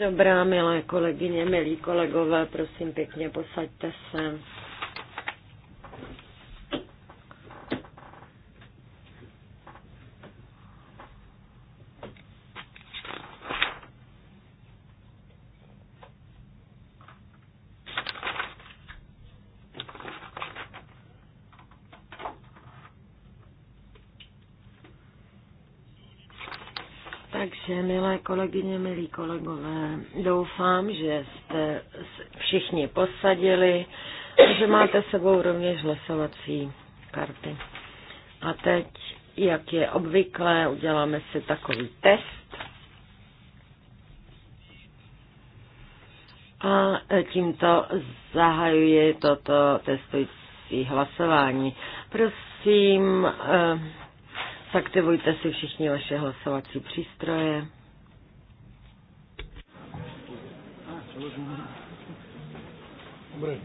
Dobrá, milé kolegyně, milí kolegové, prosím pěkně, posaďte se. Doufám, že jste všichni posadili a že máte sebou rovněž hlasovací karty. A teď, jak je obvyklé, uděláme si takový test. A tímto zahajuji toto testující hlasování. Prosím, eh, zaktivujte si všichni vaše hlasovací přístroje. Hombre.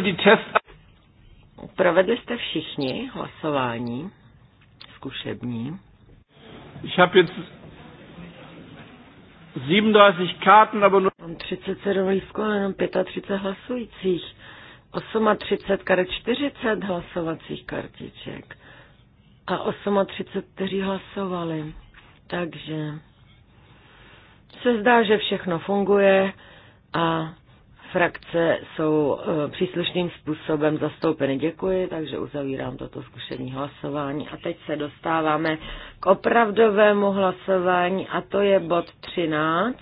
die Provedli jste všichni hlasování zkušební. Ich habe jetzt 37 karten, aber nur... Mám 37 lístků, ale jenom 35 hlasujících. 38 karet, 40 hlasovacích kartiček a 38, kteří hlasovali. Takže se zdá, že všechno funguje a frakce jsou e, příslušným způsobem zastoupeny. Děkuji, takže uzavírám toto zkušení hlasování. A teď se dostáváme k opravdovému hlasování a to je bod 13.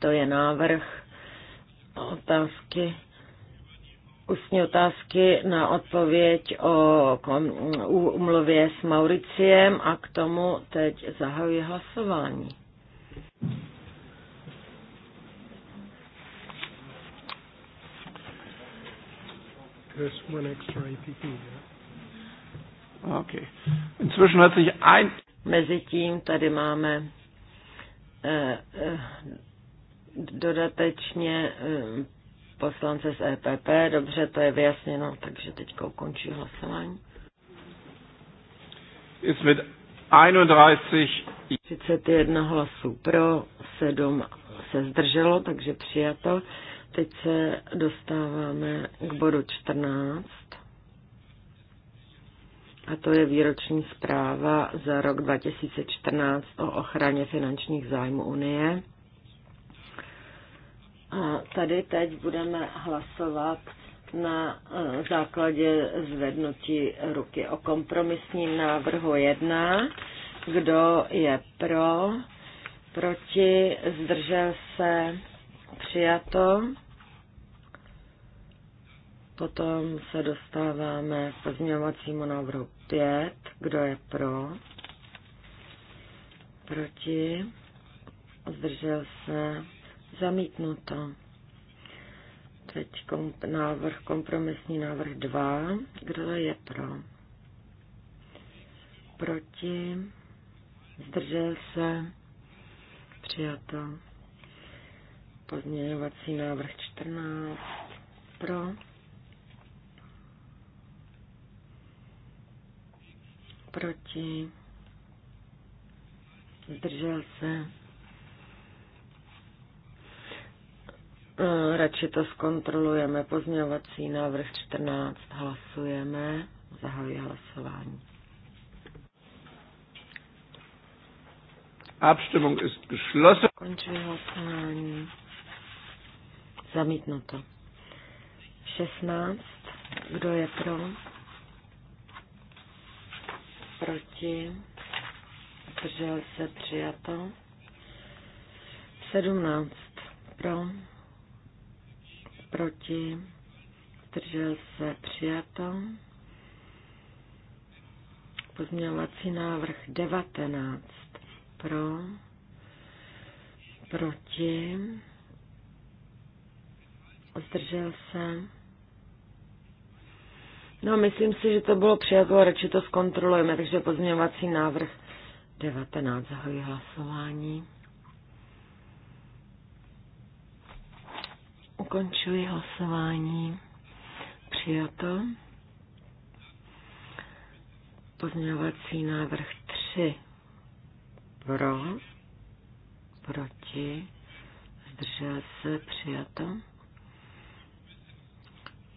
To je návrh otázky ústní otázky na odpověď o umluvě s Mauriciem a k tomu teď zahajuji hlasování. Okay. ein Mezitím tady máme eh, eh, dodatečně eh, poslance z EPP. Dobře, to je vyjasněno, takže teď končí hlasování. Ist mit 31 hlasů pro, 7 se zdrželo, takže přijato. Teď se dostáváme k bodu 14. A to je výroční zpráva za rok 2014 o ochraně finančních zájmů Unie. A tady teď budeme hlasovat na e, základě zvednutí ruky o kompromisním návrhu 1. Kdo je pro? Proti? Zdržel se? Přijato? Potom se dostáváme k pozměňovacímu návrhu 5. Kdo je pro? Proti? Zdržel se? Zamítnuto. Teď komp- návrh, kompromisní návrh 2. Kdo je pro? Proti? Zdržel se? Přijato. Pozměňovací návrh 14. Pro? Proti? Zdržel se? Eh, radši to zkontrolujeme. Pozměňovací návrh 14 hlasujeme. Zahajuji hlasování. Abstimmung ist geschlossen. Končuji hlasování. Zamítnuto. 16. Kdo je pro? Proti? Zdržel se přijato. 17. Pro? proti, zdržel se přijato. Pozměňovací návrh 19 pro, proti, zdržel se. No, myslím si, že to bylo přijato, radši to zkontrolujeme, takže pozměňovací návrh 19 zahojí hlasování. Ukončuji hlasování. Přijato. Pozměňovací návrh 3. Pro. Proti. Zdržel se. Přijato.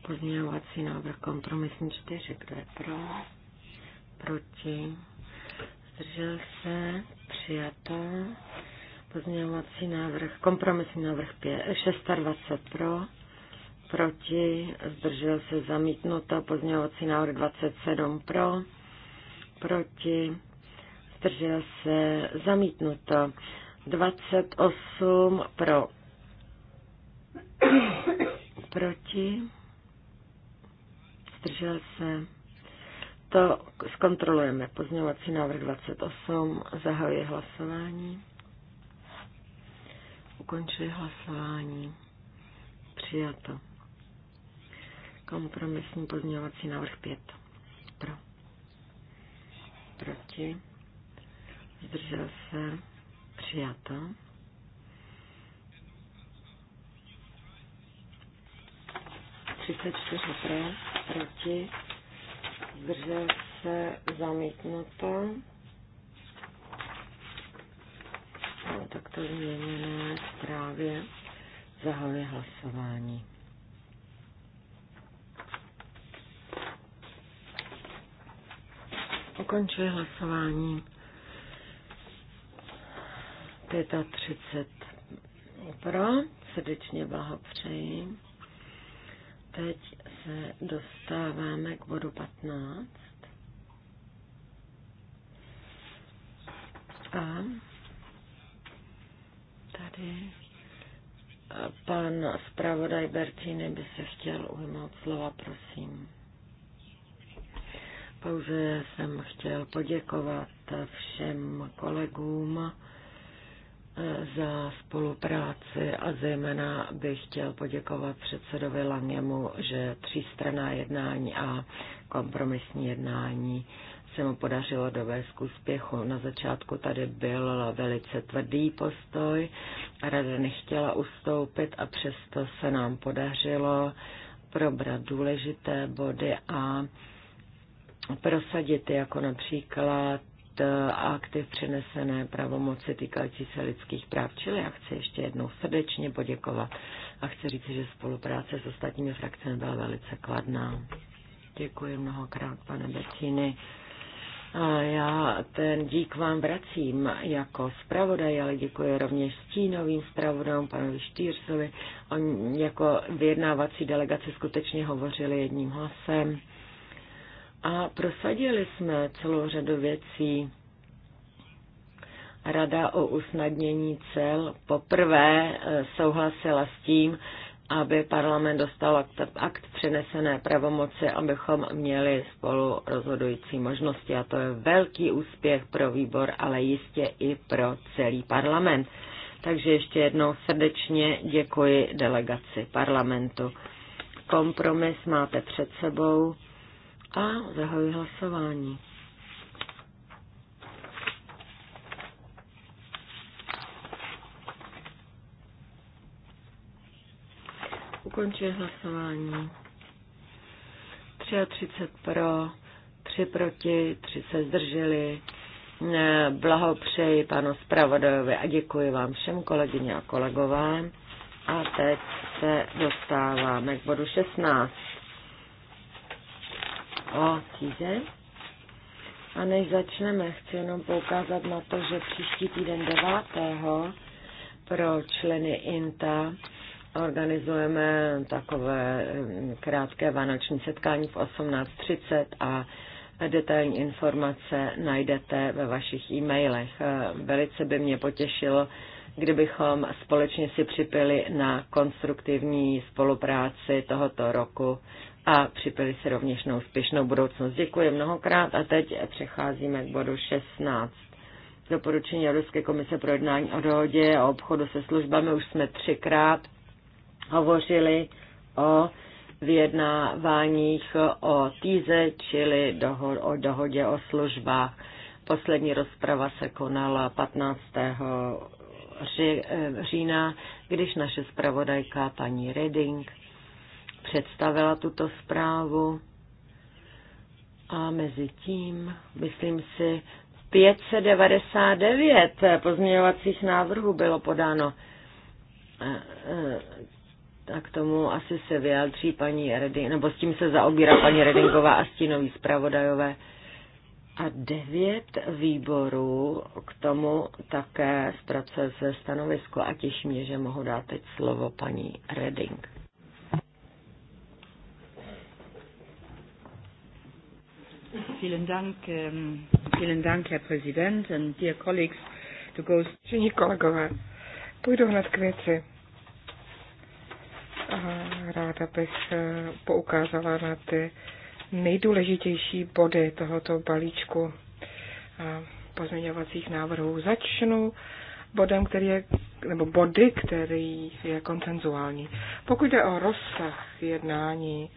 Pozměňovací návrh kompromisní 4. Kdo je pro? Proti. Zdržel se. Přijato. Pozměňovací návrh, kompromisní návrh 5, 26 pro, proti, zdržel se zamítnuto, pozměňovací návrh 27 pro, proti, zdržel se zamítnuto, 28 pro, proti, zdržel se, to zkontrolujeme, pozměňovací návrh 28, zahajuje hlasování. Ukončuji hlasování. Přijato. Kompromisní pozměňovací návrh 5. Pro. Proti. Zdržel se. Přijato. čtyři pro, proti, zdržel se zamítnuto. No, tak to změněné právě zahajuji hlasování. Ukončuje hlasování. 35 pro, srdečně blahopřeji. Teď se dostáváme k bodu 15. A Děkuji. Pan zpravodaj Bertini by se chtěl ujmout slova, prosím. Pouze jsem chtěl poděkovat všem kolegům eh, za spolupráci a zejména bych chtěl poděkovat předsedovi Langemu, že třístraná jednání a kompromisní jednání se mu podařilo dovést k úspěchu. Na začátku tady byl velice tvrdý postoj, rada nechtěla ustoupit a přesto se nám podařilo probrat důležité body a prosadit, jako například eh, aktiv přenesené pravomoci týkající se lidských práv. Čili já chci ještě jednou srdečně poděkovat a chci říct, že spolupráce s ostatními frakcemi byla velice kladná. Děkuji mnohokrát, pane Becíny. Já ten dík vám vracím jako zpravodaj, ale děkuji rovněž stínovým zpravodajům, panu Štýrsovi. Oni jako vyjednávací delegace skutečně hovořili jedním hlasem. A prosadili jsme celou řadu věcí. Rada o usnadnění cel poprvé eh, souhlasila s tím, aby parlament dostal akt přenesené pravomoci, abychom měli spolu rozhodující možnosti. A to je velký úspěch pro výbor, ale jistě i pro celý parlament. Takže ještě jednou srdečně děkuji delegaci parlamentu. Kompromis máte před sebou a zahajuji hlasování. ukončuje hlasování. 33 pro, 3 proti, 3 se zdrželi. Blahopřeji panu zpravodajovi a děkuji vám všem kolegyně a kolegové. A teď se dostáváme k bodu 16. O týden. A než začneme, chci jenom poukázat na to, že příští týden 9. pro členy INTA organizujeme takové mm, krátké vánoční setkání v 18.30 a detailní informace najdete ve vašich e-mailech. Eh, velice by mě potěšilo, kdybychom společně si připili na konstruktivní spolupráci tohoto roku a připili si rovněž na úspěšnou budoucnost. Děkuji mnohokrát a teď přecházíme k bodu 16. Doporučení Evropské komise pro jednání o dohodě a obchodu se službami už jsme třikrát hovořili o vyjednáváních o týze, čili doho- o dohodě o službách. Poslední rozprava se konala 15. Ři- eh, října, když naše zpravodajka paní Reding představila tuto zprávu. A mezi tím, myslím si, 599 pozměňovacích návrhů bylo podáno eh, eh, tak k tomu asi se vyjádří paní Reding, nebo s tím se zaobírá paní Redingová a stínoví zpravodajové. A devět výborů k tomu také zpracuje se stanovisko a těší mě, že mohu dát teď slovo paní Reding. Vielen Dank, um, vielen Dank, Herr Präsident and dear colleagues. To go... kolegové, půjdu hned k věci ráda bych eh, poukázala na ty nejdůležitější body tohoto balíčku pozměňovacích návrhů. Začnu bodem, který je, nebo body, který je koncenzuální. Pokud jde o rozsah jednání,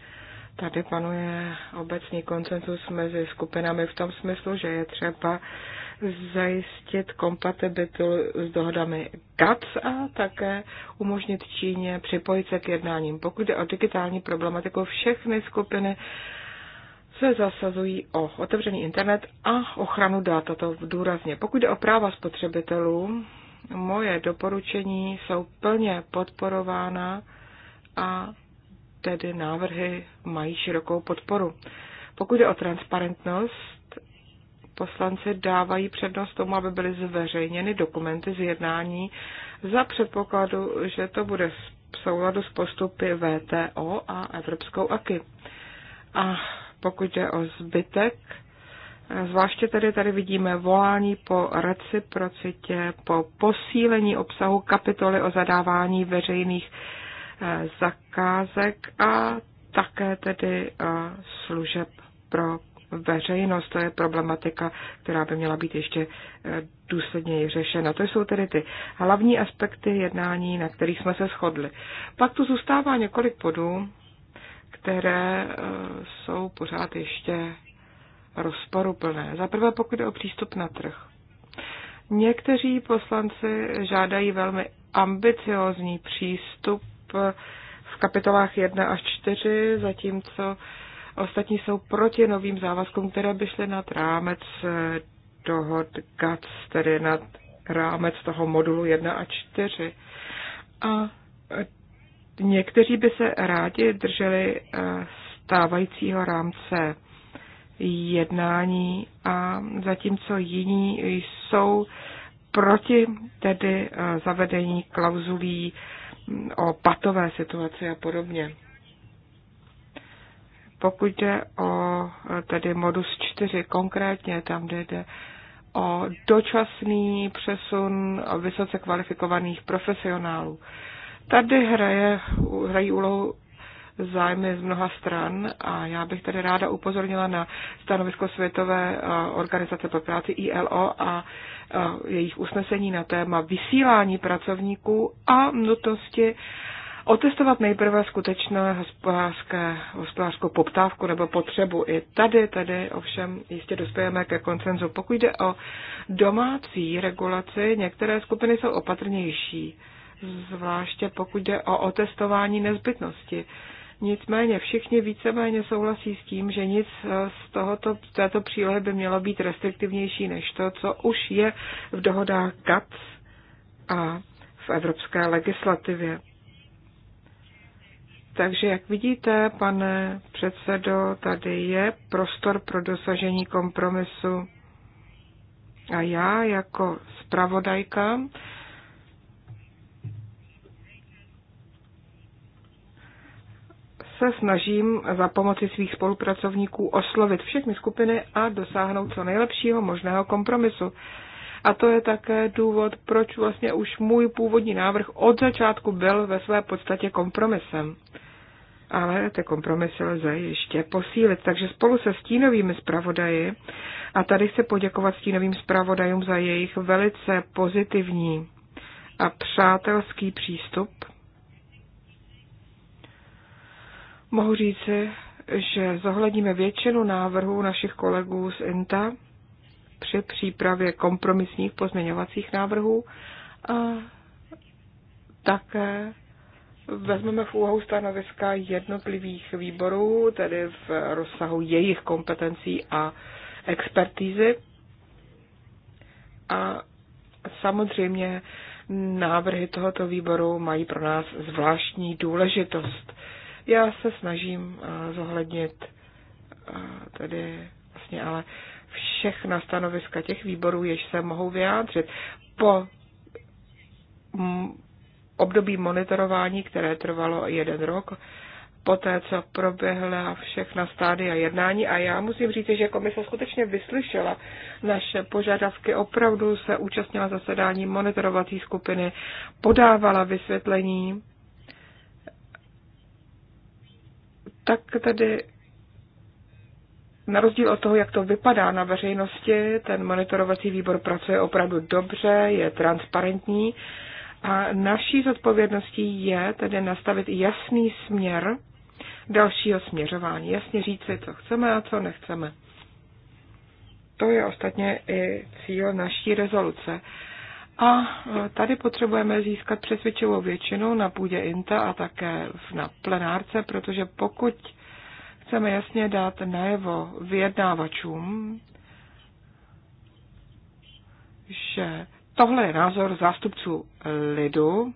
tady panuje obecný koncenzus mezi skupinami v tom smyslu, že je třeba zajistit kompatibilitu s dohodami GATS a také umožnit Číně připojit se k jednáním. Pokud jde o digitální problematiku, všechny skupiny se zasazují o otevřený internet a ochranu dat, a to důrazně. Pokud jde o práva spotřebitelů, moje doporučení jsou plně podporována a tedy návrhy mají širokou podporu. Pokud jde o transparentnost, poslanci dávají přednost tomu, aby byly zveřejněny dokumenty z jednání za předpokladu, že to bude v souladu s postupy VTO a Evropskou AKY. A pokud je o zbytek, Zvláště tedy tady vidíme volání po reciprocitě, po posílení obsahu kapitoly o zadávání veřejných eh, zakázek a také tedy eh, služeb pro veřejnost. To je problematika, která by měla být ještě eh, důsledněji řešena. To jsou tedy ty hlavní aspekty jednání, na kterých jsme se shodli. Pak tu zůstává několik bodů, které eh, jsou pořád ještě rozporuplné. Za prvé, pokud jde o přístup na trh. Někteří poslanci žádají velmi ambiciozní přístup v kapitolách 1 až 4, zatímco Ostatní jsou proti novým závazkům, které by šly nad rámec eh, dohod GATS, tedy nad rámec toho modulu 1 a 4. A eh, někteří by se rádi drželi eh, stávajícího rámce jednání a zatímco jiní jsou proti tedy zavedení klauzulí mm, o patové situaci a podobně. Pokud jde o e, tedy modus 4 konkrétně, tam kde jde o dočasný přesun vysoce kvalifikovaných profesionálů. Tady hraje, hrají úlohu zájmy z mnoha stran a já bych tady ráda upozornila na stanovisko Světové e, organizace pro práci ILO a e, jejich usnesení na téma vysílání pracovníků a nutnosti otestovat nejprve skutečné hospodářské, hospodářskou poptávku nebo potřebu. I tady, tady ovšem jistě dospějeme ke koncenzu. Pokud jde o domácí regulaci, některé skupiny jsou opatrnější, zvláště pokud jde o otestování nezbytnosti. Nicméně všichni víceméně souhlasí s tím, že nic eh, z tohoto, této přílohy by mělo být restriktivnější než to, co už je v dohodách GATS a v evropské legislativě. Takže jak vidíte, pane předsedo, tady je prostor pro dosažení kompromisu. A já jako zpravodajka se snažím za pomoci svých spolupracovníků oslovit všechny skupiny a dosáhnout co nejlepšího možného kompromisu. A to je také důvod, proč vlastně už můj původní návrh od začátku byl ve své podstatě kompromisem ale ty kompromisy lze ještě posílit. Takže spolu se stínovými zpravodaji, a tady chci poděkovat stínovým zpravodajům za jejich velice pozitivní a přátelský přístup, mohu říci, že zohledníme většinu návrhů našich kolegů z INTA při přípravě kompromisních pozměňovacích návrhů a také vezmeme v úvahu stanoviska jednotlivých výborů, tedy v rozsahu jejich kompetencí a expertízy. A samozřejmě návrhy tohoto výboru mají pro nás zvláštní důležitost. Já se snažím eh, zohlednit eh, tedy vlastně ale všechna stanoviska těch výborů, jež se mohou vyjádřit. Po období monitorování, které trvalo jeden rok, poté, co proběhla všechna stádia jednání. A já musím říct, že komise skutečně vyslyšela naše požadavky, opravdu se účastnila zasedání monitorovací skupiny, podávala vysvětlení. Tak tedy na rozdíl od toho, jak to vypadá na veřejnosti, ten monitorovací výbor pracuje opravdu dobře, je transparentní a naší zodpovědností je tedy nastavit jasný směr dalšího směřování. Jasně říci, co chceme a co nechceme. To je ostatně i cíl naší rezoluce. A e, tady potřebujeme získat přesvědčivou většinu na půdě INTA a také na plenárce, protože pokud chceme jasně dát najevo vyjednávačům, že Tohle je názor zástupců lidu.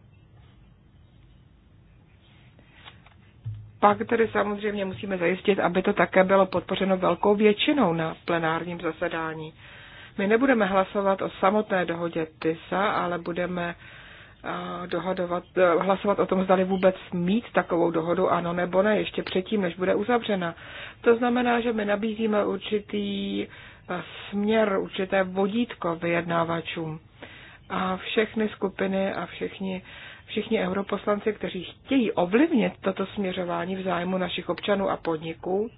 Pak tedy samozřejmě musíme zajistit, aby to také bylo podpořeno velkou většinou na plenárním zasedání. My nebudeme hlasovat o samotné dohodě TISA, ale budeme eh, dohadovat, eh, hlasovat o tom, zda vůbec mít takovou dohodu, ano nebo ne, ještě předtím, než bude uzavřena. To znamená, že my nabízíme určitý eh, směr, určité vodítko vyjednávačům a všechny skupiny a všichni, všichni europoslanci, kteří chtějí ovlivnit toto směřování v zájmu našich občanů a podniků,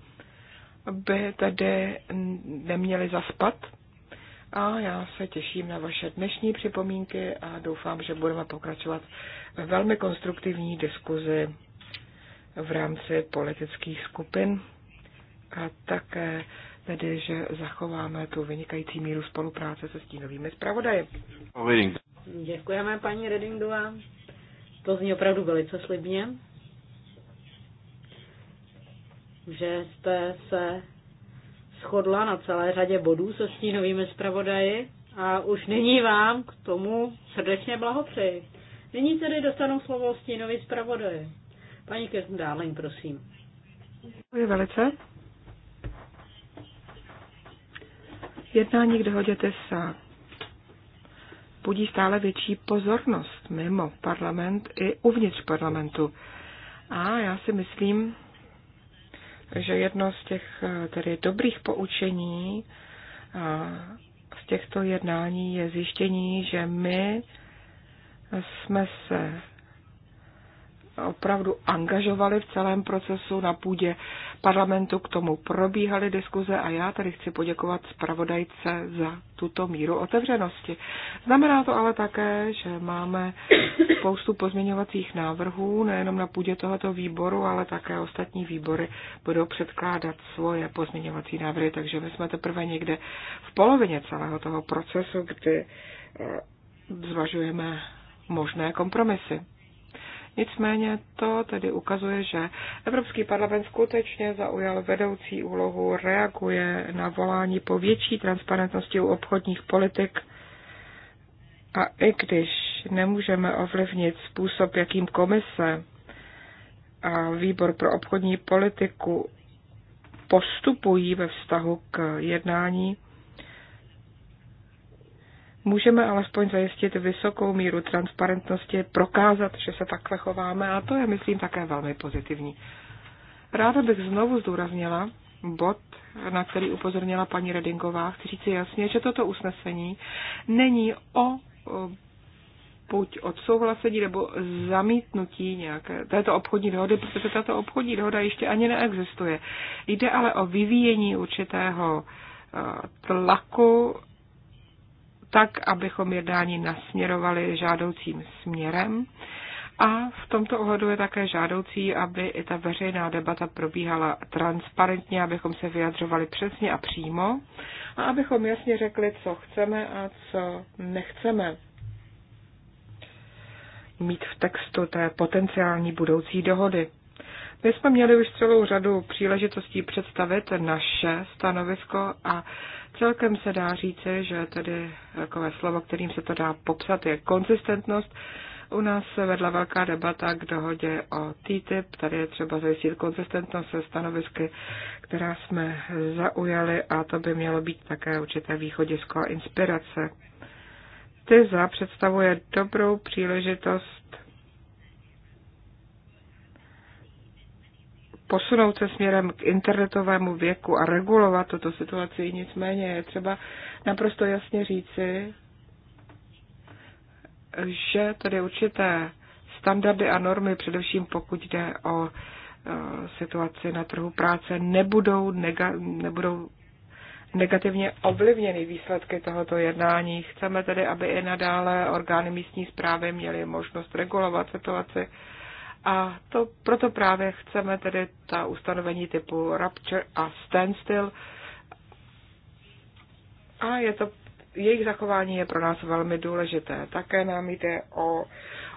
by tedy neměli zaspat. A já se těším na vaše dnešní připomínky a doufám, že budeme pokračovat ve velmi konstruktivní diskuzi v rámci politických skupin a také tedy že zachováme tu vynikající míru spolupráce se stínovými zpravodaji. Děkujeme, paní Redingová. To zní opravdu velice slibně, že jste se shodla na celé řadě bodů se stínovými zpravodaji a už nyní vám k tomu srdečně blahopřeji. Nyní tedy dostanou slovo stínový zpravodaje. Paní Kirsten Darling, prosím. Děkuji velice. Jednání k dohodě TESA budí stále větší pozornost mimo parlament i uvnitř parlamentu. A já si myslím, že jedno z těch eh, tedy dobrých poučení z těchto jednání je zjištění, že my jsme se opravdu angažovali v celém procesu na půdě parlamentu, k tomu probíhaly diskuze a já tady chci poděkovat zpravodajce za tuto míru otevřenosti. Znamená to ale také, že máme spoustu pozměňovacích návrhů, nejenom na půdě tohoto výboru, ale také ostatní výbory budou předkládat svoje pozměňovací návrhy, takže my jsme teprve někde v polovině celého toho procesu, kdy eh, zvažujeme možné kompromisy. Nicméně to tedy ukazuje, že Evropský parlament skutečně zaujal vedoucí úlohu, reaguje na volání po větší transparentnosti u obchodních politik a i když nemůžeme ovlivnit způsob, jakým komise a výbor pro obchodní politiku postupují ve vztahu k jednání můžeme alespoň zajistit vysokou míru transparentnosti, prokázat, že se takhle chováme a to je, myslím, také velmi pozitivní. Ráda bych znovu zdůraznila bod, na který upozornila paní Redingová. Chci říct jasně, že toto usnesení není o buď odsouhlasení nebo zamítnutí nějaké této obchodní dohody, protože tato obchodní dohoda ještě ani neexistuje. Jde ale o vyvíjení určitého tlaku tak, abychom jednání nasměrovali žádoucím směrem. A v tomto ohledu je také žádoucí, aby i ta veřejná debata probíhala transparentně, abychom se vyjadřovali přesně a přímo a abychom jasně řekli, co chceme a co nechceme mít v textu té potenciální budoucí dohody. My jsme měli už celou řadu příležitostí představit naše stanovisko a Celkem se dá říci, že tedy takové slovo, kterým se to dá popsat, je konzistentnost. U nás se vedla velká debata k dohodě o TTIP. Tady je třeba zajistit konzistentnost se stanovisky, která jsme zaujali a to by mělo být také určité východisko a inspirace. TISA představuje dobrou příležitost posunout se směrem k internetovému věku a regulovat tuto situaci. Nicméně je třeba naprosto jasně říci, že tady určité standardy a normy, především pokud jde o e, situaci na trhu práce, nebudou, nega- nebudou negativně ovlivněny výsledky tohoto jednání. Chceme tedy, aby i nadále orgány místní zprávy měly možnost regulovat situaci a to proto právě chceme tedy ta ustanovení typu Rapture a Standstill. A je to, jejich zachování je pro nás velmi důležité. Také nám jde o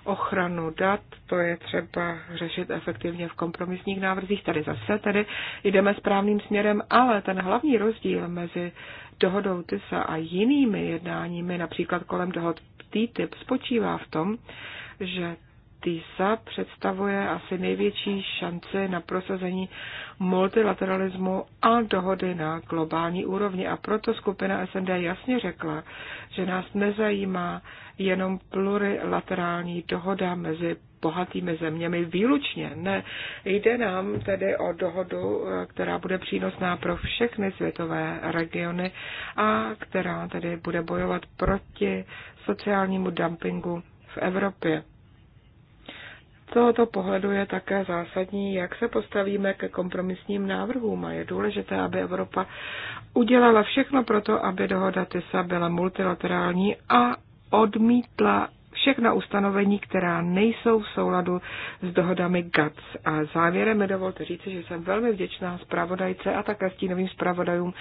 ochranu dat, to je třeba řešit efektivně v kompromisních návrzích. Tady zase tedy jdeme správným směrem, ale ten hlavní rozdíl mezi dohodou TISA a jinými jednáními, například kolem dohod TTIP, spočívá v tom, že TISA představuje asi největší šance na prosazení multilateralismu a dohody na globální úrovni. A proto skupina SND jasně řekla, že nás nezajímá jenom plurilaterální dohoda mezi bohatými zeměmi výlučně. Ne, jde nám tedy o dohodu, která bude přínosná pro všechny světové regiony a která tedy bude bojovat proti sociálnímu dumpingu v Evropě tohoto pohledu je také zásadní, jak se postavíme ke kompromisním návrhům a je důležité, aby Evropa udělala všechno pro to, aby dohoda TISA byla multilaterální a odmítla všechna ustanovení, která nejsou v souladu s dohodami GATS. A závěrem mi dovolte říci, že jsem velmi vděčná zpravodajce a také stínovým zpravodajům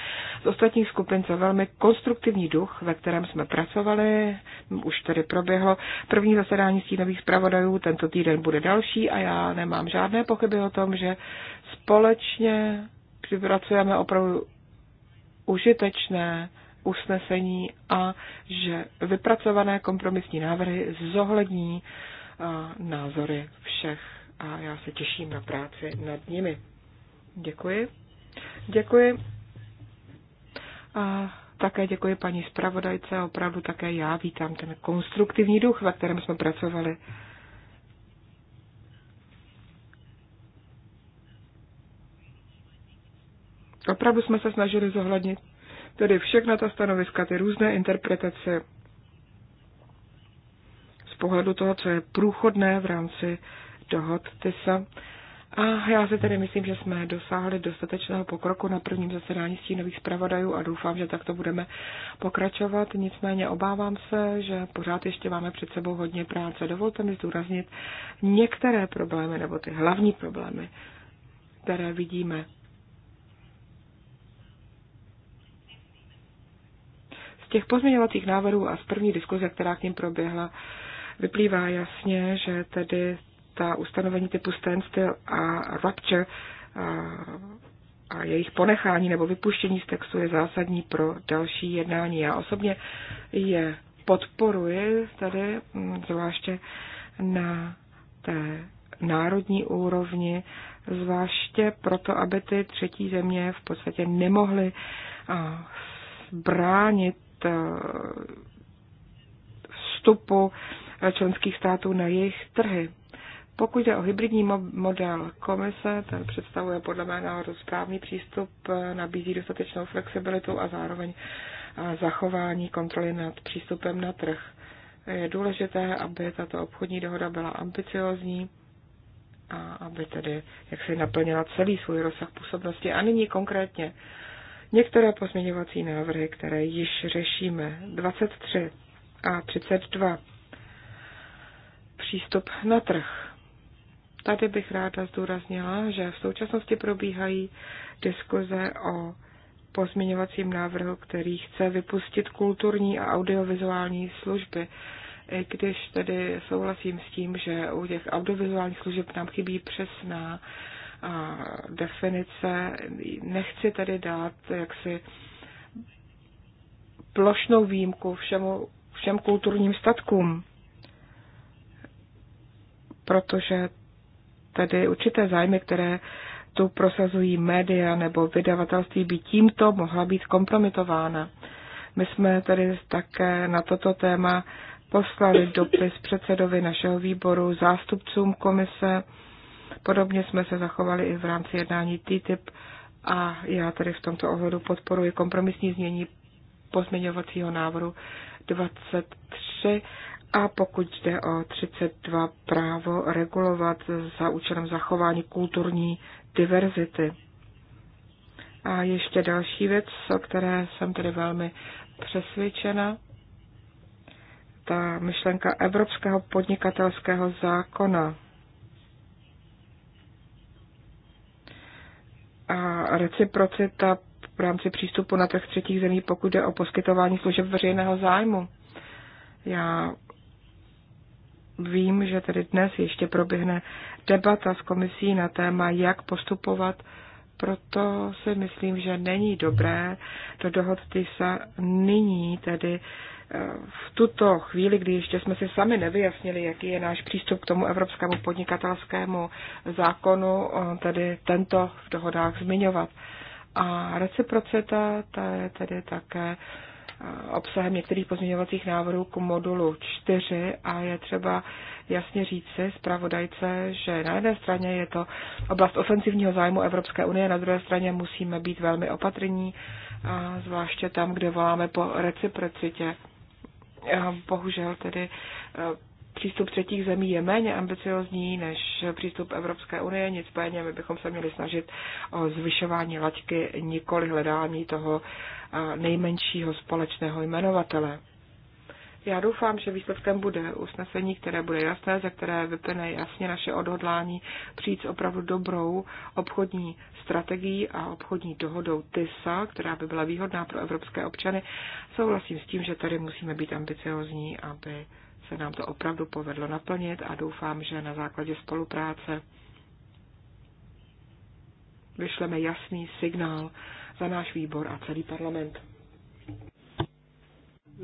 z ostatních skupin za velmi konstruktivní duch, ve kterém jsme pracovali. Už tedy proběhlo první zasedání stínových zpravodajů, tento týden bude další a já nemám žádné pochyby o tom, že společně připracujeme opravdu užitečné usnesení a že vypracované kompromisní návrhy zohlední názory všech a já se těším na práci nad nimi. Děkuji. Děkuji. A také děkuji paní zpravodajce, opravdu také já vítám ten konstruktivní duch, ve kterém jsme pracovali. Opravdu jsme se snažili zohlednit Tedy všechna ta stanoviska, ty různé interpretace z pohledu toho, co je průchodné v rámci dohod TISA. A já si tedy myslím, že jsme dosáhli dostatečného pokroku na prvním zasedání stínových zpravodajů a doufám, že takto budeme pokračovat. Nicméně obávám se, že pořád ještě máme před sebou hodně práce. Dovolte mi zdůraznit některé problémy nebo ty hlavní problémy, které vidíme těch pozměňovacích návrhů a z první diskuze, která k ním proběhla, vyplývá jasně, že tedy ta ustanovení typu standstill a rupture a, a jejich ponechání nebo vypuštění z textu je zásadní pro další jednání. Já osobně je podporuji tady, mm, zvláště na té národní úrovni, zvláště proto, aby ty třetí země v podstatě nemohly bránit Eh, vstupu členských států na jejich trhy. Pokud jde o hybridní model komise, ten představuje podle mé náhodou správný přístup, eh, nabízí dostatečnou flexibilitu a zároveň eh, zachování kontroly nad přístupem na trh. Je důležité, aby tato obchodní dohoda byla ambiciozní a aby tedy jak se naplnila celý svůj rozsah působnosti. A nyní konkrétně některé pozměňovací návrhy, které již řešíme. 23 a 32. Přístup na trh. Tady bych ráda zdůraznila, že v současnosti probíhají diskuze o pozměňovacím návrhu, který chce vypustit kulturní a audiovizuální služby. I když tedy souhlasím s tím, že u těch audiovizuálních služeb nám chybí přesná definice. Nechci tedy dát jaksi plošnou výjimku všemu, všem kulturním statkům, protože tedy určité zájmy, které tu prosazují média nebo vydavatelství, by tímto mohla být kompromitována. My jsme tedy také na toto téma poslali dopis předsedovi našeho výboru, zástupcům komise, Podobně jsme se zachovali i v rámci jednání TTIP a já tedy v tomto ohledu podporuji kompromisní změní pozměňovacího návrhu 23 a pokud jde o 32 právo regulovat za účelem zachování kulturní diverzity. A ještě další věc, o které jsem tedy velmi přesvědčena, ta myšlenka Evropského podnikatelského zákona. a reciprocita v rámci přístupu na trh třetích zemí, pokud jde o poskytování služeb veřejného zájmu. Já vím, že tedy dnes ještě proběhne debata s komisí na téma, jak postupovat, proto si myslím, že není dobré do dohod se nyní tedy v tuto chvíli, kdy ještě jsme si sami nevyjasnili, jaký je náš přístup k tomu evropskému podnikatelskému zákonu, eh, tedy tento v dohodách zmiňovat. A reciprocita, ta je tedy také eh, obsahem některých pozměňovacích návrhů k modulu 4 a je třeba jasně říci zpravodajce, že na jedné straně je to oblast ofensivního zájmu Evropské unie, na druhé straně musíme být velmi opatrní, a zvláště tam, kde voláme po reciprocitě. Bohužel tedy e, přístup třetích zemí je méně ambiciozní než přístup Evropské unie, nicméně my bychom se měli snažit o zvyšování laťky, nikoli hledání toho e, nejmenšího společného jmenovatele. Já doufám, že výsledkem bude usnesení, které bude jasné, ze které vyplne jasně naše odhodlání přijít s opravdu dobrou obchodní strategií a obchodní dohodou TISA, která by byla výhodná pro evropské občany. Souhlasím s tím, že tady musíme být ambiciozní, aby se nám to opravdu povedlo naplnit a doufám, že na základě spolupráce vyšleme jasný signál za náš výbor a celý parlament.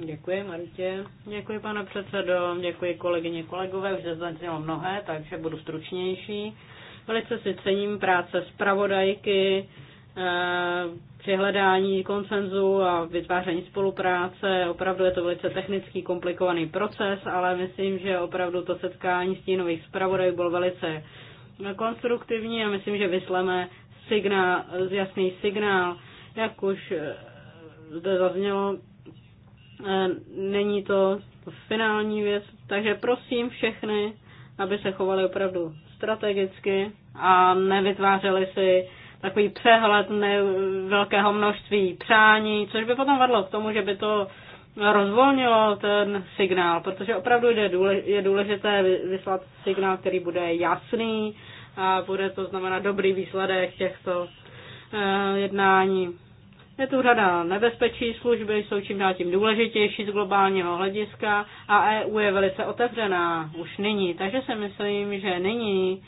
Děkuji, Martě. Děkuji, pane předsedo. Děkuji, kolegyně, kolegové. Už zaznělo mnohé, takže budu stručnější. Velice si cením práce zpravodajky, eh, při hledání konsenzu a vytváření spolupráce. Opravdu je to velice technický, komplikovaný proces, ale myslím, že opravdu to setkání stínových zpravodajů bylo velice konstruktivní a myslím, že vysleme signál, jasný signál, jak už eh, zde zaznělo, Eh, není to finální věc, takže prosím všechny, aby se chovali opravdu strategicky a nevytvářeli si takový přehled velkého množství přání, což by potom vedlo k tomu, že by to rozvolnilo ten signál, protože opravdu je, je důležité vyslat signál, který bude jasný a bude to znamenat dobrý výsledek těchto eh, jednání. Je tu řada nebezpečí, služby jsou čím dál tím důležitější z globálního hlediska a EU je velice otevřená už nyní. Takže si myslím, že nyní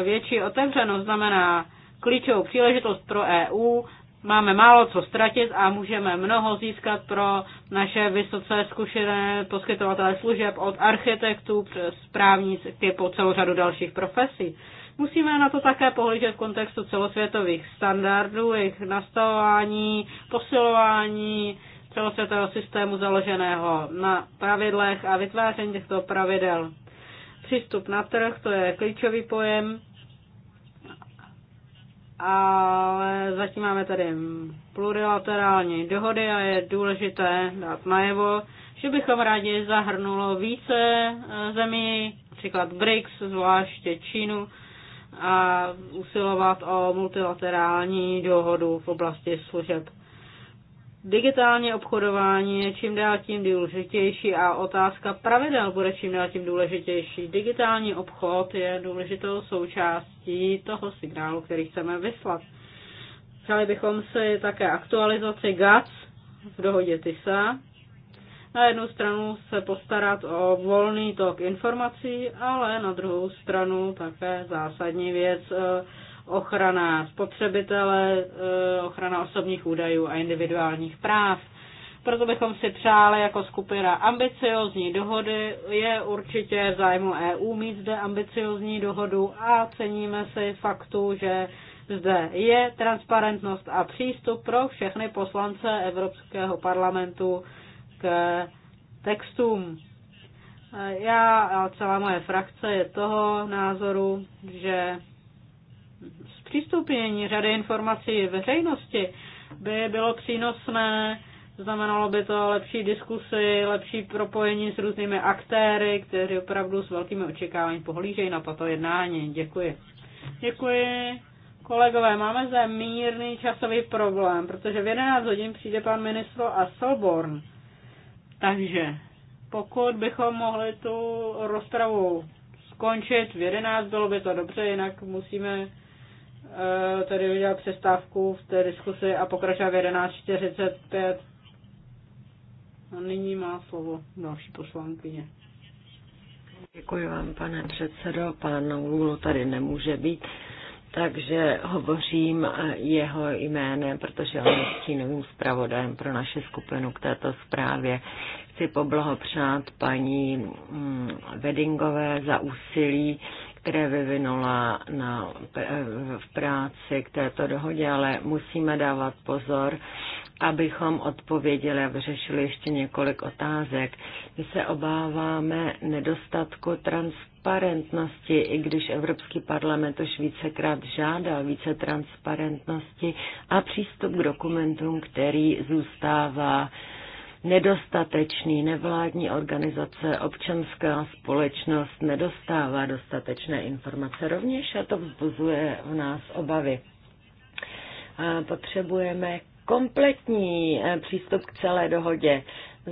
e, větší otevřenost znamená klíčovou příležitost pro EU, máme málo co ztratit a můžeme mnoho získat pro naše vysoce zkušené poskytovatele služeb od architektů přes právníky po celou řadu dalších profesí. Musíme na to také pohlížet v kontextu celosvětových standardů, jejich nastavování, posilování celosvětového systému založeného na pravidlech a vytváření těchto pravidel. Přístup na trh, to je klíčový pojem, ale zatím máme tady plurilaterální dohody a je důležité dát najevo, že bychom rádi zahrnulo více eh, zemí, například BRICS, zvláště Čínu, a usilovat o multilaterální dohodu v oblasti služeb. Digitální obchodování je čím dál tím důležitější a otázka pravidel bude čím dál tím důležitější. Digitální obchod je důležitou součástí toho signálu, který chceme vyslat. Přáli bychom si také aktualizaci GATS v dohodě TISA na jednu stranu se postarat o volný tok informací, ale na druhou stranu také zásadní věc e, ochrana spotřebitele, e, ochrana osobních údajů a individuálních práv. Proto bychom si přáli jako skupina ambiciozní dohody. Je určitě v zájmu EU mít zde ambiciozní dohodu a ceníme si faktu, že zde je transparentnost a přístup pro všechny poslance Evropského parlamentu k textům. Já a celá moje frakce je toho názoru, že zpřístupnění řady informací veřejnosti by bylo přínosné, znamenalo by to lepší diskusy, lepší propojení s různými aktéry, kteří opravdu s velkými očekáváním pohlížejí na tato jednání. Děkuji. Děkuji. Kolegové, máme zde mírný časový problém, protože v 11 hodin přijde pan ministr a Solborn. Takže pokud bychom mohli tu rozpravu skončit v 11, bylo by to dobře, jinak musíme eh, tady udělat přestávku v té diskusi a pokračovat v 11.45. A nyní má slovo další poslankyně. Děkuji vám, pane předsedo. Pán Lulu tady nemůže být takže hovořím jeho jménem, protože on je stínovým zpravodajem pro naše skupinu k této zprávě. Chci poblahopřát paní Vedingové mm, za úsilí, které vyvinula na, eh, v práci k této dohodě, ale musíme dávat pozor, abychom odpověděli a vyřešili ještě několik otázek. My se obáváme nedostatku transparentnosti, i když Evropský parlament už vícekrát žádal více transparentnosti a přístup k dokumentům, který zůstává nedostatečný. Nevládní organizace, občanská společnost nedostává dostatečné informace rovněž a to vzbuzuje v nás obavy potřebujeme kompletní eh, přístup k celé dohodě.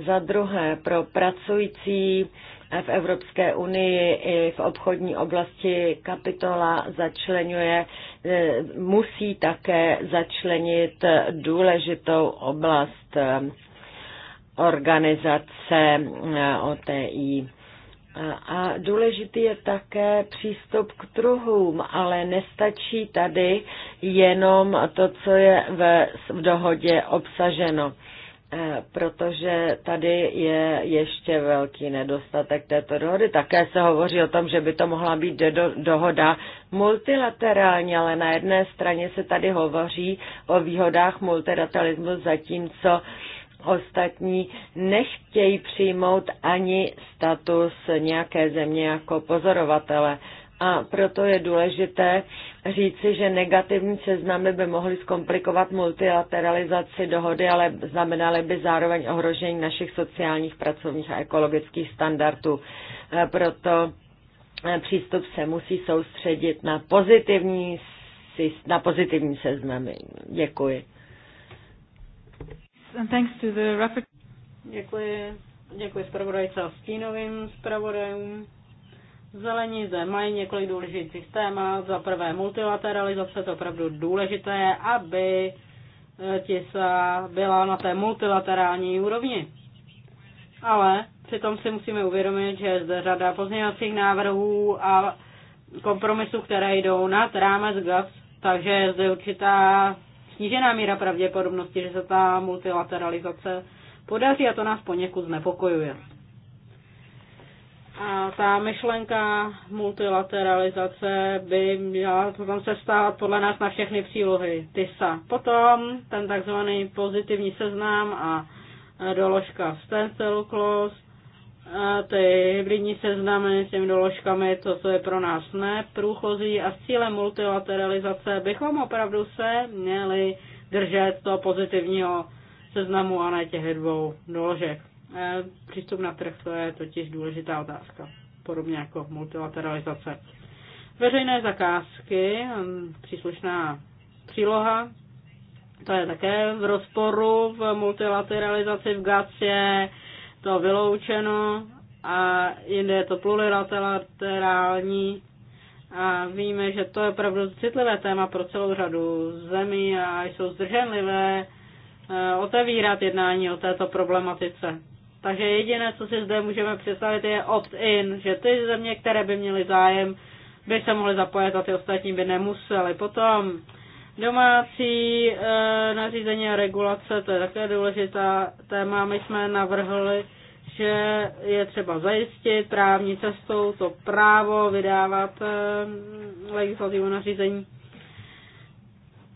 Za druhé, pro pracující eh, v Evropské unii i v obchodní oblasti kapitola začlenuje, eh, musí také začlenit důležitou oblast organizace OTI. A důležitý je také přístup k druhům, ale nestačí tady jenom to, co je ve, v dohodě obsaženo, eh, protože tady je ještě velký nedostatek této dohody. Také se hovoří o tom, že by to mohla být do, dohoda multilaterální, ale na jedné straně se tady hovoří o výhodách multilateralismu, zatímco ostatní nechtějí přijmout ani status nějaké země jako pozorovatele. A proto je důležité říci, že negativní seznamy by mohly zkomplikovat multilateralizaci dohody, ale znamenaly by zároveň ohrožení našich sociálních, pracovních a ekologických standardů. E, proto e, přístup se musí soustředit na pozitivní, na pozitivní seznamy. Děkuji and thanks to the rapid... Děkuji, děkuji zpravodajce a stínovým zpravodajům. Zelení zde mají několik důležitých témat. Za prvé multilateralizace, to opravdu důležité aby eh, TISA byla na té multilaterální úrovni. Ale přitom si musíme uvědomit, že je zde řada pozměňovacích návrhů a kompromisů, které jdou nad rámec GAS, takže je zde určitá snížená míra pravděpodobnosti, že se ta multilateralizace podaří a to nás poněkud znepokojuje. A ta myšlenka multilateralizace by měla potom se stát podle nás na všechny přílohy TISA. Potom ten takzvaný pozitivní seznam a doložka Stencil clause, ty hybridní seznamy s těmi doložkami, to, co je pro nás neprůchozí a s cílem multilateralizace bychom opravdu se měli držet toho pozitivního seznamu a ne těch dvou doložek. E, přístup na trh to je totiž důležitá otázka, podobně jako multilateralizace. Veřejné zakázky, příslušná příloha, to je také v rozporu v multilateralizaci v GATS je to vyloučeno a jinde je to plurilaterální. A víme, že to je opravdu citlivé téma pro celou řadu zemí a jsou zdrženlivé eh, otevírat jednání o této problematice. Takže jediné, co si zde můžeme představit, je opt-in, že ty země, které by měly zájem, by se mohly zapojit a ty ostatní by nemusely. Potom Domácí e, nařízení a regulace, to je také důležitá téma. My jsme navrhli, že je třeba zajistit právní cestou to právo vydávat e, legislativu nařízení.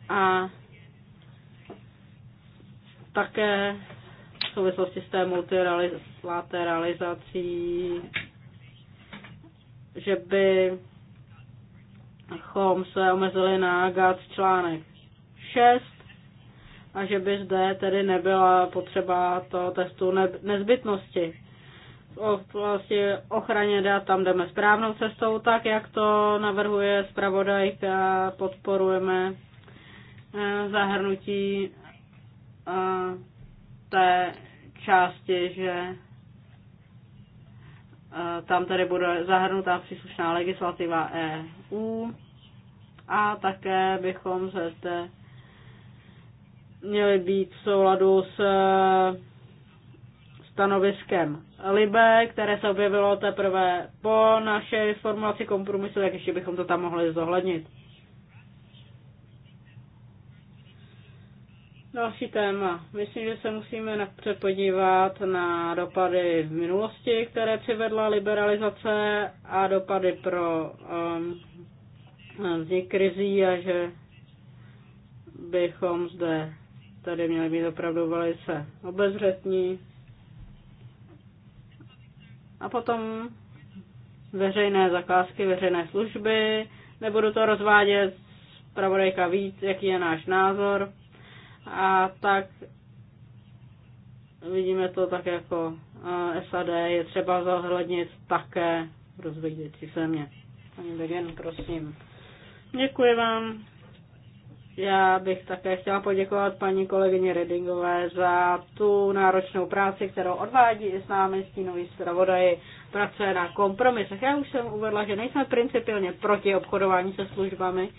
A také v souvislosti s té multilateralizací, že by bychom se omezili na GAT článek 6 a že by zde tedy nebyla potřeba toho testu nezbytnosti. O vlastně ochraně dat tam jdeme správnou cestou, tak jak to navrhuje zpravodajka, podporujeme eh, zahrnutí eh, té části, že eh, tam tedy bude zahrnutá příslušná legislativa EU. A také bychom se zde měli být v souladu s eh, stanoviskem Libe, které se objevilo teprve po naší formulaci kompromisu, tak ještě bychom to tam mohli zohlednit. Další téma. Myslím, že se musíme napřed podívat na dopady v minulosti, které přivedla liberalizace a dopady pro um, vznik krizí a že bychom zde tady měli být opravdu velice obezřetní. A potom veřejné zakázky, veřejné služby. Nebudu to rozvádět, pravodejka víc, jaký je náš názor. A tak vidíme to tak jako eh, SAD, je třeba zohlednit také se země. Pani Degen, prosím. Děkuji vám. Já bych také chtěla poděkovat paní kolegyně Redingové za tu náročnou práci, kterou odvádí i s námi stínový zpravodaj Pracuje na kompromisech. Já už jsem uvedla, že nejsme principiálně proti obchodování se službami,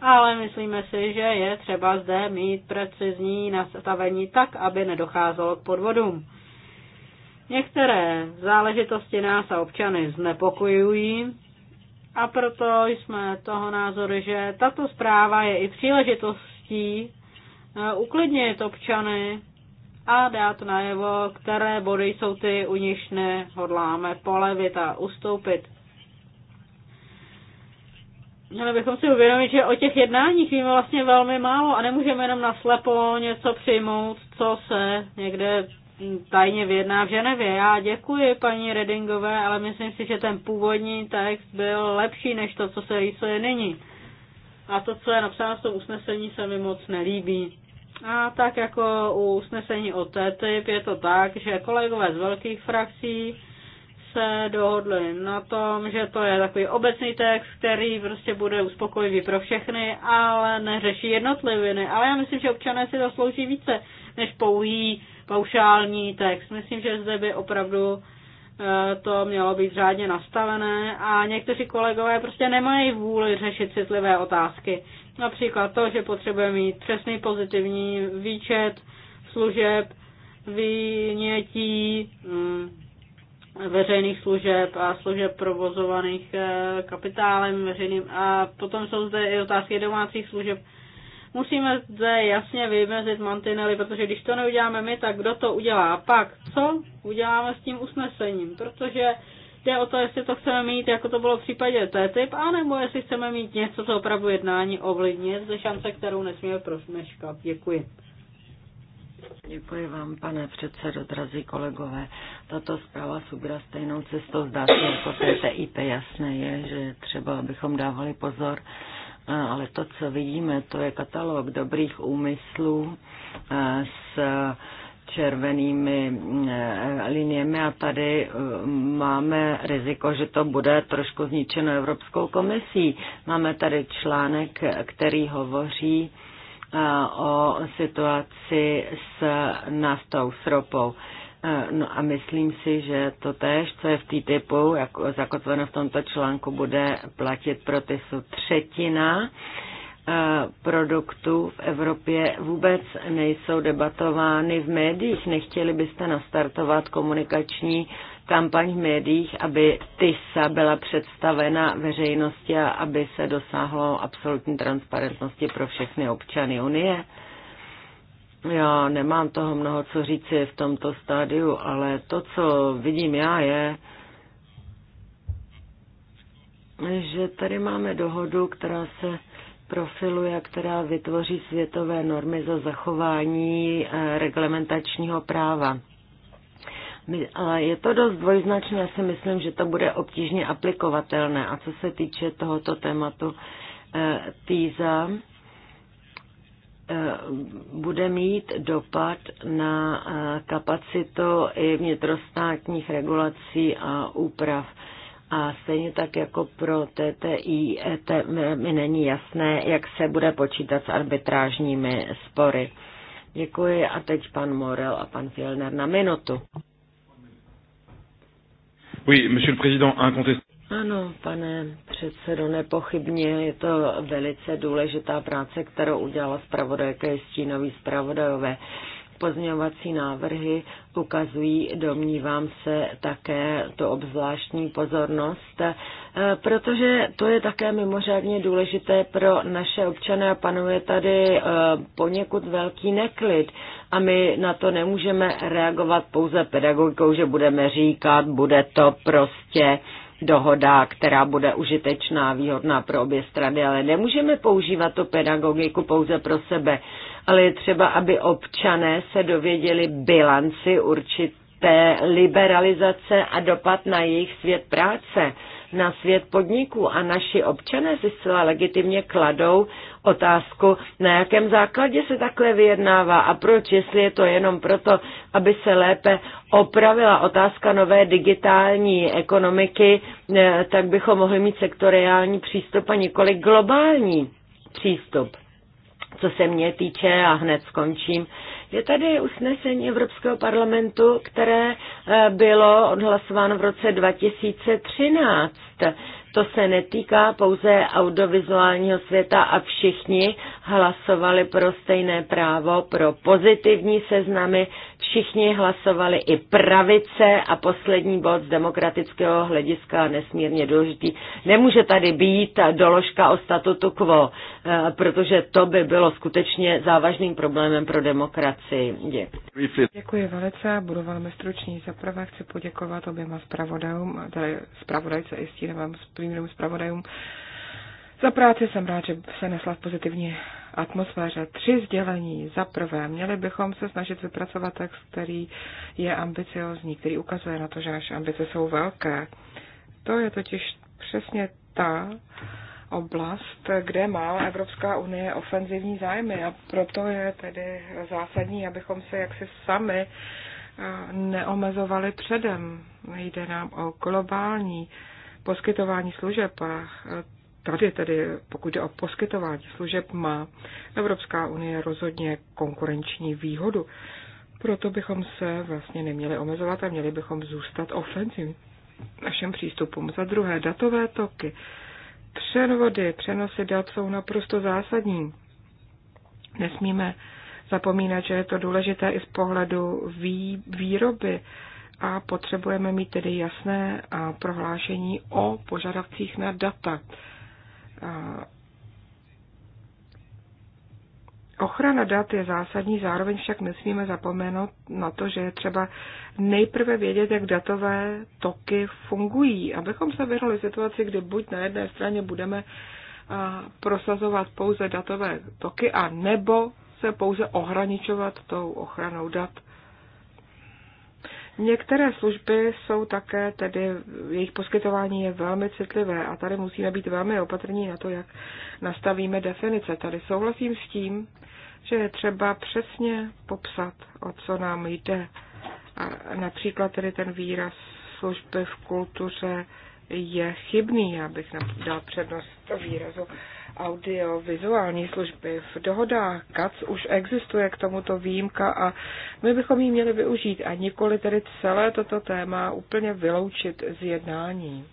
ale myslíme si, že je třeba zde mít precizní nastavení tak, aby nedocházelo k podvodům. Některé záležitosti nás a občany znepokojují, a proto jsme toho názoru, že tato zpráva je i příležitostí eh, uklidnit občany a dát najevo, které body jsou ty, u nichž nehodláme polevit a ustoupit. Měli bychom si uvědomit, že o těch jednáních víme vlastně velmi málo a nemůžeme jenom naslepo něco přijmout, co se někde tajně vědná v Ženevě. Já děkuji paní Redingové, ale myslím si, že ten původní text byl lepší než to, co se rýsuje nyní. A to, co je napsáno v tom usnesení, se mi moc nelíbí. A tak jako u usnesení o TTIP je to tak, že kolegové z velkých frakcí se dohodli na tom, že to je takový obecný text, který prostě bude uspokojivý pro všechny, ale neřeší jednotliviny. Ale já myslím, že občané si zaslouží více než pouhý paušální text. Myslím, že zde by opravdu eh, to mělo být řádně nastavené a někteří kolegové prostě nemají vůli řešit citlivé otázky. Například to, že potřebuje mít přesný pozitivní výčet služeb, výnětí mm, veřejných služeb a služeb provozovaných eh, kapitálem veřejným. A potom jsou zde i otázky domácích služeb Musíme zde jasně vymezit mantinely, protože když to neuděláme my, tak kdo to udělá? A Pak co uděláme s tím usnesením? Protože jde o to, jestli to chceme mít, jako to bylo v případě TTIP, anebo jestli chceme mít něco, co opravdu jednání ovlivní, ze šance, kterou nesmíme prosmeškat. Děkuji. Děkuji vám, pane předsedo, drazí kolegové. Tato zpráva s stejnou cestou zdá se jako TTIP. Jasné je, že třeba abychom dávali pozor ale to, co vidíme, to je katalog dobrých úmyslů s červenými e, liniemi a tady e, máme riziko, že to bude trošku zničeno Evropskou komisí. Máme tady článek, který hovoří o situaci s naftou, s ropou. No a myslím si, že to též, co je v TTIPu, jako zakotveno v tomto článku, bude platit pro ty jsou třetina e, produktů v Evropě vůbec nejsou debatovány v médiích. Nechtěli byste nastartovat komunikační kampaň v médiích, aby TISA byla představena veřejnosti a aby se dosáhlo absolutní transparentnosti pro všechny občany Unie? Já nemám toho mnoho co říci v tomto stádiu, ale to, co vidím já, je, že tady máme dohodu, která se profiluje, která vytvoří světové normy za zachování eh, reglementačního práva. Ale je to dost dvojznačné, já si myslím, že to bude obtížně aplikovatelné. A co se týče tohoto tématu eh, TISA, bude mít dopad na eh, kapacitu i vnitrostátních regulací a úprav. A stejně tak jako pro TTI eh, mi není jasné, jak se bude počítat s arbitrážními spory. Děkuji a teď pan Morel a pan Fielner na minutu. Oui, monsieur le président, ano, pane předsedo, nepochybně je to velice důležitá práce, kterou udělala zpravodajka i stínový zpravodajové. Pozměňovací návrhy ukazují, domnívám se, také to obzvláštní pozornost, eh, protože to je také mimořádně důležité pro naše občany a panuje tady eh, poněkud velký neklid a my na to nemůžeme reagovat pouze pedagogikou, že budeme říkat, bude to prostě dohoda, která bude užitečná, výhodná pro obě strany, ale nemůžeme používat tu pedagogiku pouze pro sebe, ale je třeba, aby občané se dověděli bilanci určité liberalizace a dopad na jejich svět práce na svět podniků a naši občané si zcela legitimně kladou otázku, na jakém základě se takhle vyjednává a proč, jestli je to jenom proto, aby se lépe opravila otázka nové digitální ekonomiky, tak bychom mohli mít sektoriální přístup a nikoli globální přístup. Co se mě týče, a hned skončím, je tady usnesení Evropského parlamentu, které eh, bylo odhlasováno v roce 2013. To se netýká pouze audiovizuálního světa a všichni hlasovali pro stejné právo, pro pozitivní seznamy Všichni hlasovali i pravice a poslední bod z demokratického hlediska nesmírně důležitý. Nemůže tady být doložka o statutu quo, eh, protože to by bylo skutečně závažným problémem pro demokracii. Děkuji, Děkuji velice, budu velmi stručný. Za prvé chci poděkovat oběma zpravodajům, tedy zpravodajce i stínovým zpravodajům za práci jsem rád, že se nesla v pozitivní atmosféře. Tři sdělení. Za prvé, měli bychom se snažit vypracovat text, který je ambiciozní, který ukazuje na to, že naše ambice jsou velké. To je totiž přesně ta oblast, kde má Evropská unie ofenzivní zájmy a proto je tedy zásadní, abychom se jaksi sami eh, neomezovali předem. Jde nám o globální poskytování služeb a tady tedy, pokud jde o poskytování služeb, má Evropská unie rozhodně konkurenční výhodu. Proto bychom se vlastně neměli omezovat a měli bychom zůstat ofenzivní našem přístupům. Za druhé, datové toky. Přenvody, přenosy dat jsou naprosto zásadní. Nesmíme zapomínat, že je to důležité i z pohledu vý, výroby a potřebujeme mít tedy jasné prohlášení o požadavcích na data. Ochrana dat je zásadní, zároveň však nesmíme zapomenout na to, že je třeba nejprve vědět, jak datové toky fungují, abychom se vyhnuli situaci, kdy buď na jedné straně budeme prosazovat pouze datové toky, a nebo se pouze ohraničovat tou ochranou dat. Některé služby jsou také, tedy jejich poskytování je velmi citlivé a tady musíme být velmi opatrní na to, jak nastavíme definice. Tady souhlasím s tím, že je třeba přesně popsat, o co nám jde. A například tedy ten výraz služby v kultuře je chybný, abych dal přednost výrazu audiovizuální služby. V dohodách CAC už existuje k tomuto výjimka a my bychom ji měli využít a nikoli tedy celé toto téma úplně vyloučit z jednání.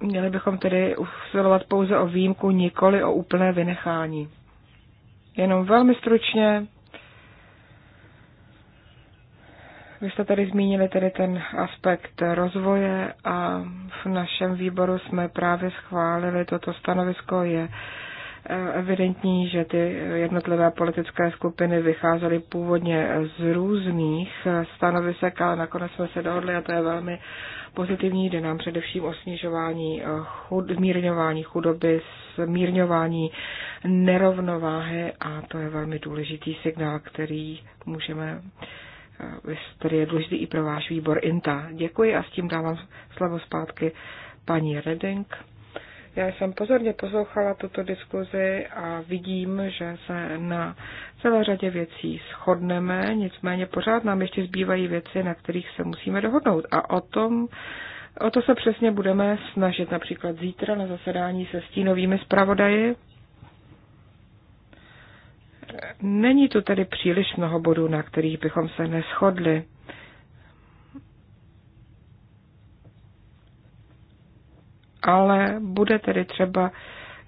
Měli bychom tedy usilovat pouze o výjimku, nikoli o úplné vynechání. Jenom velmi stručně Vy jste tady zmínili tedy ten aspekt rozvoje a v našem výboru jsme právě schválili toto stanovisko. Je eh, evidentní, že ty jednotlivé politické skupiny vycházely původně z různých eh, stanovisek, ale nakonec jsme se dohodli a to je velmi pozitivní. Jde nám především o snižování eh, chud, zmírňování chudoby, zmírňování nerovnováhy a to je velmi důležitý signál, který můžeme Eh, který je důležitý i pro váš výbor INTA. Děkuji a s tím dávám slovo zpátky paní Reding. Já jsem pozorně poslouchala tuto diskuzi a vidím, že se na celé řadě věcí shodneme, nicméně pořád nám ještě zbývají věci, na kterých se musíme dohodnout. A o tom, o to se přesně budeme snažit například zítra na zasedání se stínovými zpravodaji, Není tu tedy příliš mnoho bodů, na kterých bychom se neschodli. Ale bude tedy třeba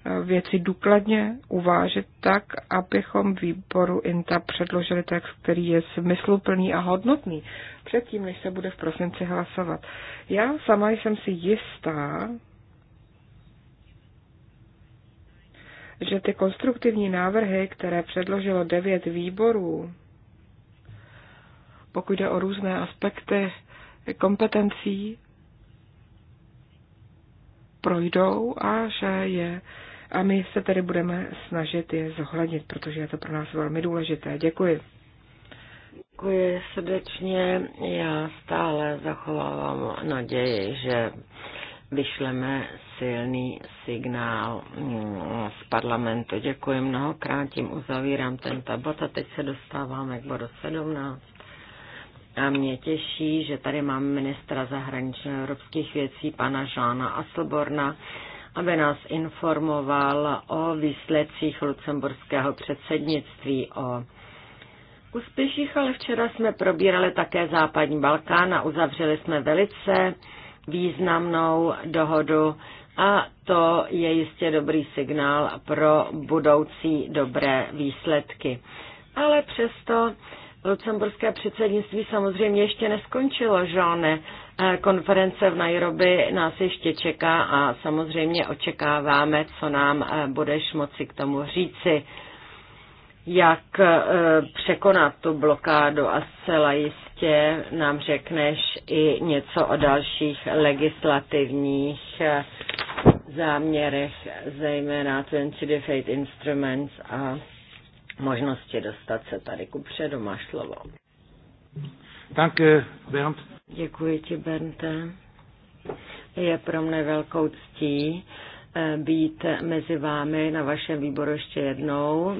eh, věci důkladně uvážit tak, abychom výboru INTA předložili text, který je smysluplný a hodnotný, předtím, než se bude v prosinci hlasovat. Já sama jsem si jistá, že ty konstruktivní návrhy, které předložilo devět výborů, pokud jde o různé aspekty kompetencí, projdou a že je a my se tedy budeme snažit je zohlednit, protože je to pro nás velmi důležité. Děkuji. Děkuji srdečně. Já stále zachovávám naději, že vyšleme silný signál mm, z parlamentu. Děkuji mnohokrát, tím uzavírám tento bod a teď se dostáváme k bodu 17. A mě těší, že tady mám ministra zahraničních evropských věcí, pana Žána Aslborna, aby nás informoval o výsledcích lucemburského předsednictví, o úspěších, ale včera jsme probírali také západní Balkán a uzavřeli jsme velice významnou dohodu a to je jistě dobrý signál pro budoucí dobré výsledky. Ale přesto lucemburské předsednictví samozřejmě ještě neskončilo, žádné eh, konference v Nairobi nás ještě čeká a samozřejmě očekáváme, co nám eh, budeš moci k tomu říci, jak eh, překonat tu blokádu a zcela jistě jistě nám řekneš i něco o dalších legislativních eh, záměrech, zejména 28 Instruments a možnosti dostat se tady ku předu. Máš slovo. Danke, eh, Bernd. Děkuji ti, Bernte. Je pro mne velkou ctí eh, být mezi vámi na vašem výboru ještě jednou.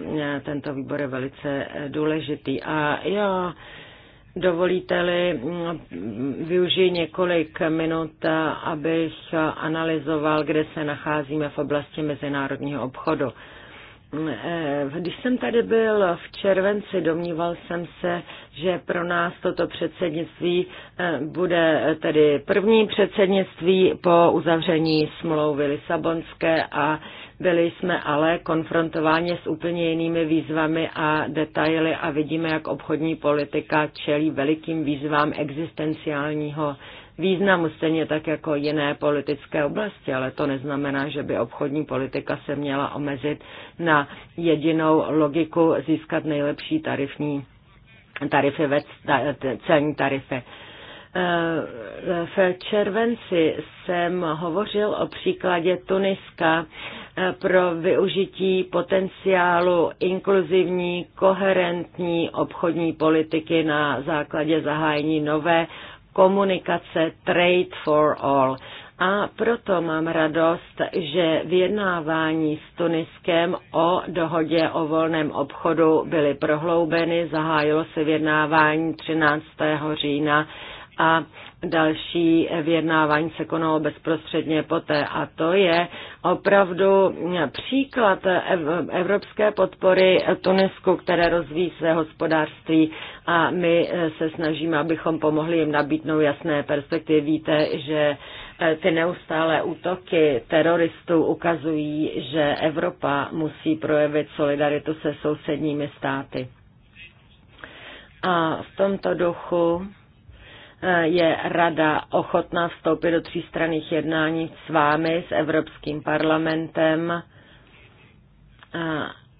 Tento výbor je velice důležitý a já Dovolíte-li, mm, využiji několik minut, eh, abych analyzoval, kde se nacházíme v oblasti mezinárodního obchodu. Eh, když jsem tady byl v červenci, domníval jsem se, že pro nás toto předsednictví eh, bude tedy první předsednictví po uzavření smlouvy Lisabonské a byli jsme ale konfrontováni s úplně jinými výzvami a detaily a vidíme, jak obchodní politika čelí velikým výzvám existenciálního významu, stejně tak jako jiné politické oblasti, ale to neznamená, že by obchodní politika se měla omezit na jedinou logiku získat nejlepší tarifní tarify, celní tarify. V červenci jsem hovořil o příkladě Tuniska eh, pro využití potenciálu inkluzivní, koherentní obchodní politiky na základě zahájení nové komunikace Trade for All. A proto mám radost, že vyjednávání s Tuniskem o dohodě o volném obchodu byly prohloubeny, zahájilo se vyjednávání 13. října a Další vyjednávání se konalo bezprostředně poté a to je opravdu příklad evropské podpory Tunisku, které rozvíjí své hospodářství a my se snažíme, abychom pomohli jim nabídnout jasné perspektivy. Víte, že e, ty neustálé útoky teroristů ukazují, že Evropa musí projevit solidaritu se sousedními státy. A v tomto duchu Eh, je rada ochotná vstoupit do třístranných jednání s vámi, s Evropským parlamentem, eh,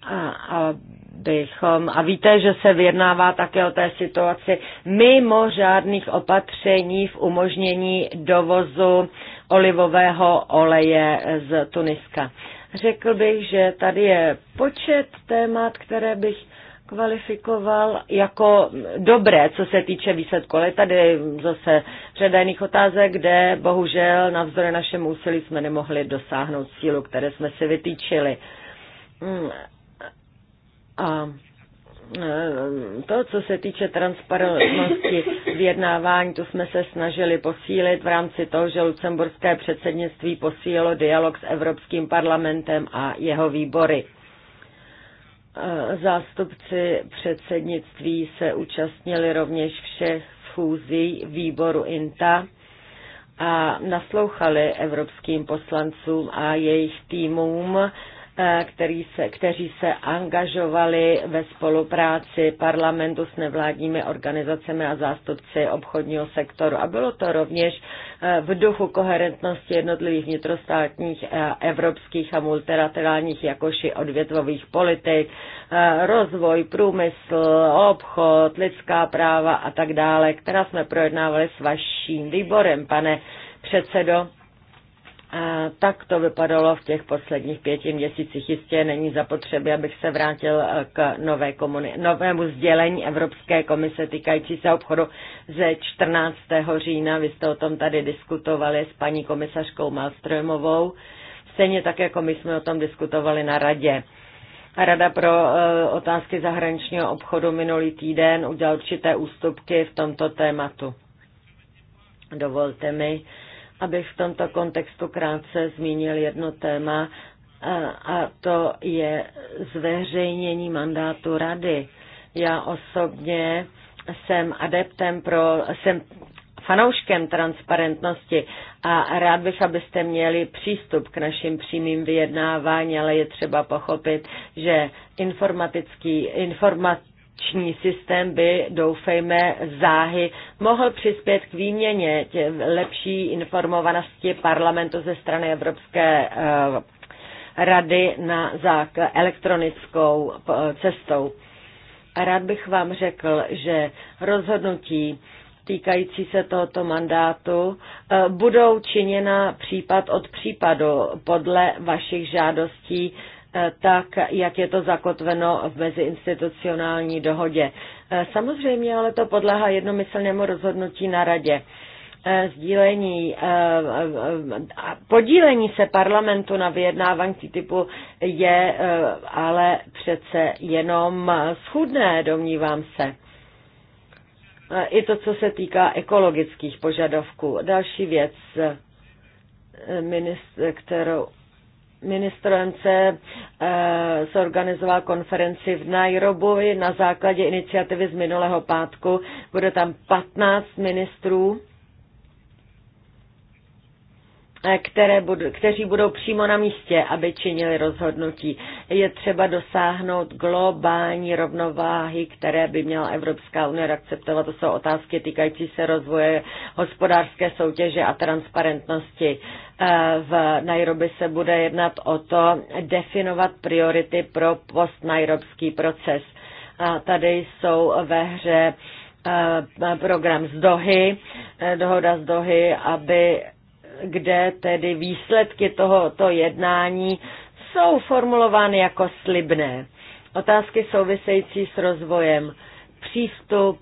a, a, bychom, a víte, že se vyjednává také o té situaci mimo žádných opatření v umožnění dovozu olivového oleje z Tuniska. Řekl bych, že tady je počet témat, které bych kvalifikoval jako dobré, co se týče výsledku. Ale tady zase řada jiných otázek, kde bohužel navzdory našemu úsilí jsme nemohli dosáhnout cílu, které jsme si vytýčili. Hmm. A eh, to, co se týče transparentnosti vyjednávání, to jsme se snažili posílit v rámci toho, že lucemburské předsednictví posílilo dialog s Evropským parlamentem a jeho výbory. Zástupci předsednictví se účastnili rovněž všech schůzí výboru INTA a naslouchali evropským poslancům a jejich týmům Eh, který se, kteří se angažovali ve spolupráci parlamentu s nevládními organizacemi a zástupci obchodního sektoru. A bylo to rovněž eh, v duchu koherentnosti jednotlivých vnitrostátních, eh, evropských a multilaterálních, jakož i odvětvových politik, rozvoj, průmysl, obchod, lidská práva a tak dále, která jsme projednávali s vaším výborem, pane předsedo a tak to vypadalo v těch posledních pěti měsících. Jistě není zapotřebí, abych se vrátil eh, k nové komuni- novému sdělení Evropské komise týkající se obchodu ze 14. října. Vy jste o tom tady diskutovali s paní komisařkou Malströmovou. Stejně tak, jako my jsme o tom diskutovali na radě. Rada pro eh, otázky zahraničního obchodu minulý týden udělal určité ústupky v tomto tématu. Dovolte mi, abych v tomto kontextu krátce zmínil jedno téma, a to je zveřejnění mandátu rady. Já osobně jsem adeptem pro, jsem fanouškem transparentnosti a rád bych, abyste měli přístup k našim přímým vyjednávání, ale je třeba pochopit, že informatický, informat, akční systém by, doufejme, záhy mohl přispět k výměně lepší informovanosti parlamentu ze strany Evropské eh, rady na zák- elektronickou eh, cestou. Rád bych vám řekl, že rozhodnutí týkající se tohoto mandátu eh, budou činěna případ od případu podle vašich žádostí tak, jak je to zakotveno v meziinstitucionální dohodě. E, samozřejmě ale to podléhá jednomyslnému rozhodnutí na radě e, sdílení, e, podílení se parlamentu na vyjednávání typu je ale přece jenom schudné, domnívám se. I to, co se týká ekologických požadavků. Další věc, kterou ministr se eh, zorganizoval konferenci v Nairobi na základě iniciativy z minulého pátku. Bude tam 15 ministrů Eh, které budu, kteří budou přímo na místě, aby činili rozhodnutí. Je třeba dosáhnout globální rovnováhy, které by měla Evropská unie akceptovat. To jsou otázky týkající se rozvoje hospodářské soutěže a transparentnosti. Eh, v Nairobi se bude jednat o to definovat priority pro postnairobský proces. A tady jsou ve hře eh, program z Dohy, dohoda z Dohy, aby kde tedy výsledky tohoto jednání jsou formulovány jako slibné. Otázky související s rozvojem, přístup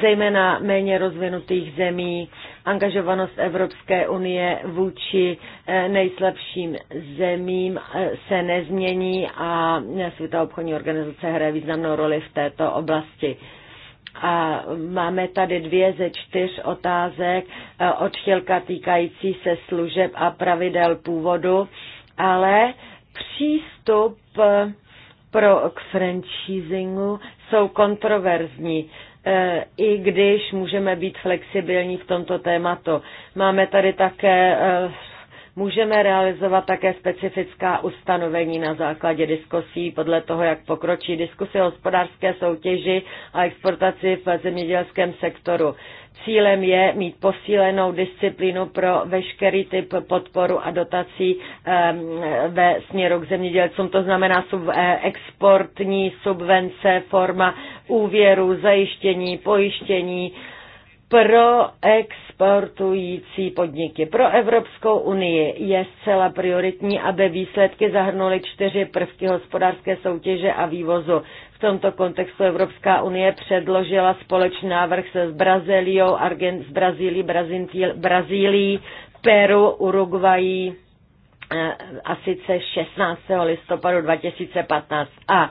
zejména méně rozvinutých zemí, angažovanost Evropské unie vůči eh, nejslabším zemím eh, se nezmění a Světová obchodní organizace hraje významnou roli v této oblasti. A máme tady dvě ze čtyř otázek, e, odchylka týkající se služeb a pravidel původu, ale přístup e, pro k franchisingu jsou kontroverzní, e, i když můžeme být flexibilní v tomto tématu. Máme tady také Můžeme realizovat také specifická ustanovení na základě diskusí podle toho, jak pokročí diskuse o hospodářské soutěži a exportaci v zemědělském sektoru. Cílem je mít posílenou disciplínu pro veškerý typ podporu a dotací ehm, ve směru k zemědělcům, to znamená sub eh, exportní subvence, forma úvěru, zajištění, pojištění, pro exportující podniky. Pro Evropskou unii je zcela prioritní, aby výsledky zahrnuly čtyři prvky hospodářské soutěže a vývozu. V tomto kontextu Evropská unie předložila společný návrh se s Brazíliou, Argent, s Brazílií, Brazílií, Peru, Uruguayí eh, a sice 16. listopadu 2015. A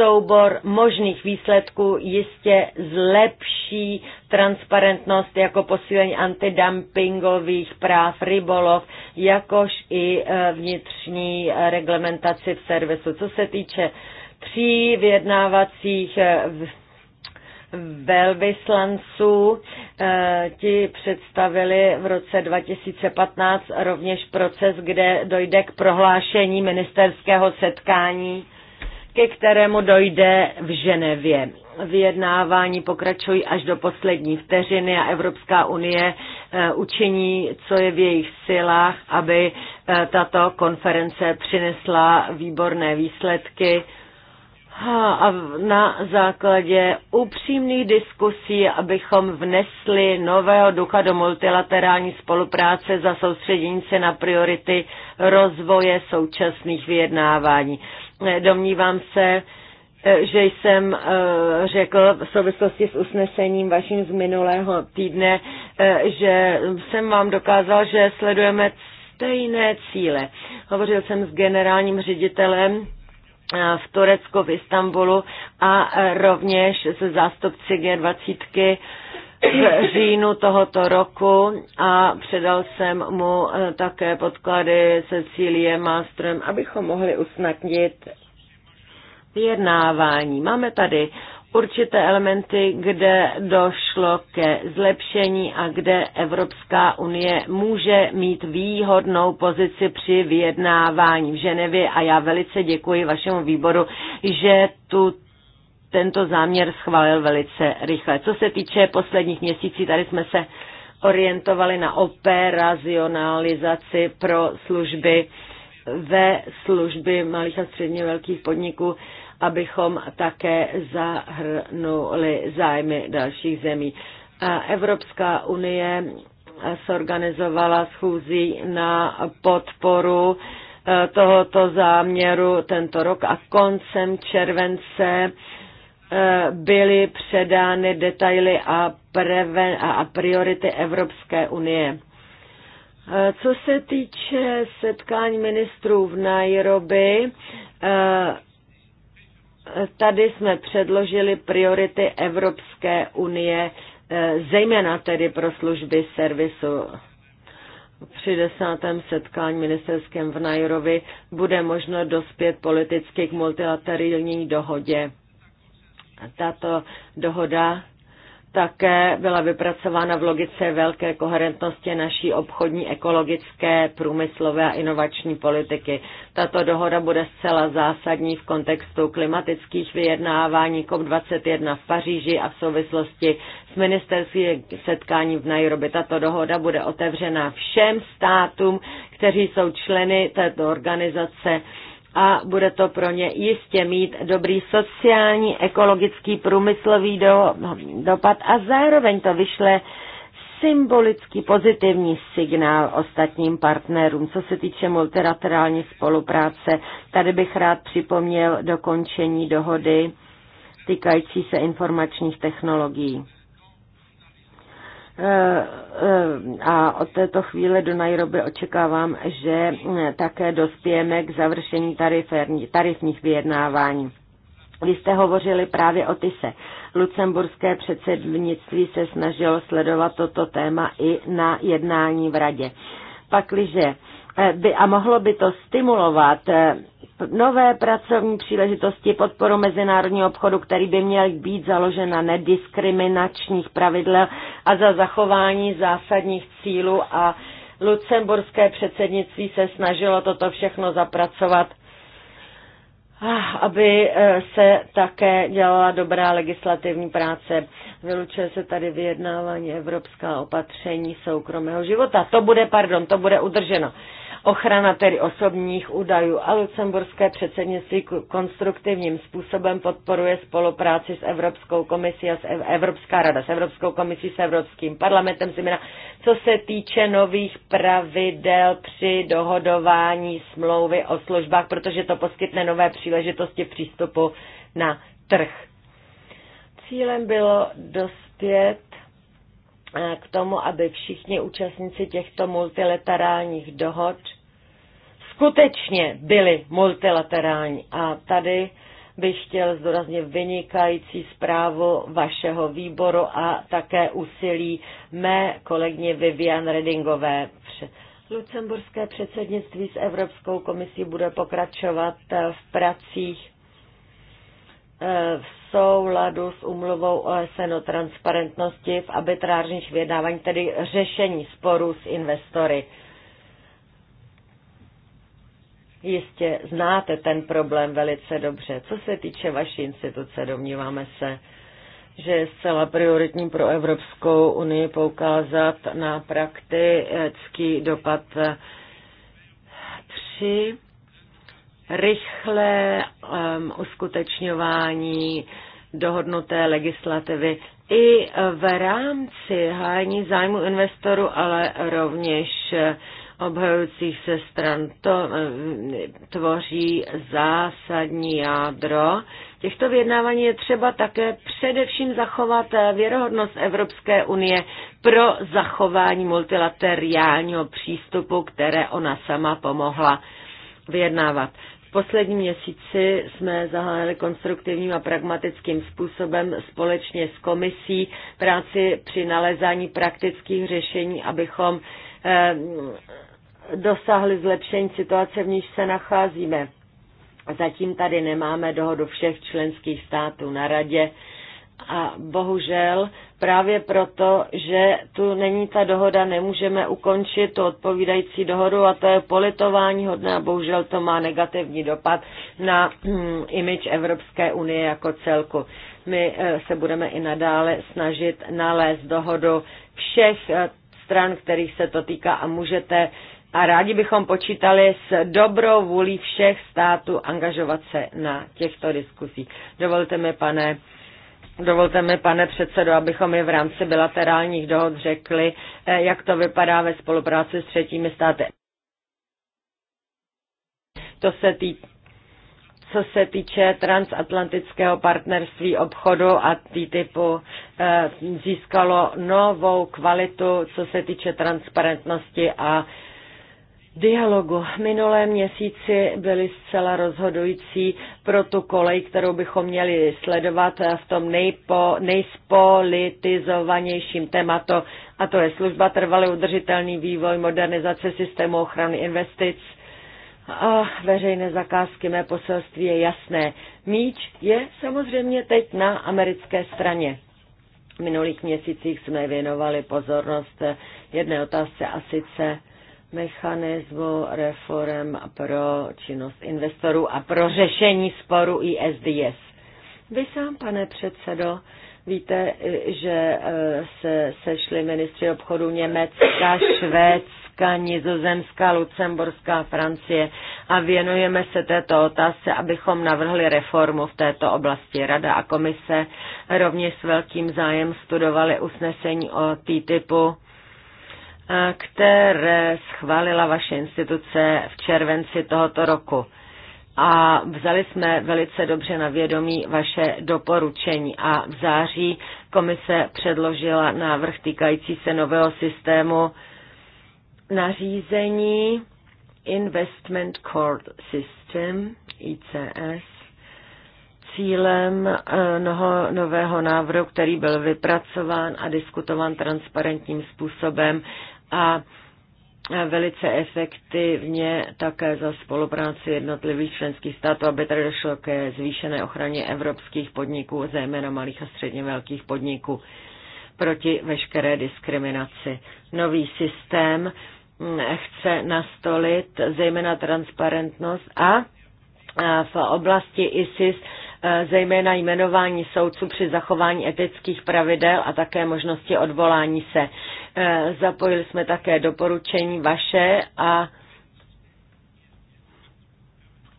soubor možných výsledků jistě zlepší transparentnost jako posílení antidumpingových práv rybolov, jakož i e, vnitřní reglementaci v servisu. Co se týče tří vyjednávacích e, velvyslanců. E, ti představili v roce 2015 rovněž proces, kde dojde k prohlášení ministerského setkání ke kterému dojde v Ženevě. Vyjednávání pokračují až do poslední vteřiny a Evropská unie eh, učiní, co je v jejich silách, aby eh, tato konference přinesla výborné výsledky a na základě upřímných diskusí, abychom vnesli nového ducha do multilaterální spolupráce za soustředění se na priority rozvoje současných vyjednávání. Domnívám se, e, že jsem e, řekl v souvislosti s usnesením vaším z minulého týdne, e, že jsem vám dokázal, že sledujeme stejné cíle. Hovořil jsem s generálním ředitelem v Turecku, v Istanbulu a rovněž se zástupci G20 v říjnu tohoto roku a předal jsem mu eh, také podklady Cílie Mástrem, abychom mohli usnadnit vyjednávání. Máme tady určité elementy, kde došlo ke zlepšení a kde Evropská unie může mít výhodnou pozici při vyjednávání v Ženevě a já velice děkuji vašemu výboru, že tuto tento záměr schválil velice rychle. Co se týče posledních měsíců, tady jsme se orientovali na operacionalizaci pro služby ve služby malých a středně velkých podniků, abychom také zahrnuli zájmy dalších zemí. Evropská unie sorganizovala schůzí na podporu eh, tohoto záměru tento rok a koncem července Eh, byly předány detaily a, preven, a, a priority Evropské unie. Eh, co se týče setkání ministrů v Nairobi, eh, tady jsme předložili priority Evropské unie, zejména tedy pro služby servisu. Při desátém setkání ministerském v Nairobi bude možno dospět politicky k multilaterální dohodě tato dohoda také byla vypracována v logice velké koherentnosti naší obchodní, ekologické, průmyslové a inovační politiky. Tato dohoda bude zcela zásadní v kontextu klimatických vyjednávání COP21 v Paříži a v souvislosti s ministerství setkání v Nairobi. Tato dohoda bude otevřena všem státům, kteří jsou členy této organizace a bude to pro ně jistě mít dobrý sociální, ekologický, průmyslový do, dopad a zároveň to vyšle symbolický pozitivní signál ostatním partnerům. Co se týče multilaterální spolupráce, tady bych rád připomněl dokončení dohody týkající se informačních technologií a od této chvíle do Nairobi očekávám, že také dospějeme k završení tarifních vyjednávání. Vy jste hovořili právě o TISE. Lucemburské předsednictví se snažilo sledovat toto téma i na jednání v radě. Pakliže eh, by, a mohlo by to stimulovat eh, nové pracovní příležitosti, podporu mezinárodního obchodu, který by měl být založen na nediskriminačních pravidlech a za zachování zásadních cílů a lucemburské předsednictví se snažilo toto všechno zapracovat ah, aby eh, se také dělala dobrá legislativní práce. Vylučuje se tady vyjednávání evropská opatření soukromého života. To bude, pardon, to bude udrženo ochrana tedy osobních údajů a lucemburské předsednictví konstruktivním způsobem podporuje spolupráci s Evropskou komisí a s Evropská rada, s Evropskou komisí, s Evropským parlamentem, zejména co se týče nových pravidel při dohodování smlouvy o službách, protože to poskytne nové příležitosti přístupu na trh. Cílem bylo dospět eh, k tomu, aby všichni účastníci těchto multilaterálních dohod skutečně byly multilaterální. A tady bych chtěl zdůraznit vynikající zprávu vašeho výboru a také úsilí mé kolegyně Vivian Redingové. Lucemburské předsednictví s Evropskou komisí bude pokračovat eh, v pracích eh, v souladu s umluvou OSN o transparentnosti v arbitrážních vyjednávání, tedy řešení sporů s investory. Jistě znáte ten problém velice dobře. Co se týče vaší instituce, domníváme se, že je zcela prioritní pro Evropskou unii poukázat na praktický dopad tři rychlé um, uskutečňování dohodnuté legislativy i v rámci hájení zájmu investoru, ale rovněž obhajujících se stran. To eh, tvoří zásadní jádro. Těchto vyjednávání je třeba také především zachovat eh, věrohodnost Evropské unie pro zachování multilaterálního přístupu, které ona sama pomohla vyjednávat. V posledním měsíci jsme zahájili konstruktivním a pragmatickým způsobem společně s komisí práci při nalezání praktických řešení, abychom eh, dosáhli zlepšení situace, v níž se nacházíme. Zatím tady nemáme dohodu všech členských států na radě a bohužel právě proto, že tu není ta dohoda, nemůžeme ukončit tu odpovídající dohodu a to je politování hodné a bohužel to má negativní dopad na hm, image Evropské unie jako celku. My eh, se budeme i nadále snažit nalézt dohodu všech eh, stran, kterých se to týká a můžete a rádi bychom počítali s dobrou vůlí všech států angažovat se na těchto diskusích. Dovolte mi, pane Dovolte mi, pane předsedo, abychom je v rámci bilaterálních dohod řekli, eh, jak to vypadá ve spolupráci s třetími státy. To se tý, co se týče transatlantického partnerství obchodu a TTIPu, eh, získalo novou kvalitu, co se týče transparentnosti a dialogu. Minulé měsíci byly zcela rozhodující pro tu kolej, kterou bychom měli sledovat v tom nejpo, nejspolitizovanějším tématu, a to je služba trvalý udržitelný vývoj, modernizace systému ochrany investic a veřejné zakázky. Mé poselství je jasné. Míč je samozřejmě teď na americké straně. V minulých měsících jsme věnovali pozornost jedné otázce a sice mechanismu reform pro činnost investorů a pro řešení sporu ISDS. Vy sám, pane předsedo, víte, že eh, se sešli ministři obchodu Německa, Švédska, Nizozemska, Lucemburská, Francie a věnujeme se této otázce, abychom navrhli reformu v této oblasti. Rada a komise rovněž s velkým zájem studovali usnesení o typu které schválila vaše instituce v červenci tohoto roku. A vzali jsme velice dobře na vědomí vaše doporučení a v září komise předložila návrh týkající se nového systému nařízení Investment Court System, ICS, cílem eh, noho, nového návrhu, který byl vypracován a diskutován transparentním způsobem a velice efektivně také za spolupráci jednotlivých členských států, aby tady došlo ke zvýšené ochraně evropských podniků, zejména malých a středně velkých podniků, proti veškeré diskriminaci. Nový systém hm, chce nastolit zejména transparentnost a v oblasti ISIS e, zejména jmenování soudců při zachování etických pravidel a také možnosti odvolání se. Eh, zapojili jsme také doporučení vaše a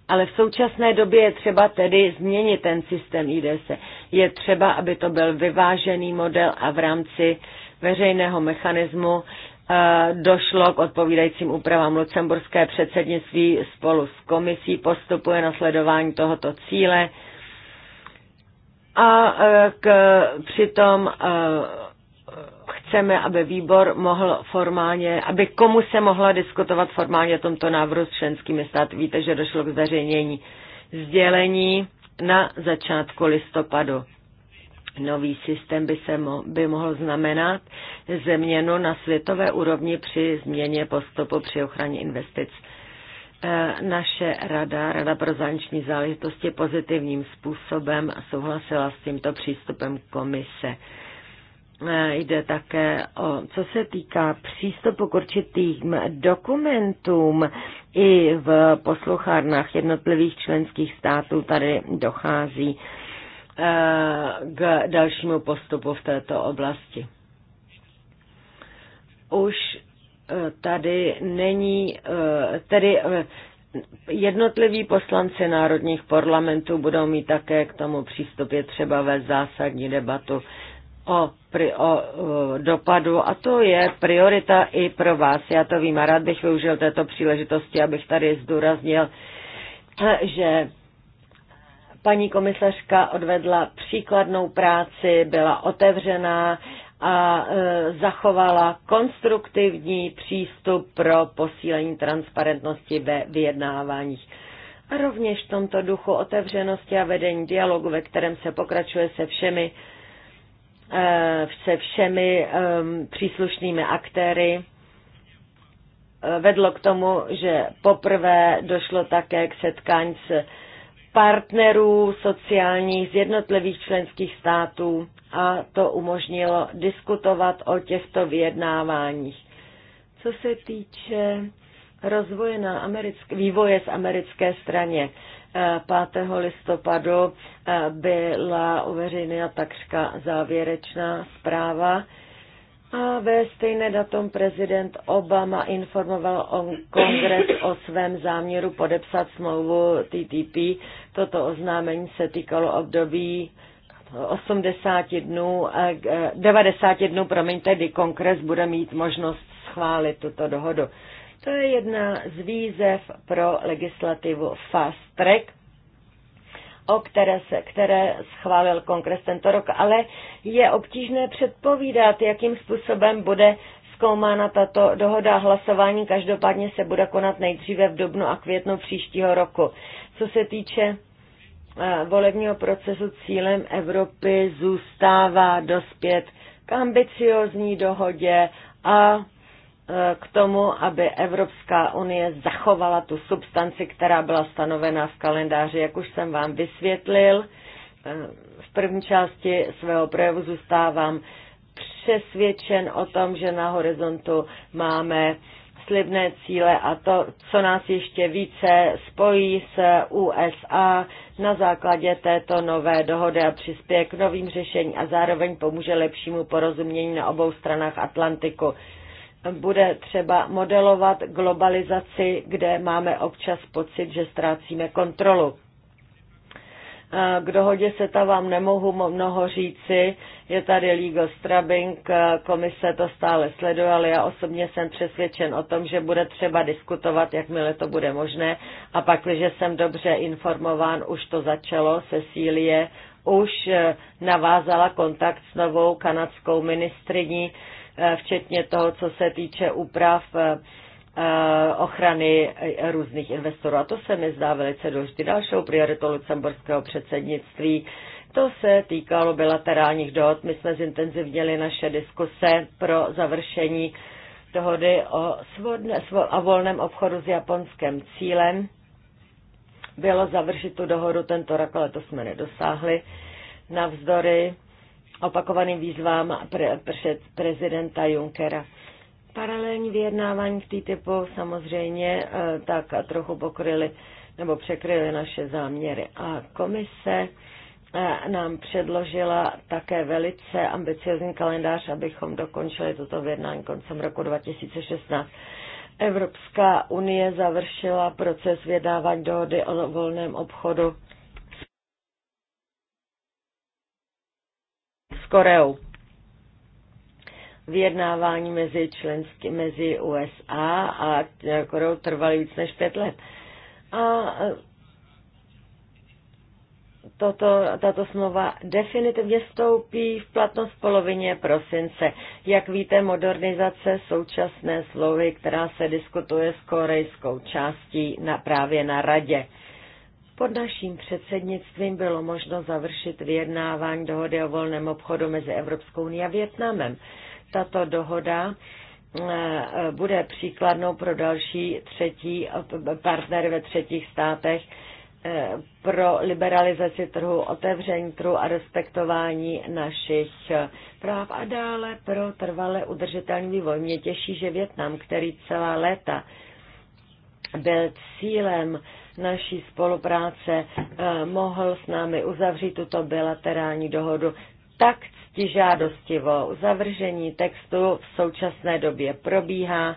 ale v současné době je třeba tedy změnit ten systém IDS. Je třeba, aby to byl vyvážený model a v rámci veřejného mechanismu eh, došlo k odpovídajícím úpravám lucemburské předsednictví spolu s komisí, postupuje na sledování tohoto cíle a eh, k, přitom chceme, aby výbor mohl formálně, aby komu se mohla diskutovat formálně o tomto návrhu s členskými státy. Víte, že došlo k zveřejnění sdělení na začátku listopadu. Nový systém by, se mo- by mohl znamenat změnu na světové úrovni při změně postupu při ochraně investic. E, naše rada, Rada pro zahraniční záležitosti, pozitivním způsobem souhlasila s tímto přístupem komise Eh, jde také o, co se týká přístupu k určitým dokumentům i v posluchárnách jednotlivých členských států tady dochází eh, k dalšímu postupu v této oblasti. Už eh, tady není, tedy jednotliví poslanci národních parlamentů budou mít také k tomu přístupě třeba ve zásadní debatu o, pri, o, o dopadu a to je priorita i pro vás. Já to vím a rád bych využil této příležitosti, abych tady zdůraznil, že paní komisařka odvedla příkladnou práci, byla otevřená a e, zachovala konstruktivní přístup pro posílení transparentnosti ve vyjednáváních. A rovněž v tomto duchu otevřenosti a vedení dialogu, ve kterém se pokračuje se všemi Eh, se všemi příslušnými aktéry eh, vedlo k tomu, že poprvé došlo také k setkání s partnerů sociálních z jednotlivých členských států a to umožnilo diskutovat o těchto vyjednáváních. Co se týče rozvoje na americk- vývoje z americké straně, 5. listopadu eh, byla uveřejněna takřka závěrečná zpráva a ve stejné datum prezident Obama informoval o kongres o svém záměru podepsat smlouvu TTP. Toto oznámení se týkalo období 80 dnů, 90 eh, eh, dnů, promiňte, kdy kongres bude mít možnost schválit tuto dohodu. To je jedna z výzev pro legislativu Fast Track, o které, se, které schválil kongres tento rok, ale je obtížné předpovídat, jakým způsobem bude zkoumána tato dohoda hlasování. Každopádně se bude konat nejdříve v dubnu a květnu příštího roku. Co se týče eh, volebního procesu cílem Evropy zůstává dospět k ambiciozní dohodě a k tomu, aby Evropská unie zachovala tu substanci, která byla stanovena v kalendáři. Jak už jsem vám vysvětlil, eh, v první části svého projevu zůstávám přesvědčen o tom, že na horizontu máme slibné cíle a to, co nás ještě více spojí s USA na základě této nové dohody a přispěje k novým řešením a zároveň pomůže lepšímu porozumění na obou stranách Atlantiku bude třeba modelovat globalizaci, kde máme občas pocit, že ztrácíme kontrolu. K dohodě ta vám nemohu mnoho říci, je tady legal strabbing, komise to stále sleduje, ale já osobně jsem přesvědčen o tom, že bude třeba diskutovat, jakmile to bude možné. A pak, když jsem dobře informován, už to začalo, Cecílie už e, navázala kontakt s novou kanadskou ministriní, Eh, včetně toho, co se týče úprav eh, eh, ochrany různých investorů. A to se mi zdá velice důležité. Dalšou prioritou lucemburského předsednictví to se týkalo bilaterálních dohod. My jsme zintenzivněli naše diskuse pro završení dohody o svodne, svol, a volném obchodu s japonským cílem. Bylo završit tu dohodu tento rok, ale to jsme nedosáhli. Navzdory opakovaným výzvám pre, před prezidenta Junckera. Paralelní vyjednávání v TTIPu samozřejmě eh, tak trochu pokryly nebo překryly naše záměry. A komise eh, nám předložila také velice ambiciozní kalendář, abychom dokončili toto vyjednání koncem roku 2016. Evropská unie završila proces vyjednávání dohody o volném obchodu Koreou. Vyjednávání mezi, členský, mezi USA a Koreou trvaly víc než pět let. A e, toto, tato smlouva definitivně vstoupí v platnost v polovině prosince. Jak víte, modernizace současné slovy, která se diskutuje s korejskou částí na, právě na radě. Pod naším předsednictvím bylo možno završit vyjednávání dohody o volném obchodu mezi Evropskou unii a Větnamem. Tato dohoda eh, bude příkladnou pro další třetí partnery ve třetích státech eh, pro liberalizaci trhu, otevření trhu a respektování našich eh, práv a dále pro trvalé udržitelný vývoj. Mě těší, že Větnam, který celá léta byl cílem naší spolupráce eh, mohl s námi uzavřít tuto bilaterální dohodu tak ctižádostivo. Zavržení textu v současné době probíhá.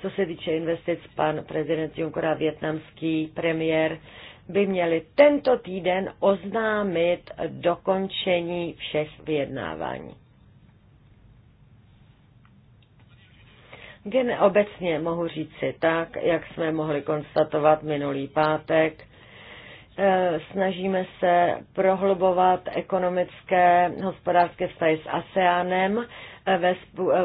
Co se týče investic, pan prezident Juncker a větnamský premiér by měli tento týden oznámit dokončení všech vyjednávání. Gen obecně mohu říci tak, jak jsme mohli konstatovat minulý pátek, eh, snažíme se prohlubovat ekonomické hospodářské vztahy s ASEANem Eh, ve, eh,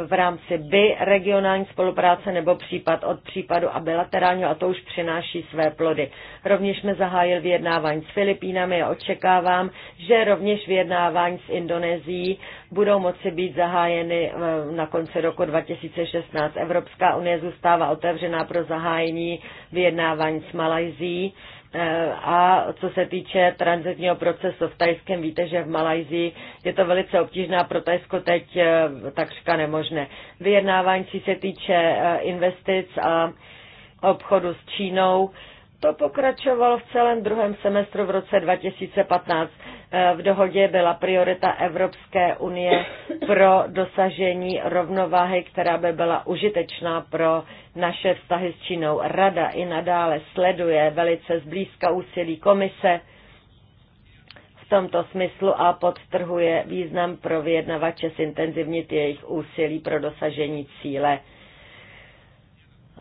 v rámci by regionální spolupráce nebo případ od případu a bilaterálního a to už přináší své plody. Rovněž jsme zahájil vyjednávání s Filipínami a očekávám, že rovněž vyjednávání s Indonézií budou moci být zahájeny eh, na konci roku 2016. Evropská unie zůstává otevřená pro zahájení vyjednávání s Malajzií Eh, a co se týče transitního procesu v Tajském, víte, že v Malajzii je to velice obtížná pro Tajsko teď eh, takřka nemožné. Vyjednávání, se týče eh, investic a obchodu s Čínou, to pokračovalo v celém druhém semestru v roce 2015. E, v dohodě byla priorita Evropské unie pro dosažení rovnováhy, která by byla užitečná pro naše vztahy s Čínou. Rada i nadále sleduje velice zblízka úsilí komise v tomto smyslu a podtrhuje význam pro vyjednavače intenzivnit jejich úsilí pro dosažení cíle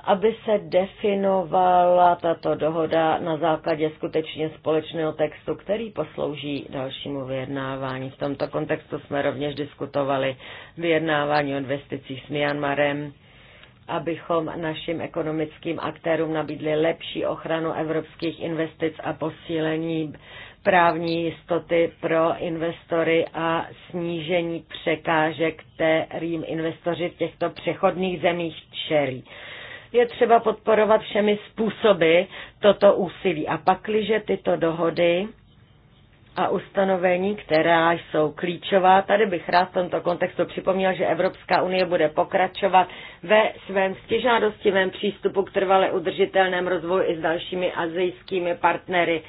aby se definovala tato dohoda na základě skutečně společného textu, který poslouží dalšímu vyjednávání. V tomto kontextu jsme rovněž diskutovali vyjednávání o investicích s Myanmarem, abychom našim ekonomickým aktérům nabídli lepší ochranu evropských investic a posílení právní jistoty pro investory a snížení překážek, kterým investoři v těchto přechodných zemích čelí je třeba podporovat všemi způsoby toto úsilí. A pakliže tyto dohody a ustanovení, která jsou klíčová. Tady bych rád v tomto kontextu připomněl, že Evropská unie bude pokračovat ve svém stěžádostivém přístupu k trvale udržitelném rozvoji i s dalšími azijskými partnery,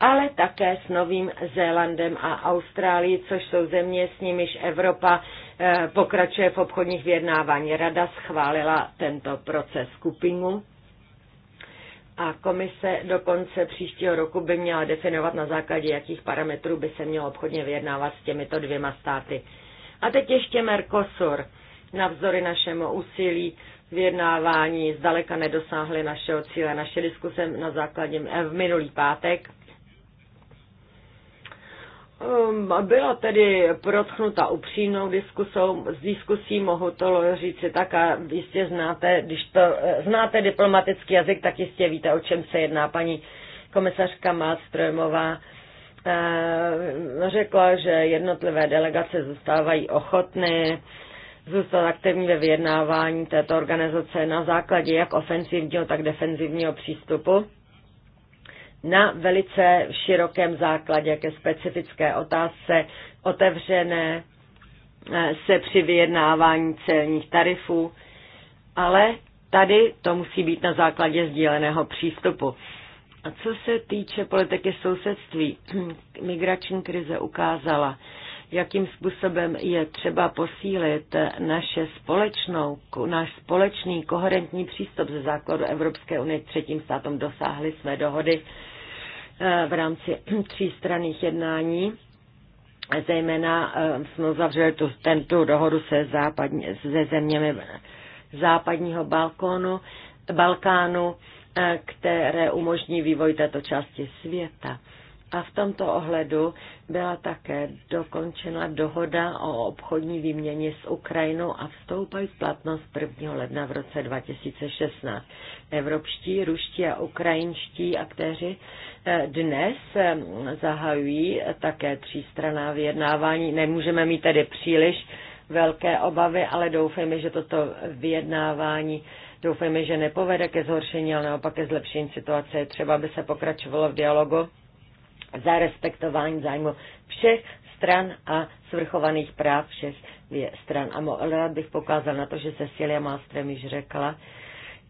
ale také s Novým Zélandem a Austrálií, což jsou země, s nimiž Evropa Eh, pokračuje v obchodních vyjednávání. Rada schválila tento proces skupinu a komise do konce příštího roku by měla definovat na základě jakých parametrů by se mělo obchodně vyjednávat s těmito dvěma státy. A teď ještě Mercosur. Navzdory našemu úsilí vyjednávání zdaleka nedosáhly našeho cíle. Naše diskuse na základě v minulý pátek Ehm, byla tedy protchnuta upřímnou diskusou, s diskusí mohu to říci tak a jistě znáte, když to eh, znáte diplomatický jazyk, tak jistě víte, o čem se jedná paní komisařka Malstrojmová eh, řekla, že jednotlivé delegace zůstávají ochotné zůstat aktivní ve vyjednávání této organizace na základě jak ofenzivního, tak defenzivního přístupu na velice širokém základě ke specifické otázce otevřené eh, se při vyjednávání celních tarifů, ale tady to musí být na základě sdíleného přístupu. A co se týče politiky sousedství, migrační krize ukázala, jakým způsobem je třeba posílit naše společnou, náš společný koherentní přístup ze základu Evropské unie k třetím státům. Dosáhli jsme dohody Eh, v rámci třístranných jednání. Zejména eh, jsme uzavřeli tu, tento dohodu se, západní, se zeměmi západního balkónu, Balkánu, eh, které umožní vývoj této části světa. A v tomto ohledu byla také dokončena dohoda o obchodní výměně s Ukrajinou a vstoupají v platnost 1. ledna v roce 2016. Evropští, ruští a ukrajinští aktéři eh, dnes eh, zahajují také třístraná vyjednávání. Nemůžeme mít tedy příliš velké obavy, ale doufejme, že toto vyjednávání doufejme, že nepovede ke zhoršení, ale naopak ke zlepšení situace. Třeba by se pokračovalo v dialogu za respektování zájmu všech stran a svrchovaných práv všech stran. A rád bych pokázal na to, že Cecilia Mástrem již řekla,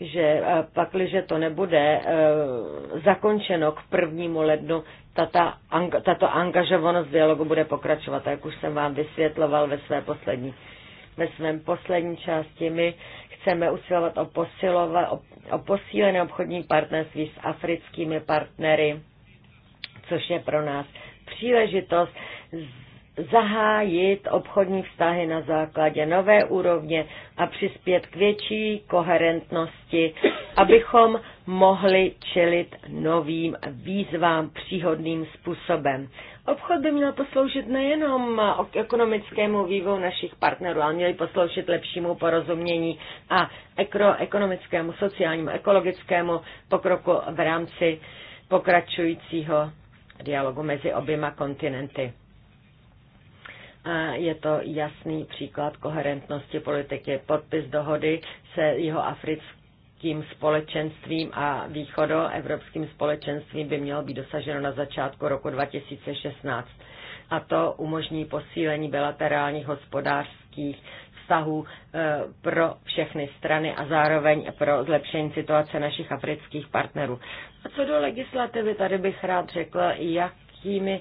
že eh, pakliže to nebude eh, zakončeno k prvnímu lednu, tata, tato angažovanost dialogu bude pokračovat. A jak už jsem vám vysvětloval ve své poslední ve svém poslední části my chceme usilovat o, posilova, o, o posílené obchodní partnerství s africkými partnery což je pro nás příležitost zahájit obchodní vztahy na základě nové úrovně a přispět k větší koherentnosti, abychom mohli čelit novým výzvám příhodným způsobem. Obchod by měl posloužit nejenom ekonomickému vývoju našich partnerů, ale měl posloužit lepšímu porozumění a ekonomickému, sociálnímu, ekologickému pokroku v rámci pokračujícího dialogu mezi oběma kontinenty. A je to jasný příklad koherentnosti politiky. Podpis dohody se jeho africkým společenstvím a východoevropským společenstvím by mělo být dosaženo na začátku roku 2016. A to umožní posílení bilaterálních hospodářských vztahů eh, pro všechny strany a zároveň pro zlepšení situace našich afrických partnerů. A co do legislativy, tady bych rád řekla, jakými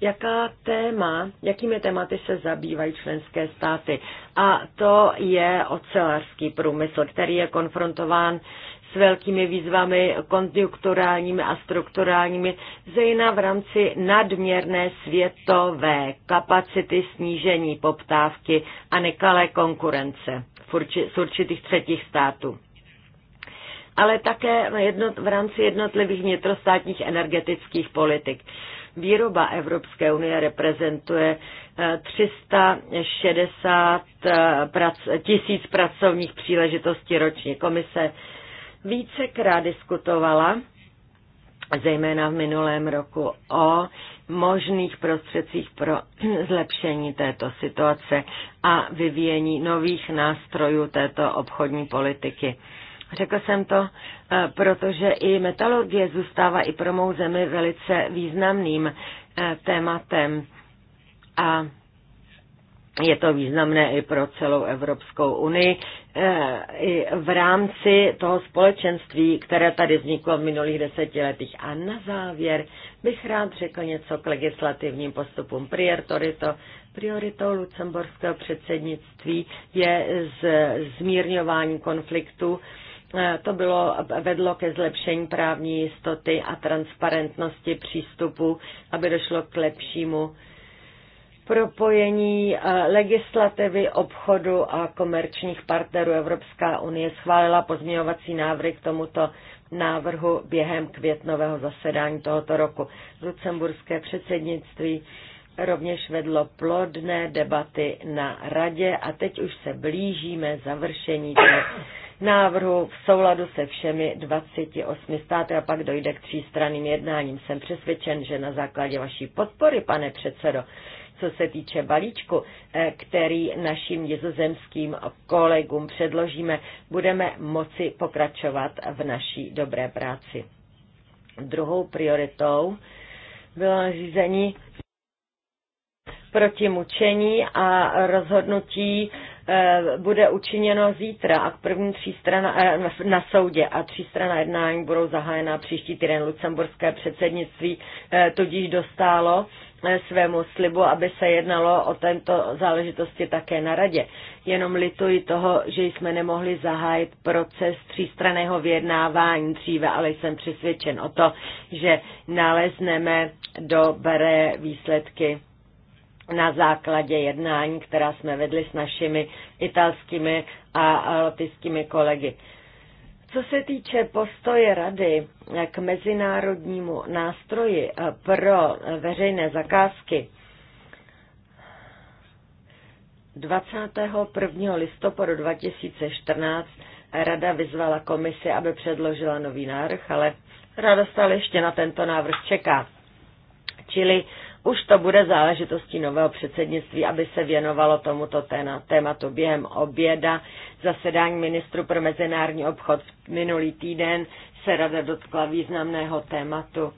jaká téma, jakými tématy se zabývají členské státy. A to je ocelářský průmysl, který je konfrontován s velkými výzvami konjunkturálními a strukturálními, zejména v rámci nadměrné světové kapacity snížení poptávky a nekalé konkurence z určitých třetích států ale také v rámci jednotlivých vnitrostátních energetických politik. Výroba Evropské unie reprezentuje 360 eh, eh, tisíc pracovních příležitostí ročně. Komise vícekrát diskutovala, zejména v minulém roku, o možných prostředcích pro zlepšení této situace a vyvíjení nových nástrojů této obchodní politiky. Řekl jsem to, eh, protože i metalurgie zůstává i pro mou zemi velice významným eh, tématem. A je to významné i pro celou Evropskou unii. Eh, I v rámci toho společenství, které tady vzniklo v minulých desetiletích. A na závěr bych rád řekl něco k legislativním postupům. Prioritou, prioritou lucemburského předsednictví je z, zmírňování konfliktu. Eh, to bylo, vedlo ke zlepšení právní jistoty a transparentnosti přístupu, aby došlo k lepšímu propojení eh, legislativy, obchodu a komerčních partnerů Evropská unie schválila pozměňovací návrhy k tomuto návrhu během květnového zasedání tohoto roku. Lucemburské předsednictví rovněž vedlo plodné debaty na radě a teď už se blížíme završení toho návrhu v souladu se všemi 28 státy a pak dojde k třístranným jednáním. Jsem přesvědčen, že na základě vaší podpory, pane předsedo, co se týče balíčku, eh, který našim nizozemským kolegům předložíme, budeme moci pokračovat v naší dobré práci. Druhou prioritou bylo řízení proti mučení a rozhodnutí eh, bude učiněno zítra a k první třístrana eh, na soudě a třístrana jednání budou zahájena příští týden. Lucemburské předsednictví tudíž dostálo svému slibu, aby se jednalo o tento záležitosti také na radě. Jenom lituji toho, že jsme nemohli zahájit proces třístraného vyjednávání dříve, ale jsem přesvědčen o to, že nalezneme dobré výsledky na základě jednání, která jsme vedli s našimi italskými a lotyskými kolegy. Co se týče postoje rady k mezinárodnímu nástroji eh, pro veřejné zakázky, 21. listopadu 2014 rada vyzvala komisi, aby předložila nový návrh, ale rada stále ještě na tento návrh čeká. Čili už to bude záležitostí nového předsednictví, aby se věnovalo tomuto tématu během oběda. Zasedání ministru pro mezinárodní obchod minulý týden se rada dotkla významného tématu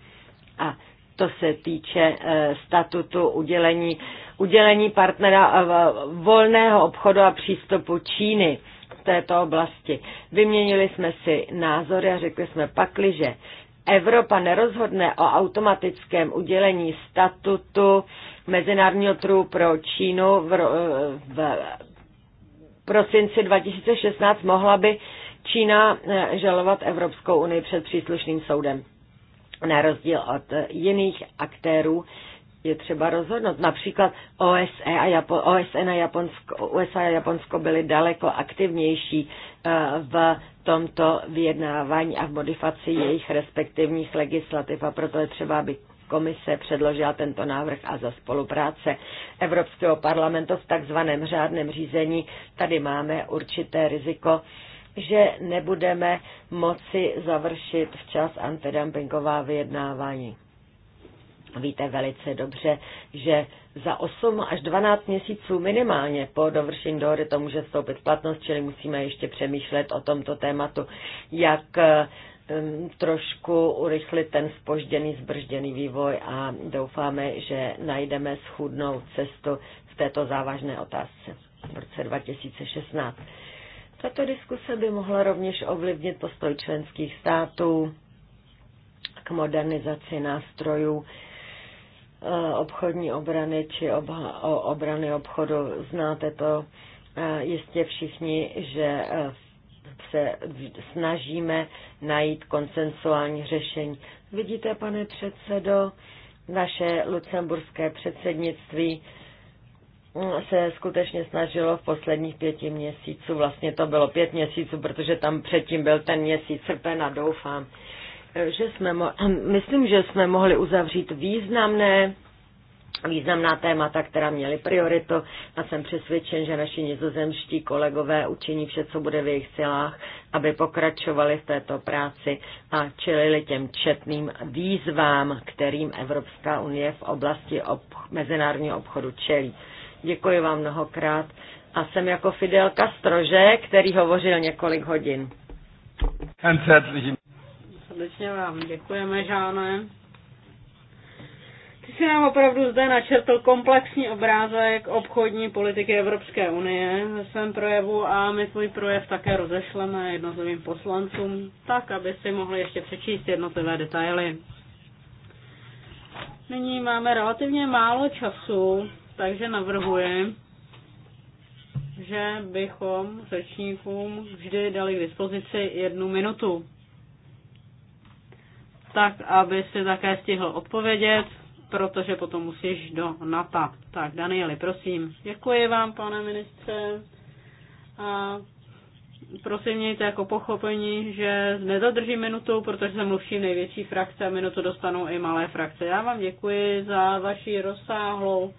a to se týče eh, statutu udělení, udělení partnera eh, volného obchodu a přístupu Číny v této oblasti. Vyměnili jsme si názory a řekli jsme pakli, že Evropa nerozhodne o automatickém udělení statutu mezinárodního trhu pro Čínu v, v prosinci 2016, mohla by Čína eh, žalovat Evropskou unii před příslušným soudem. Na rozdíl od eh, jiných aktérů je třeba rozhodnout. Například OSE a Japo- OSN a Japonsko, USA a Japonsko byly daleko aktivnější eh, v tomto vyjednávání a v modifaci jejich respektivních legislativ a proto je třeba, aby komise předložila tento návrh a za spolupráce Evropského parlamentu v takzvaném řádném řízení tady máme určité riziko, že nebudeme moci završit včas antidumpingová vyjednávání. Víte velice dobře, že za 8 až 12 měsíců minimálně po dovršení dohody to může vstoupit v platnost, čili musíme ještě přemýšlet o tomto tématu, jak trošku urychlit ten spožděný, zbržděný vývoj a doufáme, že najdeme schůdnou cestu v této závažné otázce v roce 2016. Tato diskuse by mohla rovněž ovlivnit postoj členských států k modernizaci nástrojů Eh, obchodní obrany či obha, obrany obchodu. Znáte to eh, jistě všichni, že eh, se snažíme najít konsensuální řešení. Vidíte, pane předsedo, naše lucemburské předsednictví se skutečně snažilo v posledních pěti měsíců, vlastně to bylo pět měsíců, protože tam předtím byl ten měsíc srpen a doufám, že jsme, myslím, že jsme mohli uzavřít významné významná témata, která měly prioritu a jsem přesvědčen, že naši nizozemští kolegové učiní vše, co bude v jejich silách, aby pokračovali v této práci a čelili těm četným výzvám, kterým Evropská unie v oblasti ob- mezinárodního obchodu čelí. Děkuji vám mnohokrát a jsem jako Fidel Castro, který hovořil několik hodin. Srdečně vám děkujeme, Žáne. Ty si nám opravdu zde načrtl komplexní obrázek obchodní politiky Evropské unie ve svém projevu a my svůj projev také rozešleme jednotlivým poslancům, tak aby si mohli ještě přečíst jednotlivé detaily. Nyní máme relativně málo času, takže navrhuji, že bychom řečníkům vždy dali k dispozici jednu minutu tak aby si také stihl odpovědět, protože potom musíš do NATA. Tak, Danieli, prosím. Děkuji vám, pane ministře. A prosím mějte jako pochopení, že nedodržím minutu, protože jsem mluvší největší frakce a minutu dostanou i malé frakce. Já vám děkuji za vaši rozsáhlou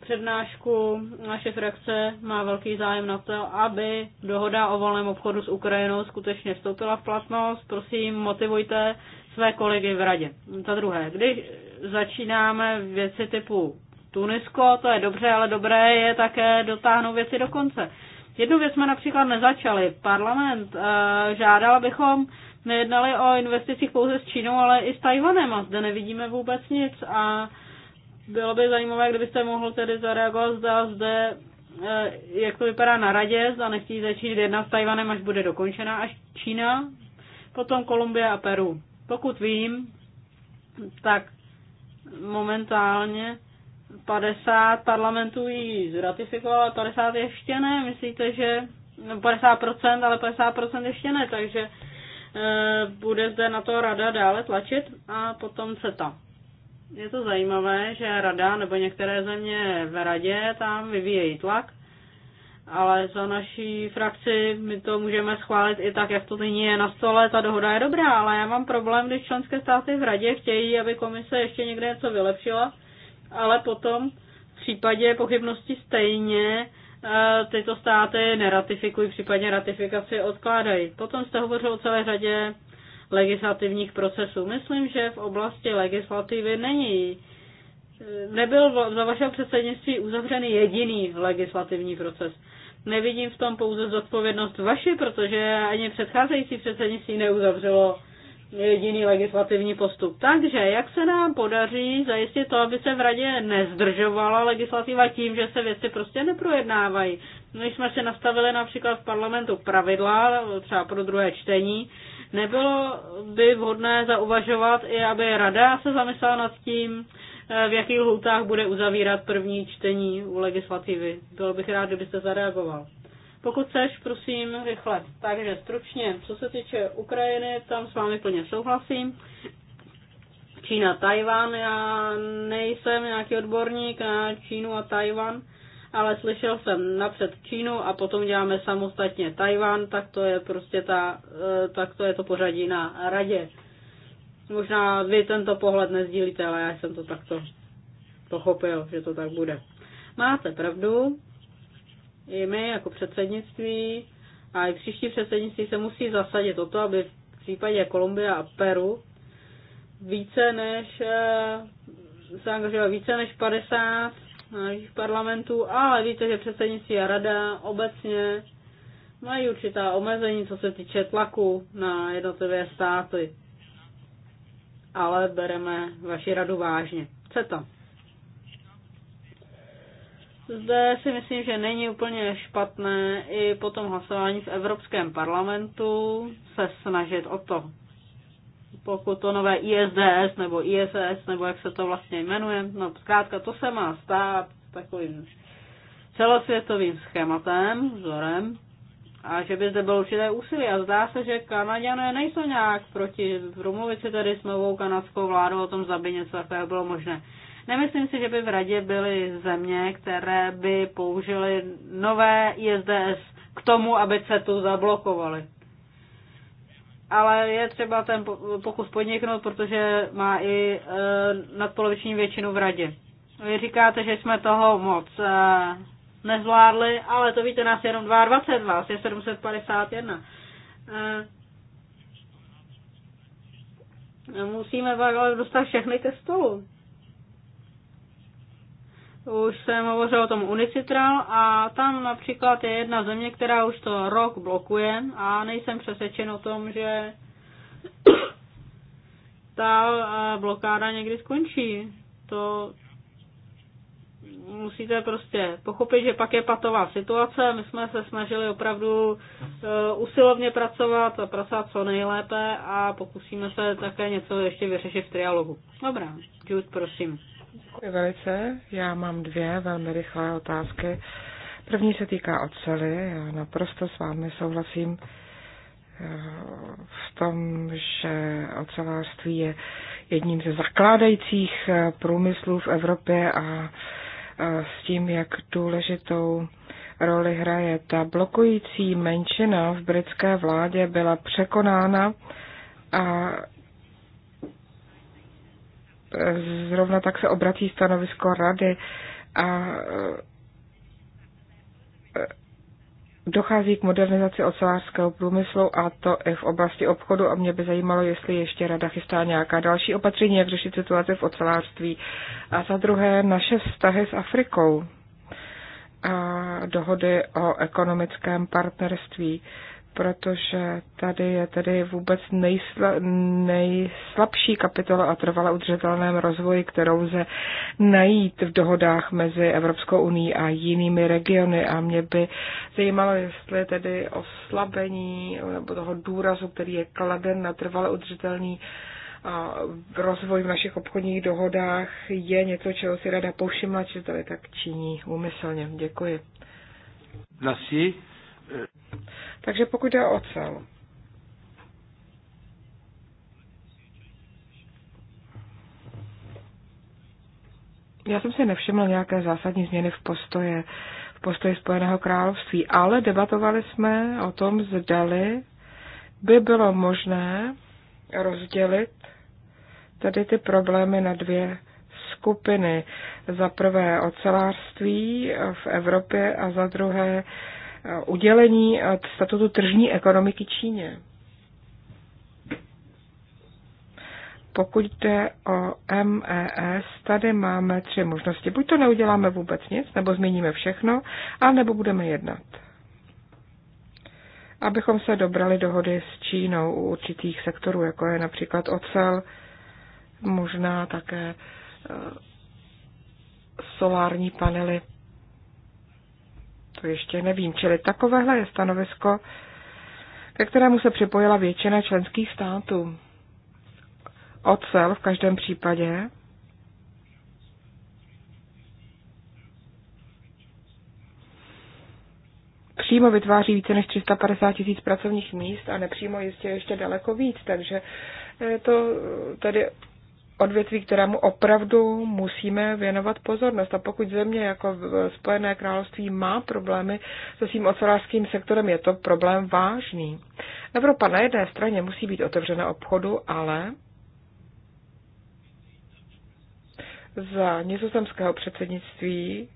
přednášku. Naše frakce má velký zájem na to, aby dohoda o volném obchodu s Ukrajinou skutečně vstoupila v platnost. Prosím, motivujte své kolegy v radě. Za druhé, když začínáme věci typu Tunisko, to je dobře, ale dobré je také dotáhnout věci do konce. Jednu věc jsme například nezačali. Parlament uh, žádal, abychom nejednali o investicích pouze s Čínou, ale i s Tajvanem a zde nevidíme vůbec nic a bylo by zajímavé, kdybyste mohl tedy zareagovat, zda zde, eh, jak to vypadá na radě, zda nechtějí začít jedna s Tajvanem, až bude dokončena, až Čína, potom Kolumbie a Peru. Pokud vím, tak momentálně 50 parlamentů ji zratifikovalo, 50 ještě ne. Myslíte, že 50%, ale 50% ještě ne, takže e, bude zde na to rada dále tlačit a potom CETA. Je to zajímavé, že rada nebo některé země v radě tam vyvíjejí tlak ale za naší frakci my to můžeme schválit i tak, jak to nyní je na stole, ta dohoda je dobrá, ale já mám problém, když členské státy v radě chtějí, aby komise ještě někde něco vylepšila, ale potom v případě pochybnosti stejně eh, tyto státy neratifikují, případně ratifikaci odkládají. Potom jste hovořil o celé řadě legislativních procesů. Myslím, že v oblasti legislativy není eh, nebyl za vašeho předsednictví uzavřený jediný legislativní proces. Nevidím v tom pouze zodpovědnost vaši, protože ani předcházející předsednictví neuzavřelo jediný legislativní postup. Takže jak se nám podaří zajistit to, aby se v radě nezdržovala legislativa tím, že se věci prostě neprojednávají? My no, jsme si nastavili například v parlamentu pravidla, třeba pro druhé čtení, nebylo by vhodné zauvažovat i, aby rada se zamyslela nad tím, Eh, v jakých lhůtách bude uzavírat první čtení u legislativy. Byl bych rád, kdybyste zareagoval. Pokud chceš, prosím, rychle. Takže stručně, co se týče Ukrajiny, tam s vámi plně souhlasím. Čína, Tajván, já nejsem nějaký odborník na Čínu a Tajván, ale slyšel jsem napřed Čínu a potom děláme samostatně Tajván, tak to je prostě ta, eh, tak to je to pořadí na radě. Možná vy tento pohled nezdílíte, ale já jsem to takto pochopil, že to tak bude. Máte pravdu, i my jako předsednictví a i příští předsednictví se musí zasadit o to, aby v případě Kolumbie a Peru více než eh, se angažoval více než 50 našich parlamentů, ale víte, že předsednictví a rada obecně mají určitá omezení, co se týče tlaku na jednotlivé státy ale bereme vaši radu vážně. CETA. Zde si myslím, že není úplně špatné i po tom hlasování v Evropském parlamentu se snažit o to. Pokud to nové ISDS nebo ISS, nebo jak se to vlastně jmenuje, no zkrátka to se má stát takovým celosvětovým schématem, vzorem, a že by zde bylo určité úsilí. A zdá se, že Kanaděné nejsou nějak proti promluvit si tady s novou kanadskou vládou o tom, zda něco takového bylo možné. Nemyslím si, že by v radě byly země, které by použily nové ISDS k tomu, aby se tu zablokovali. Ale je třeba ten pokus podniknout, protože má i e, nadpoloviční většinu v radě. Vy říkáte, že jsme toho moc e, nezvládli, ale to víte, nás je jenom 22, vás je 751. Eh, musíme ale dostat všechny ke stolu. Už jsem hovořil o tom Unicitral a tam například je jedna země, která už to rok blokuje a nejsem přesvědčen o tom, že ta eh, blokáda někdy skončí. To musíte prostě pochopit, že pak je patová situace. My jsme se snažili opravdu e, usilovně pracovat a pracovat co nejlépe a pokusíme se také něco ještě vyřešit v trialogu. Dobrá, Jude, prosím. Děkuji velice. Já mám dvě velmi rychlé otázky. První se týká ocely. Já naprosto s vámi souhlasím e, v tom, že ocelářství je jedním ze zakládajících e, průmyslů v Evropě a s tím, jak důležitou roli hraje. Ta blokující menšina v britské vládě byla překonána a zrovna tak se obrací stanovisko rady a Dochází k modernizaci ocelářského průmyslu a to i v oblasti obchodu a mě by zajímalo, jestli ještě rada chystá nějaká další opatření, jak řešit situaci v ocelářství. A za druhé naše vztahy s Afrikou a dohody o ekonomickém partnerství protože tady je tedy vůbec nejsla, nejslabší kapitola a trvale udržitelném rozvoji, kterou lze najít v dohodách mezi Evropskou uní a jinými regiony. A mě by zajímalo, jestli tedy oslabení nebo toho důrazu, který je kladen na trvale udržitelný rozvoj v našich obchodních dohodách, je něco, čeho si rada povšimla, že tady tak činí úmyslně. Děkuji. Merci. Takže pokud jde o ocel, Já jsem si nevšiml nějaké zásadní změny v postoje, v postoji Spojeného království, ale debatovali jsme o tom, zdali by bylo možné rozdělit tady ty problémy na dvě skupiny. Za prvé ocelářství v Evropě a za druhé Eh, udělení eh, statutu tržní ekonomiky Číně. Pokud jde o MES, tady máme tři možnosti. Buď to neuděláme vůbec nic, nebo změníme všechno, a nebo budeme jednat. Abychom se dobrali dohody s Čínou u určitých sektorů, jako je například ocel, možná také eh, solární panely to ještě nevím. Čili takovéhle je stanovisko, ke kterému se připojila většina členských států. Ocel v každém případě. Přímo vytváří více než 350 tisíc pracovních míst a nepřímo jistě ještě daleko víc, takže je eh, to tedy odvětví, kterému opravdu musíme věnovat pozornost. A pokud země jako Spojené království má problémy se svým ocelářským sektorem, je to problém vážný. Evropa na jedné straně musí být otevřena obchodu, ale za nizozemského předsednictví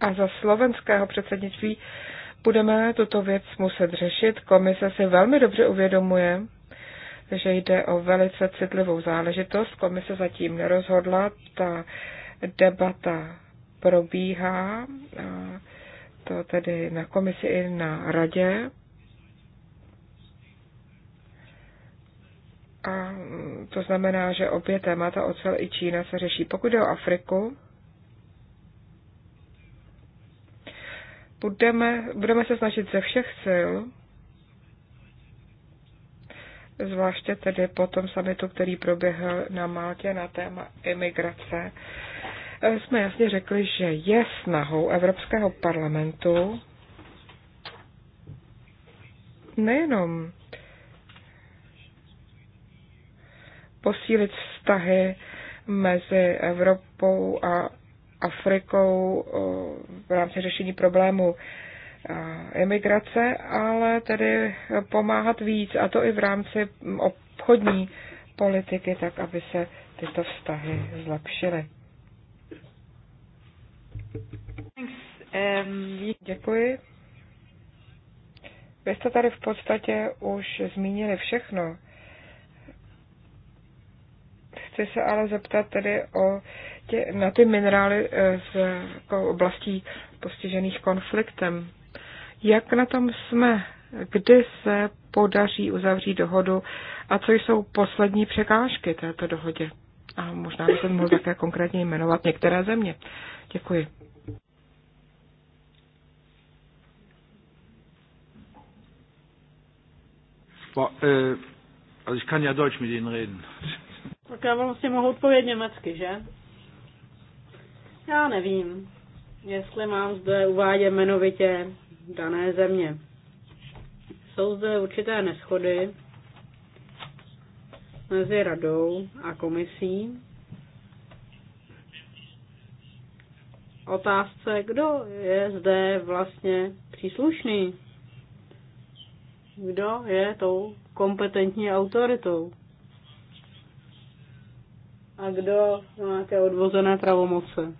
a za slovenského předsednictví budeme tuto věc muset řešit. Komise si velmi dobře uvědomuje, že jde o velice citlivou záležitost. Komise zatím nerozhodla, ta debata probíhá, to tedy na komisi i na radě. A to znamená, že obě témata, ocel i Čína, se řeší. Pokud jde o Afriku, budeme, budeme se snažit ze všech sil zvláště tedy po tom samitu, který proběhl na Maltě na téma imigrace, jsme jasně řekli, že je snahou Evropského parlamentu nejenom posílit vztahy mezi Evropou a Afrikou eh, v rámci řešení problému Eh, emigrace, ale tedy pomáhat víc, a to i v rámci obchodní politiky, tak aby se tyto vztahy zlepšily. Um, Děkuji. Vy jste tady v podstatě už zmínili všechno. Chci se ale zeptat tedy o tě, na ty minerály z eh, jako oblastí postižených konfliktem jak na tom jsme, kdy se podaří uzavřít dohodu a co jsou poslední překážky této dohodě. A možná se mohl také konkrétně jmenovat některé země. Děkuji. Äh, also ich kann ja Deutsch mit Ihnen reden. Tak já vlastně mohu odpovědět německy, že? Já nevím, jestli mám zde uvádět jmenovitě dané země. Jsou zde určité neschody mezi radou a komisí. Otázce, kdo je zde vlastně příslušný? Kdo je tou kompetentní autoritou? A kdo má nějaké odvozené pravomoce?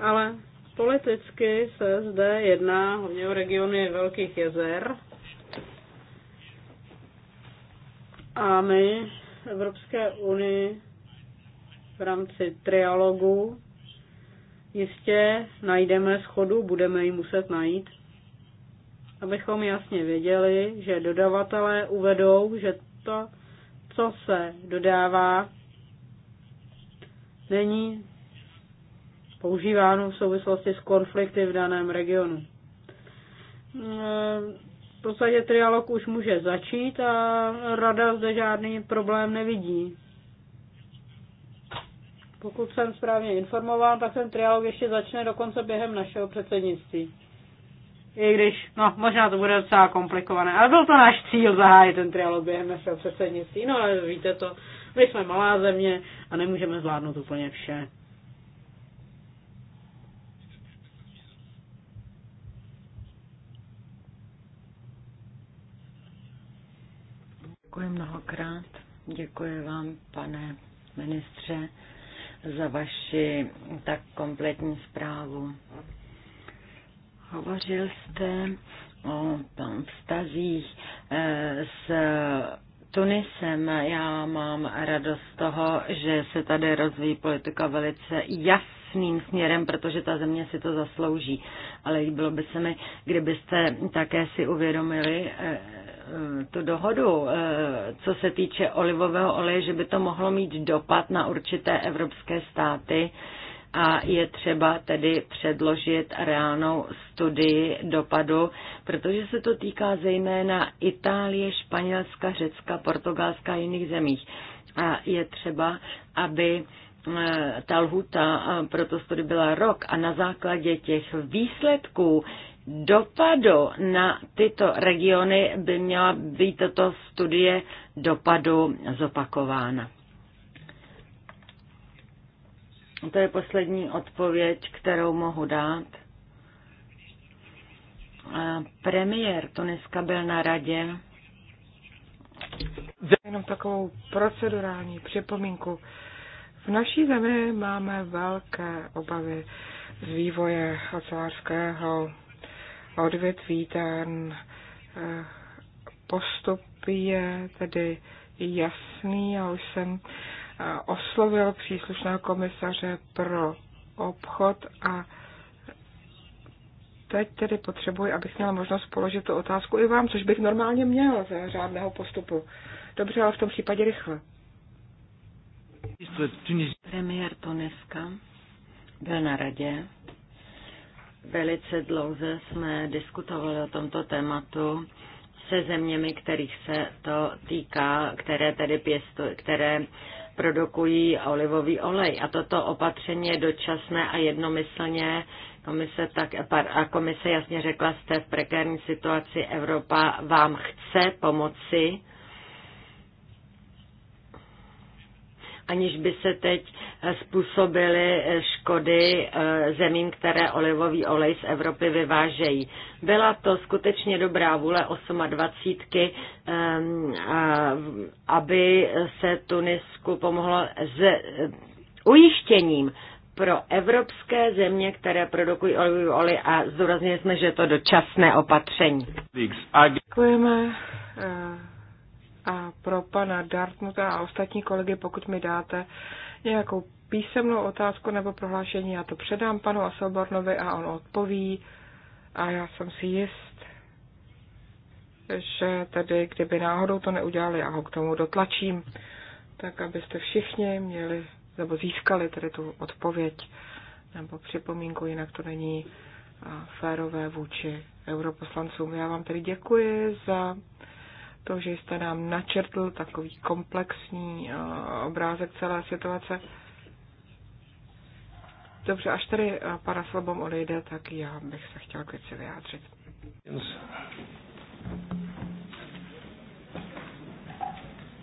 Ale Politicky se zde jedná hlavně o regiony Velkých jezer. A my v Evropské unii v rámci trialogu jistě najdeme schodu, budeme ji muset najít, abychom jasně věděli, že dodavatelé uvedou, že to, co se dodává, není používáno v souvislosti s konflikty v daném regionu. V podstatě trialog už může začít a rada zde žádný problém nevidí. Pokud jsem správně informován, tak ten trialog ještě začne dokonce během našeho předsednictví. I když, no, možná to bude docela komplikované, ale byl to náš cíl zahájit ten trialog během našeho předsednictví. No, ale víte to, my jsme malá země a nemůžeme zvládnout úplně vše. Děkuji mnohokrát. Děkuji vám, pane ministře, za vaši tak kompletní zprávu. Hovořil jste o tom vztazích eh, s Tunisem. Já mám radost z toho, že se tady rozvíjí politika velice jasným směrem, protože ta země si to zaslouží. Ale líbilo by se mi, kdybyste také si uvědomili, eh, Eh, tu dohodu, eh, co se týče olivového oleje, že by to mohlo mít dopad na určité evropské státy a je třeba tedy předložit reálnou studii dopadu, protože se to týká zejména Itálie, Španělska, Řecka, Portugalska a jiných zemích. A je třeba, aby eh, ta lhuta pro to byla rok a na základě těch výsledků dopadu na tyto regiony by měla být tato studie dopadu zopakována. To je poslední odpověď, kterou mohu dát. Premiér to dneska byl na radě. Jenom takovou procedurální připomínku. V naší zemi máme velké obavy z vývoje ocelářského odvětví. Ten eh, postup je tedy jasný a už jsem eh, oslovil příslušného komisaře pro obchod a teď tedy potřebuji, abych měla možnost položit tu otázku i vám, což bych normálně měl za řádného postupu. Dobře, ale v tom případě rychle. Premiér Tuneska byl na radě Velice dlouze jsme diskutovali o tomto tématu se zeměmi, kterých se to týká, které tedy pěstují, které produkují olivový olej. A toto opatření je dočasné a jednomyslně komise, tak, a komise jasně řekla, jste v prekérní situaci, Evropa vám chce pomoci aniž by se teď způsobily škody eh, zemím, které olivový olej z Evropy vyvážejí. Byla to skutečně dobrá vůle 28, eh, aby se Tunisku pomohlo s eh, ujištěním pro evropské země, které produkují olivový olej a zdůraznili jsme, že je to dočasné opatření. Děkujeme a pro pana Dartmuta a ostatní kolegy, pokud mi dáte nějakou písemnou otázku nebo prohlášení, já to předám panu Asobornovi a on odpoví. A já jsem si jist, že tedy, kdyby náhodou to neudělali, já ho k tomu dotlačím, tak abyste všichni měli, nebo získali tedy tu odpověď nebo připomínku, jinak to není férové vůči europoslancům. Já vám tedy děkuji za to, že jste nám načrtl takový komplexní eh, obrázek celé situace. Dobře, až tady eh, para slobom odejde, tak já bych se chtěl k věci vyjádřit.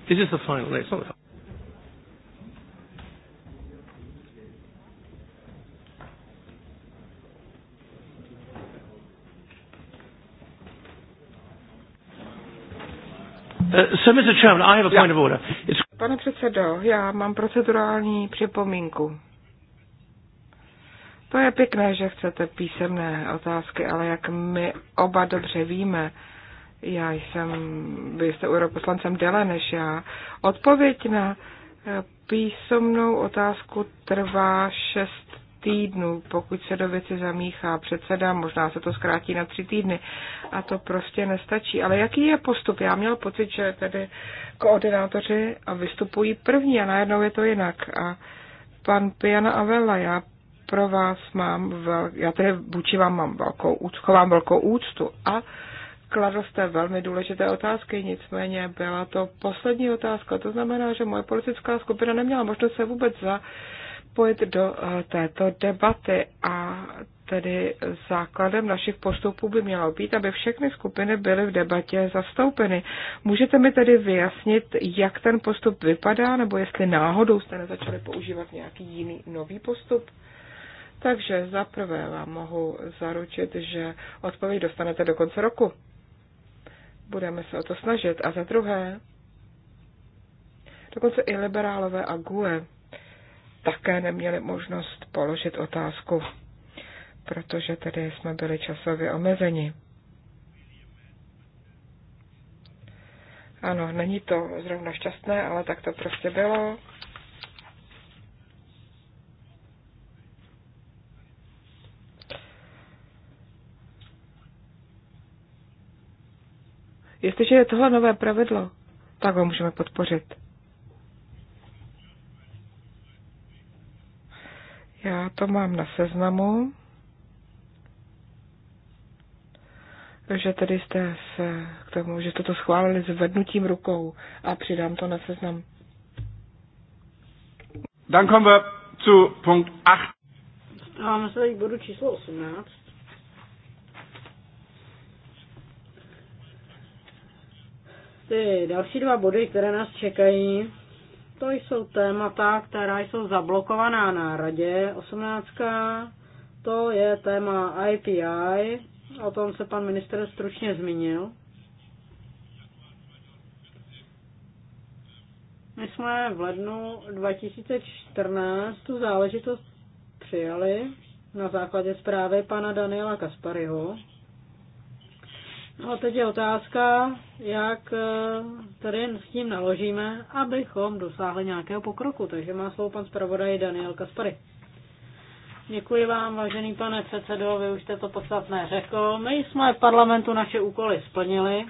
This is the final. day. it's not the final. Pane předsedo, já mám procedurální připomínku. To je pěkné, že chcete písemné otázky, ale jak my oba dobře víme, já jsem, vy jste europoslancem déle než já, odpověď na eh, písemnou otázku trvá 6 týdnů, pokud se do věci zamíchá předseda, možná se to zkrátí na tři týdny a to prostě nestačí. Ale jaký je postup? Já měl pocit, že tedy koordinátoři vystupují první a najednou je to jinak. A pan Piana Avella, já pro vás mám, vel, já tedy vůči vám mám velkou úctu, chovám velkou úctu a kladl jste velmi důležité otázky, nicméně byla to poslední otázka. To znamená, že moje politická skupina neměla možnost se vůbec za, zapojit do eh, této debaty a tedy základem našich postupů by mělo být, aby všechny skupiny byly v debatě zastoupeny. Můžete mi tedy vyjasnit, jak ten postup vypadá, nebo jestli náhodou jste nezačali používat nějaký jiný nový postup? Takže za prvé vám mohu zaručit, že odpověď dostanete do konce roku. Budeme se o to snažit. A za druhé, dokonce i liberálové a GUE také neměli možnost položit otázku, protože tedy jsme byli časově omezeni. Ano, není to zrovna šťastné, ale tak to prostě bylo. Jestliže je tohle nové pravidlo, tak ho můžeme podpořit. Já to mám na seznamu, že tedy jste se k tomu, že jste to schválili zvednutím rukou a přidám to na seznam. Dann kommen wir zu Punkt 8. Dostáváme se tady k bodu číslo 18. Ty další dva body, které nás čekají, to jsou témata, která jsou zablokovaná na radě. 18. To je téma IPI, o tom se pan minister stručně zmínil. My jsme v lednu 2014 tu záležitost přijali na základě zprávy pana Daniela Kaspariho, No teď je otázka, jak eh, tady s tím naložíme, abychom dosáhli nějakého pokroku. Takže má slovo pan zpravodaj Daniel Kaspary. Děkuji vám, vážený pane předsedo, vy už jste to podstatné řekl. My jsme v parlamentu naše úkoly splnili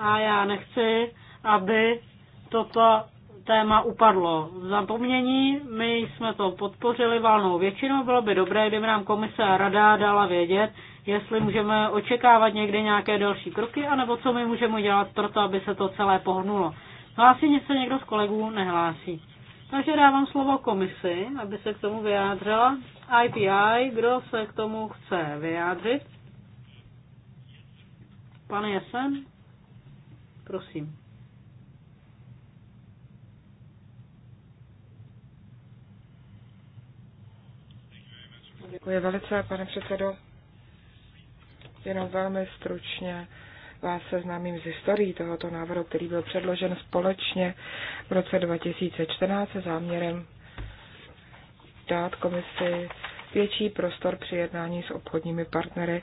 a já nechci, aby toto téma upadlo v zapomnění. My jsme to podpořili valnou většinou. Bylo by dobré, kdyby nám komise a rada dala vědět, jestli můžeme očekávat někde nějaké další kroky, anebo co my můžeme dělat pro to, aby se to celé pohnulo. Hlásí no, něco někdo z kolegů? Nehlásí. Takže dávám slovo komisi, aby se k tomu vyjádřila. IPI, kdo se k tomu chce vyjádřit? Pan Jesen, prosím. Děkuji velice, pane předsedo. Jenom velmi stručně vás seznámím s historií tohoto návrhu, který byl předložen společně v roce 2014 se záměrem dát komisi větší prostor při jednání s obchodními partnery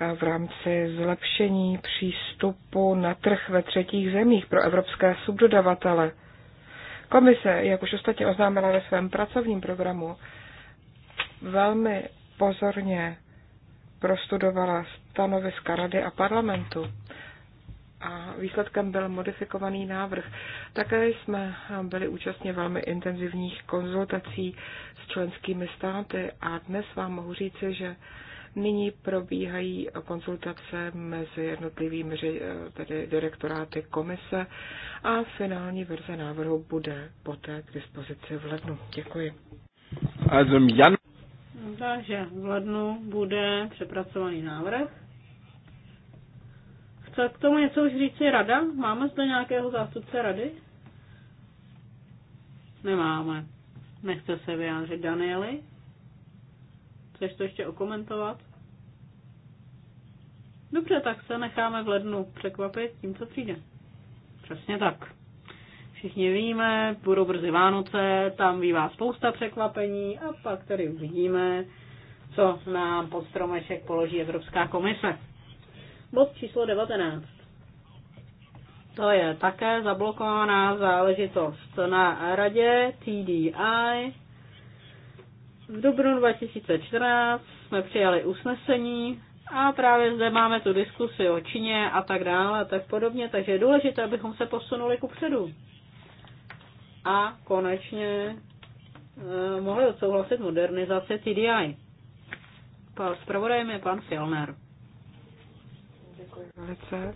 eh, v rámci zlepšení přístupu na trh ve třetích zemích pro evropské subdodavatele. Komise, jak už ostatně oznámila ve svém pracovním programu, velmi pozorně prostudovala stanoviska Rady a parlamentu a výsledkem byl modifikovaný návrh. Také jsme byli účastně velmi intenzivních konzultací s členskými státy a dnes vám mohu říci, že nyní probíhají konzultace mezi jednotlivými tedy direktoráty komise a finální verze návrhu bude poté k dispozici v lednu. Děkuji. Also im Januar takže v lednu bude přepracovaný návrh. Chce k tomu něco už říci rada? Máme zde nějakého zástupce rady? Nemáme. Nechce se vyjádřit Danieli. Chceš to ještě okomentovat? Dobře, tak se necháme v lednu překvapit tím, co přijde. Přesně tak všichni víme, budou brzy Vánoce, tam bývá spousta překvapení a pak tady uvidíme, co nám pod stromeček položí Evropská komise. Bod číslo 19. To je také zablokovaná záležitost na radě TDI. V dubnu 2014 jsme přijali usnesení a právě zde máme tu diskusi o Číně a tak dále a tak podobně, takže je důležité, abychom se posunuli ku předu a konečně eh, mohli odsouhlasit modernizaci TDI. Spravodajem je pan Filner. Děkuji velice.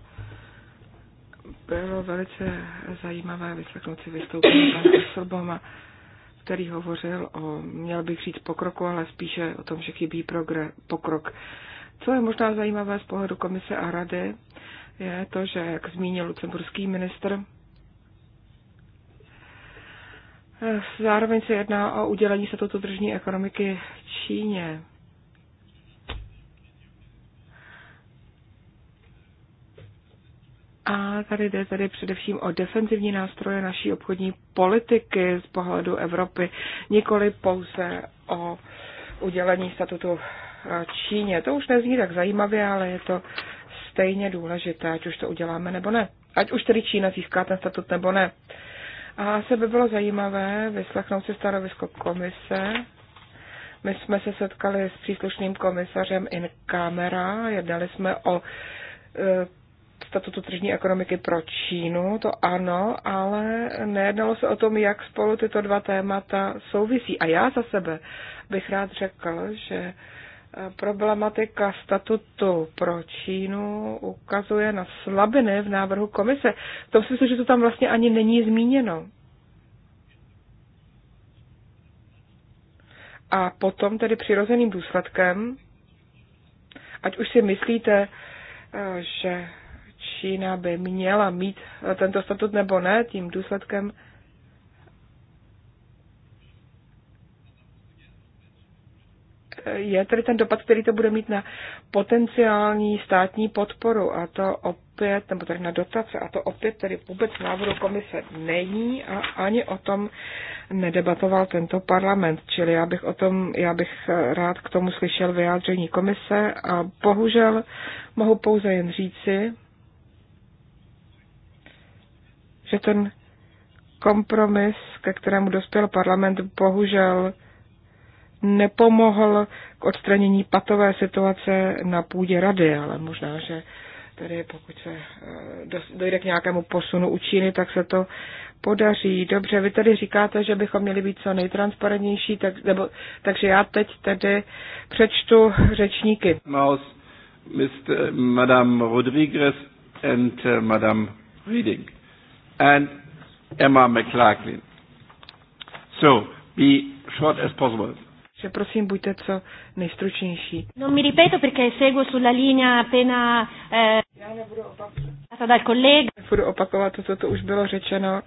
Bylo velice zajímavé vyslechnout si vystoupení pana Osoboma, který hovořil o, měl bych říct pokroku, ale spíše o tom, že chybí progr- pokrok. Co je možná zajímavé z pohledu komise a rady, je to, že, jak zmínil lucemburský ministr, Zároveň se jedná o udělení se toto tržní ekonomiky Číně. A tady jde tady především o defenzivní nástroje naší obchodní politiky z pohledu Evropy, nikoli pouze o udělení statutu eh, Číně. To už nezní tak zajímavě, ale je to stejně důležité, ať už to uděláme nebo ne. Ať už tedy Čína získá ten statut nebo ne. Uh, a asi by bylo zajímavé vyslechnout si stanovisko komise. My jsme se setkali s příslušným komisařem in camera, jednali jsme o e, statutu tržní ekonomiky pro Čínu, to ano, ale nejednalo se o tom, jak spolu tyto dva témata souvisí. A já za sebe bych rád řekl, že Problematika statutu pro Čínu ukazuje na slabiny v návrhu komise. V tom smyslu, že to tam vlastně ani není zmíněno. A potom tedy přirozeným důsledkem, ať už si myslíte, eh, že Čína by měla mít tento statut nebo ne, tím důsledkem je tedy ten dopad, který to bude mít na potenciální státní podporu a to opět, nebo tedy na dotace a to opět tedy vůbec návodu komise není a ani o tom nedebatoval tento parlament, čili já bych o tom, já bych rád k tomu slyšel vyjádření komise a bohužel mohu pouze jen říci, že ten kompromis, ke kterému dospěl parlament, bohužel nepomohl k odstranění patové situace na půdě rady, ale možná, že tedy pokud se eh, dojde k nějakému posunu u Číny, tak se to podaří. Dobře, vy tedy říkáte, že bychom měli být co nejtransparentnější, tak, nebo, takže já teď tedy přečtu řečníky. Maus, Mr. Madame Rodriguez and uh, Madame Reading and Emma McLaughlin. So, be short as possible že prosím buďte co nejstručnější. No mi ripeto perché seguo sulla linea appena eh, Já nebudu opakovat. dal collega. opakovat to, co to už bylo řečeno.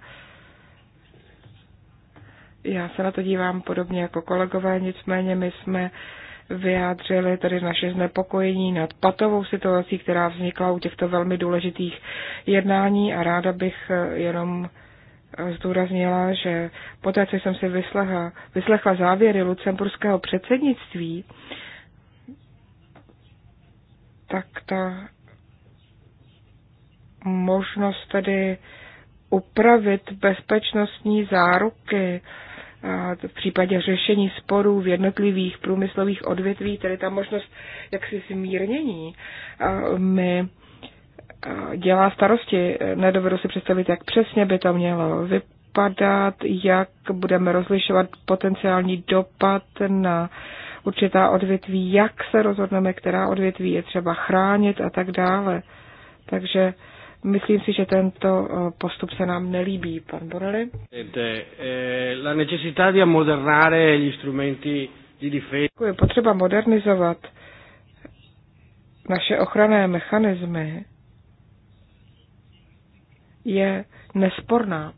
Já se na to dívám podobně jako kolegové, nicméně my jsme vyjádřili tady naše znepokojení nad patovou situací, která vznikla u těchto velmi důležitých jednání a ráda bych eh, jenom zdůraznila, že poté, co jsem si vyslechla, vyslechla závěry lucemburského předsednictví, tak ta možnost tedy upravit bezpečnostní záruky v případě řešení sporů v jednotlivých průmyslových odvětví, tedy ta možnost jaksi zmírnění, my dělá starosti. Nedovedu si představit, jak přesně by to mělo vypadat, jak budeme rozlišovat potenciální dopad na určitá odvětví, jak se rozhodneme, která odvětví je třeba chránit a tak dále. Takže myslím si, že tento eh, postup se nám nelíbí, pan Borelli. Eh, la necessità di gli strumenti di difesa. Je potřeba modernizovat naše ochranné mechanismy je nesporná.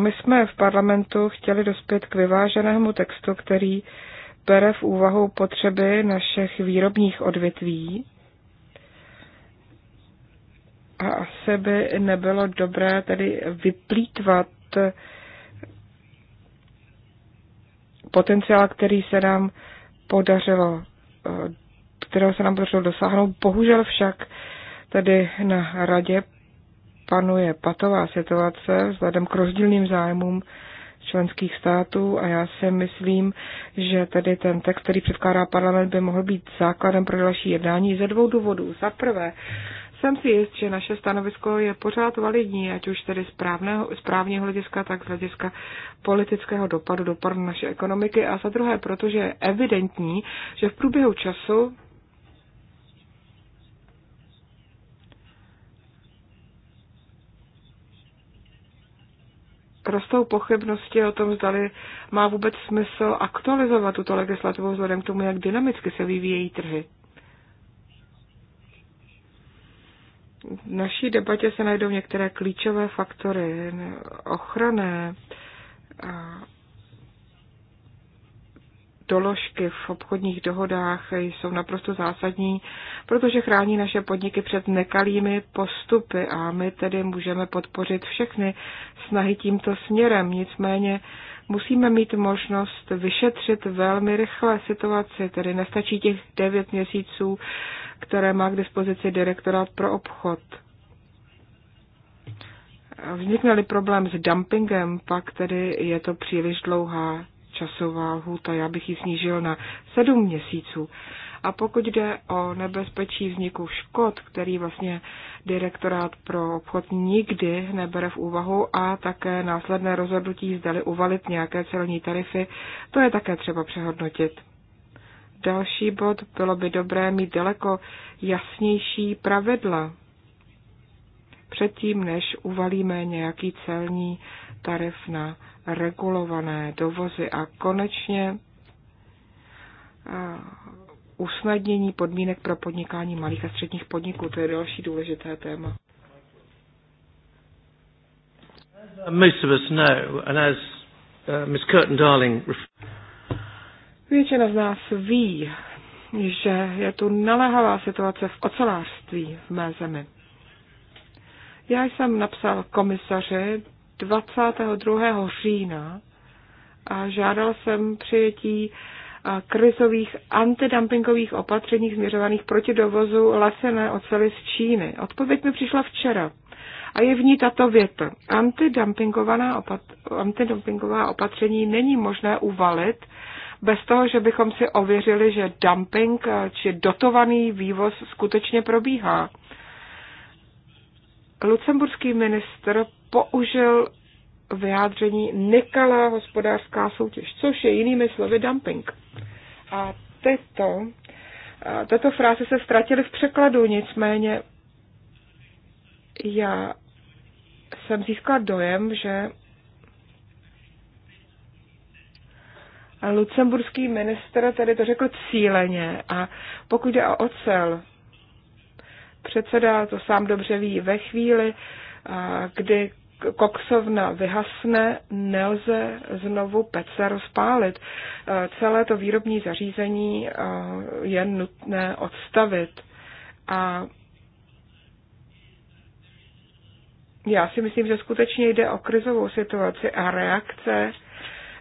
My jsme v parlamentu chtěli dospět k vyváženému textu, který bere v úvahu potřeby našich výrobních odvětví. A asi by nebylo dobré tedy vyplýtvat potenciál, který se nám podařilo eh, kterého se nám podařilo dosáhnout. Bohužel však tady na radě panuje patová situace vzhledem k rozdílným zájmům členských států a já si myslím, že tady ten text, který předkládá parlament, by mohl být základem pro další jednání ze dvou důvodů. Za prvé, jsem si jist, že naše stanovisko je pořád validní, ať už tedy z právného, právního hlediska, tak z hlediska politického dopadu, dopadu naší ekonomiky. A za druhé, protože je evidentní, že v průběhu času rostou pochybnosti o tom, zdali má vůbec smysl aktualizovat tuto legislativu vzhledem k tomu, jak dynamicky se vyvíjejí trhy. V naší debatě se najdou některé klíčové faktory, ochrany doložky v obchodních dohodách jsou naprosto zásadní, protože chrání naše podniky před nekalými postupy a my tedy můžeme podpořit všechny snahy tímto směrem. Nicméně musíme mít možnost vyšetřit velmi rychle situaci, tedy nestačí těch devět měsíců, které má k dispozici direktorát pro obchod. Vznikne-li problém s dumpingem, pak tedy je to příliš dlouhá časová lhůta, já bych ji snížil na sedm měsíců. A pokud jde o nebezpečí vzniku škod, který vlastně direktorát pro obchod nikdy nebere v úvahu a také následné rozhodnutí zdali uvalit nějaké celní tarify, to je také třeba přehodnotit. Další bod, bylo by dobré mít daleko jasnější pravidla předtím, než uvalíme nějaký celní tarif na regulované dovozy a konečně eh, usnadnění podmínek pro podnikání malých a středních podniků. To je další důležité téma. Uh, Většina z nás ví, že je tu naléhavá situace v ocelářství v mé zemi. Já jsem napsal komisaři 22. října a žádal jsem přijetí krizových antidumpingových opatření směřovaných proti dovozu lesené ocely z Číny. Odpověď mi přišla včera a je v ní tato věta. Opat, antidumpingová opatření není možné uvalit bez toho, že bychom si ověřili, že dumping či dotovaný vývoz skutečně probíhá lucemburský minister použil vyjádření nekalá hospodářská soutěž, což je jinými slovy dumping. A tyto, tato fráze se ztratily v překladu, nicméně já jsem získala dojem, že lucemburský minister tady to řekl cíleně a pokud jde o ocel, předseda to sám dobře ví, ve chvíli, kdy koksovna vyhasne, nelze znovu pece rozpálit. Celé to výrobní zařízení je nutné odstavit. A já si myslím, že skutečně jde o krizovou situaci a reakce.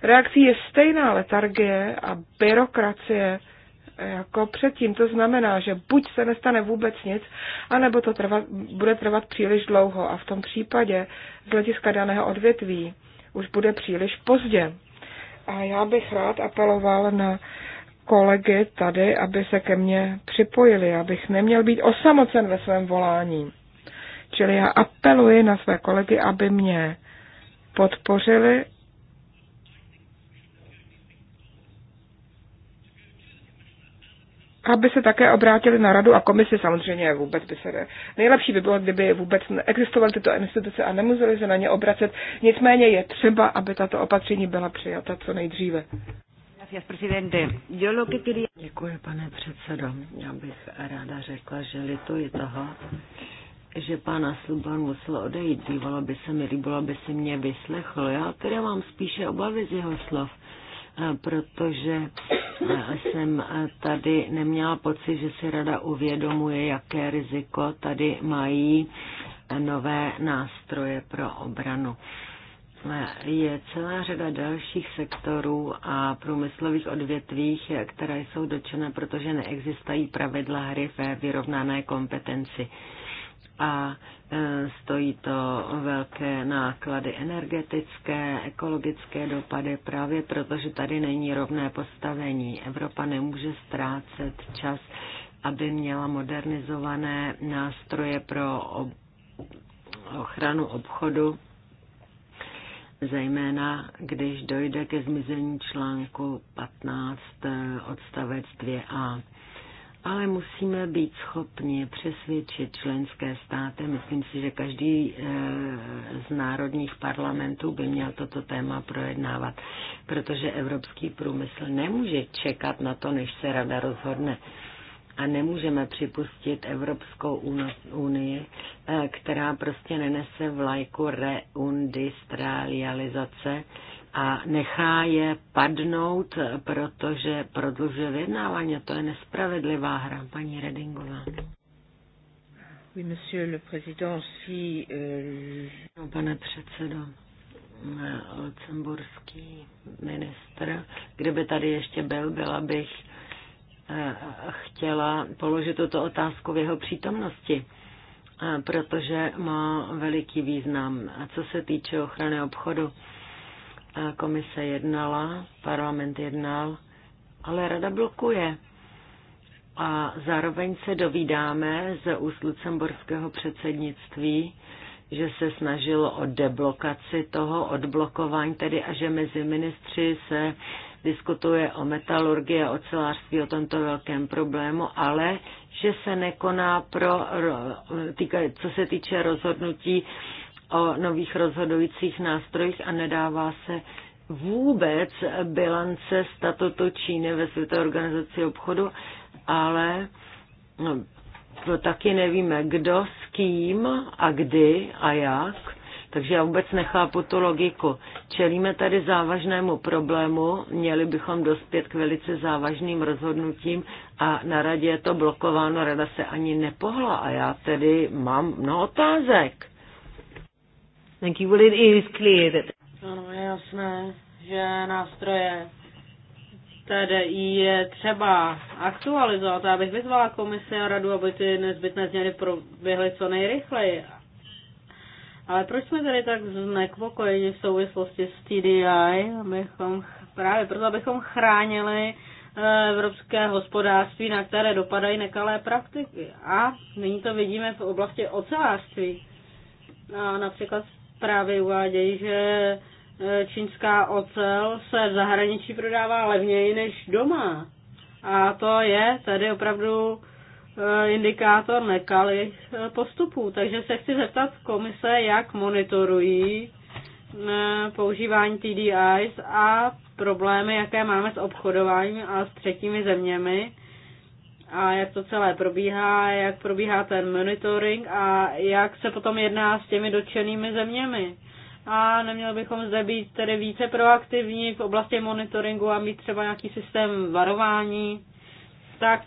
Reakcí je stejná letargie a byrokracie, jako předtím. To znamená, že buď se nestane vůbec nic, anebo to trvat, bude trvat příliš dlouho a v tom případě z hlediska daného odvětví už bude příliš pozdě. A já bych rád apeloval na kolegy tady, aby se ke mně připojili, abych neměl být osamocen ve svém volání. Čili já apeluji na své kolegy, aby mě podpořili aby se také obrátili na radu a komisi samozřejmě vůbec by se ne. Nejlepší by bylo, kdyby vůbec existovaly tyto instituce a nemuseli se na ně obracet. Nicméně je třeba, aby tato opatření byla přijata co nejdříve. Děkuji, pane předsedo. Já bych ráda řekla, že lituji toho, že pana Sluban musel odejít. dívalo by se mi líbilo, aby si mě vyslechl. Já teda mám spíše obavy z jeho slov protože jsem tady neměla pocit, že si rada uvědomuje, jaké riziko tady mají nové nástroje pro obranu. Je celá řada dalších sektorů a průmyslových odvětvích, které jsou dočené, protože neexistují pravidla hry ve vyrovnané kompetenci a e, stojí to velké náklady energetické, ekologické dopady, právě protože tady není rovné postavení. Evropa nemůže ztrácet čas, aby měla modernizované nástroje pro ochranu obchodu, zejména když dojde ke zmizení článku 15 e, odstavec 2a ale musíme být schopni přesvědčit členské státy. Myslím si, že každý eh, z národních parlamentů by měl toto téma projednávat, protože evropský průmysl nemůže čekat na to, než se rada rozhodne. A nemůžeme připustit Evropskou unii, eh, která prostě nenese vlajku reundistralializace, a nechá je padnout, protože prodlužuje vyjednávání. To je nespravedlivá hra, paní Redingová. Oui, monsieur le président, si... Euh... No, pane předsedo, eh, lucemburský ministr, kdyby tady ještě byl, byla bych eh, chtěla položit tuto otázku v jeho přítomnosti, eh, protože má veliký význam. A co se týče ochrany obchodu, Komise jednala, parlament jednal, ale rada blokuje. A zároveň se dovídáme ze úst lucemburského předsednictví, že se snažilo o deblokaci toho odblokování, tedy a že mezi ministři se diskutuje o metalurgii a ocelářství, o tomto velkém problému, ale že se nekoná pro, týka, co se týče rozhodnutí o nových rozhodujících nástrojích a nedává se vůbec bilance statutu Číny ve Světové organizaci obchodu, ale no, to taky nevíme, kdo s kým a kdy a jak. Takže já vůbec nechápu tu logiku. Čelíme tady závažnému problému, měli bychom dospět k velice závažným rozhodnutím a na radě je to blokováno, rada se ani nepohla a já tedy mám mnoho otázek. Thank you. Well, it is clear that... Ano, je jasné, že nástroje TDI je třeba aktualizovat. Já bych vyzvala komisi a radu, aby ty nezbytné změny proběhly co nejrychleji. Ale proč jsme tady tak znekvokojeni v souvislosti s TDI? Abychom, právě proto, abychom chránili eh, evropské hospodářství, na které dopadají nekalé praktiky. A nyní to vidíme v oblasti ocelářství. A například právě uvádějí, že e, čínská ocel se v zahraničí prodává levněji než doma. A to je tady opravdu e, indikátor nekalých e, postupů. Takže se chci zeptat komise, jak monitorují používání TDIs a problémy, jaké máme s obchodováním a s třetími zeměmi a jak to celé probíhá, jak probíhá ten monitoring a jak se potom jedná s těmi dotčenými zeměmi. A neměl bychom zde být tedy více proaktivní v oblasti monitoringu a mít třeba nějaký systém varování, tak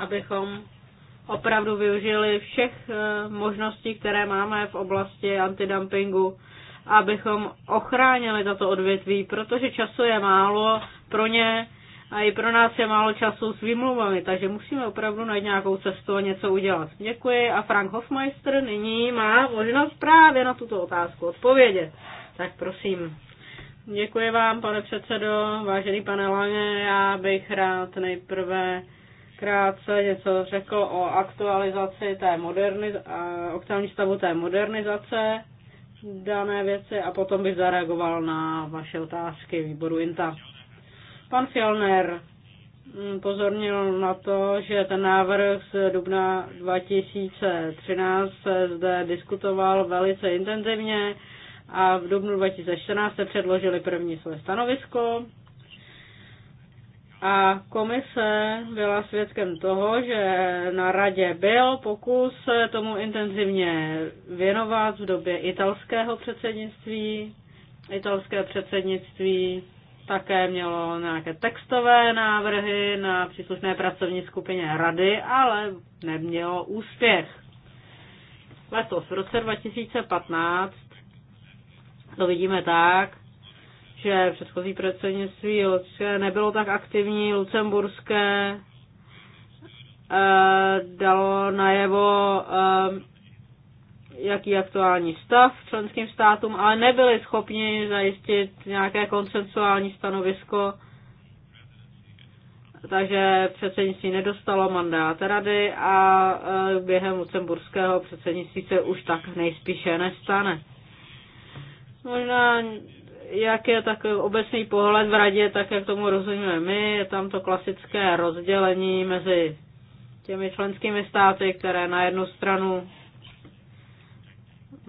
abychom opravdu využili všech eh, možností, které máme v oblasti antidumpingu, abychom ochránili tato odvětví, protože času je málo, pro ně a i pro nás je málo času s výmluvami, takže musíme opravdu najít nějakou cestu a něco udělat. Děkuji a Frank Hofmeister nyní má možnost právě na tuto otázku odpovědět. Tak prosím. Děkuji vám, pane předsedo, vážený pane Lange, já bych rád nejprve krátce něco řekl o aktualizaci té o aktuální stavu té modernizace dané věci a potom bych zareagoval na vaše otázky výboru INTA. Pan Fjellner mm, pozornil na to, že ten návrh z dubna 2013 se zde diskutoval velice intenzivně a v dubnu 2014 se předložili první své stanovisko. A komise byla svědkem toho, že na radě byl pokus tomu intenzivně věnovat v době italského předsednictví. Italské předsednictví také mělo nějaké textové návrhy na příslušné pracovní skupině rady, ale nemělo úspěch. Letos, v roce 2015, to vidíme tak, že předchozí předsednictví nebylo tak aktivní, lucemburské eh, dalo najevo eh, jaký aktuální stav členským státům, ale nebyli schopni zajistit nějaké konsensuální stanovisko, takže předsednictví nedostalo mandát rady a e, během lucemburského předsednictví se už tak nejspíše nestane. Možná jak je tak obecný pohled v radě, tak jak tomu rozumíme my, je tam to klasické rozdělení mezi těmi členskými státy, které na jednu stranu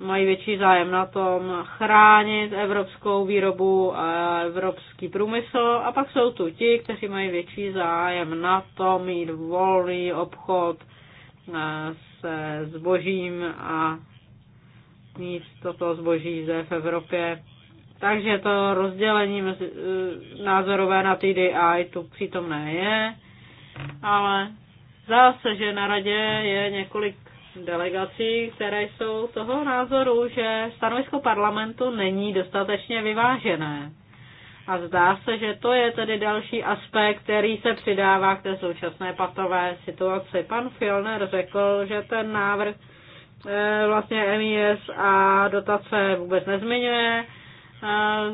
mají větší zájem na tom chránit evropskou výrobu a evropský průmysl a pak jsou tu ti, kteří mají větší zájem na tom mít volný obchod eh, se zbožím a mít toto zboží zde v Evropě. Takže to rozdělení mezi, eh, názorové na TDI tu přítomné je, ale zase že na radě je několik delegací, které jsou toho názoru, že stanovisko parlamentu není dostatečně vyvážené. A zdá se, že to je tedy další aspekt, který se přidává k té současné patové situaci. Pan Filner řekl, že ten návrh eh, vlastně MIS a dotace vůbec nezmiňuje.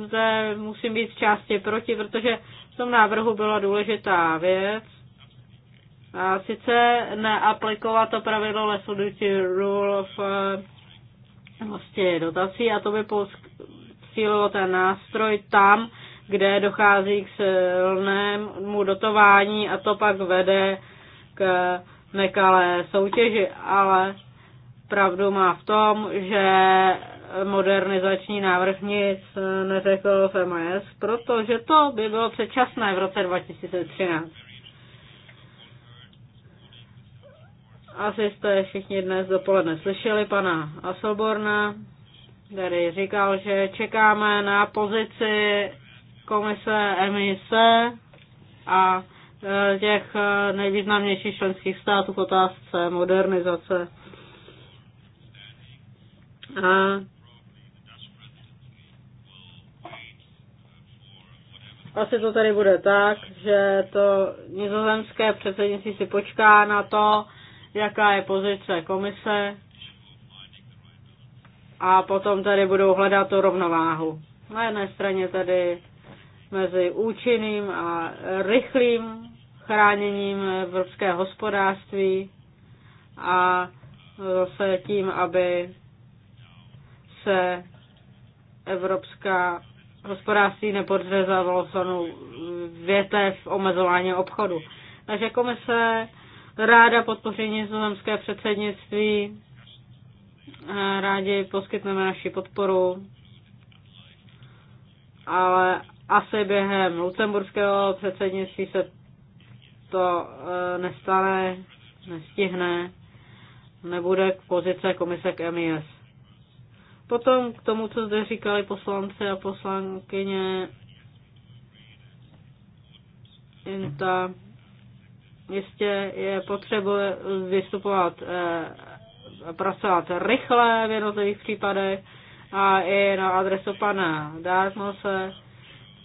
Zde musím být v části proti, protože v tom návrhu byla důležitá věc, a sice neaplikovat to pravidlo less rule of eh, vlastně dotací a to by posílilo ten nástroj tam, kde dochází k silnému dotování a to pak vede k nekalé soutěži, ale pravdu má v tom, že modernizační návrh nic neřekl FMS, protože to by bylo předčasné v roce 2013. Asi jste všichni dnes dopoledne slyšeli pana Asoborna, který říkal, že čekáme na pozici komise emise a e, těch e, nejvýznamnějších členských států v otázce modernizace. A asi to tady bude tak, že to nizozemské předsednictví si počká na to, jaká je pozice komise a potom tady budou hledat tu rovnováhu. Na jedné straně tady mezi účinným a rychlým chráněním evropské hospodářství a zase tím, aby se evropská hospodářství nepodřezalo větev omezování obchodu. Takže komise ráda podpoří nizozemské předsednictví. Rádi poskytneme naši podporu, ale asi během lucemburského předsednictví se to eh, nestane, nestihne, nebude k pozice komise k MIS. Potom k tomu, co zde říkali poslanci a poslankyně Inta Jistě je potřeba vystupovat, eh, pracovat rychle v jednotlivých případech a i na adresu pana Dartmose.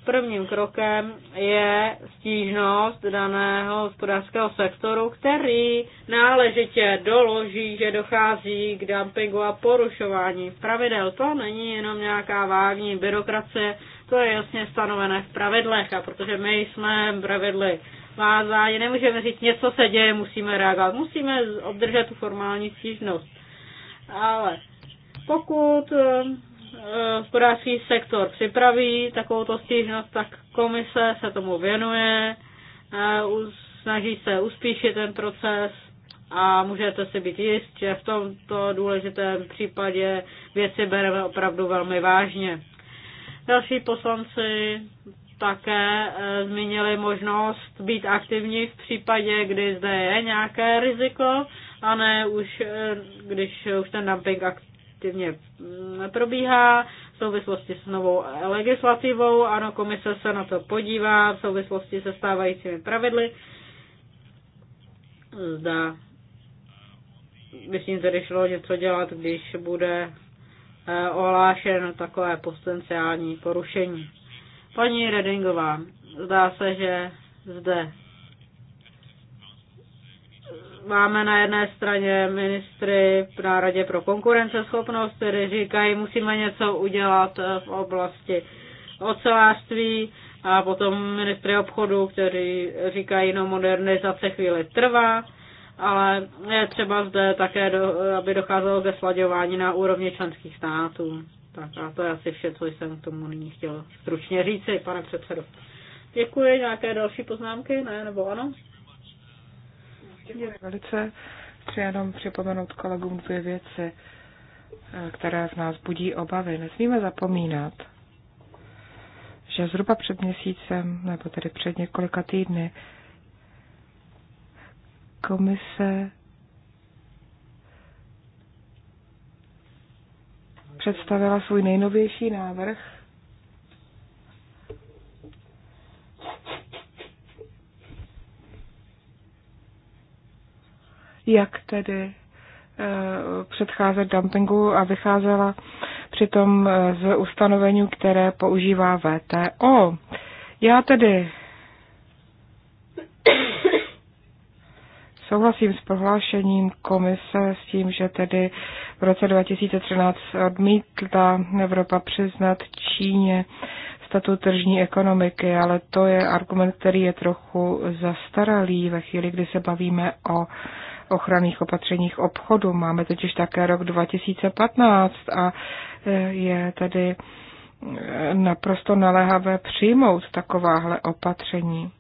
Prvním krokem je stížnost daného hospodářského sektoru, který náležitě doloží, že dochází k dumpingu a porušování pravidel. To není jenom nějaká vágní byrokracie, to je jasně stanovené v pravidlech a protože my jsme pravidly vázání, nemůžeme říct, něco se děje, musíme reagovat, musíme obdržet tu formální stížnost. Ale pokud eh, eh, hospodářský sektor připraví takovou stížnost, tak komise se tomu věnuje, eh, snaží se uspíšit ten proces a můžete si být jist, že v tomto důležitém případě věci bereme opravdu velmi vážně. Další poslanci také eh, zmínili možnost být aktivní v případě, kdy zde je nějaké riziko, a ne už, eh, když už ten dumping aktivně mm, probíhá v souvislosti s novou legislativou. Ano, komise se na to podívá v souvislosti se stávajícími pravidly. Zda by s tím tedy šlo něco dělat, když bude eh, ohlášen takové potenciální porušení. Paní Redingová, zdá se, že zde máme na jedné straně ministry v Radě pro konkurenceschopnost, kteří říkají, musíme něco udělat eh, v oblasti ocelářství a potom ministry obchodu, kteří říkají, no modernizace chvíli trvá, ale je třeba zde také, do, aby docházelo ke sladěvání na úrovni členských států. Tak a to je asi vše, co jsem k tomu nyní chtěl stručně říci, pane předsedo. Děkuji. Nějaké další poznámky? Ne, nebo ano? Děkuji velice. Chci jenom připomenout kolegům dvě věci, které v nás budí obavy. Nesmíme zapomínat, že zhruba před měsícem, nebo tedy před několika týdny, komise představila svůj nejnovější návrh. Jak tedy eh, předcházet dumpingu a vycházela přitom eh, z ustanovení, které používá VTO. Já tedy Souhlasím s prohlášením komise s tím, že tedy v roce 2013 odmítla Evropa přiznat Číně statut tržní ekonomiky, ale to je argument, který je trochu zastaralý ve chvíli, kdy se bavíme o ochranných opatřeních obchodu. Máme totiž také rok 2015 a e, je tedy e, naprosto naléhavé přijmout takováhle opatření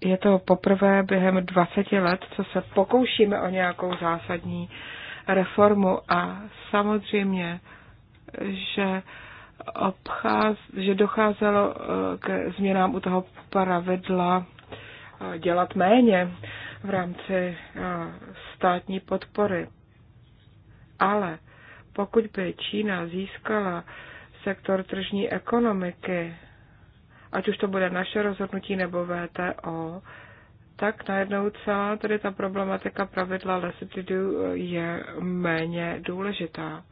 je to poprvé během 20 let, co se pokoušíme o nějakou zásadní reformu a samozřejmě, že obcház, že docházelo eh, k změnám u toho pravidla eh, dělat méně v rámci eh, státní podpory. Ale pokud by Čína získala sektor tržní ekonomiky ať už to bude naše rozhodnutí nebo VTO, tak najednou celá tedy ta problematika pravidla lesitidu je méně důležitá.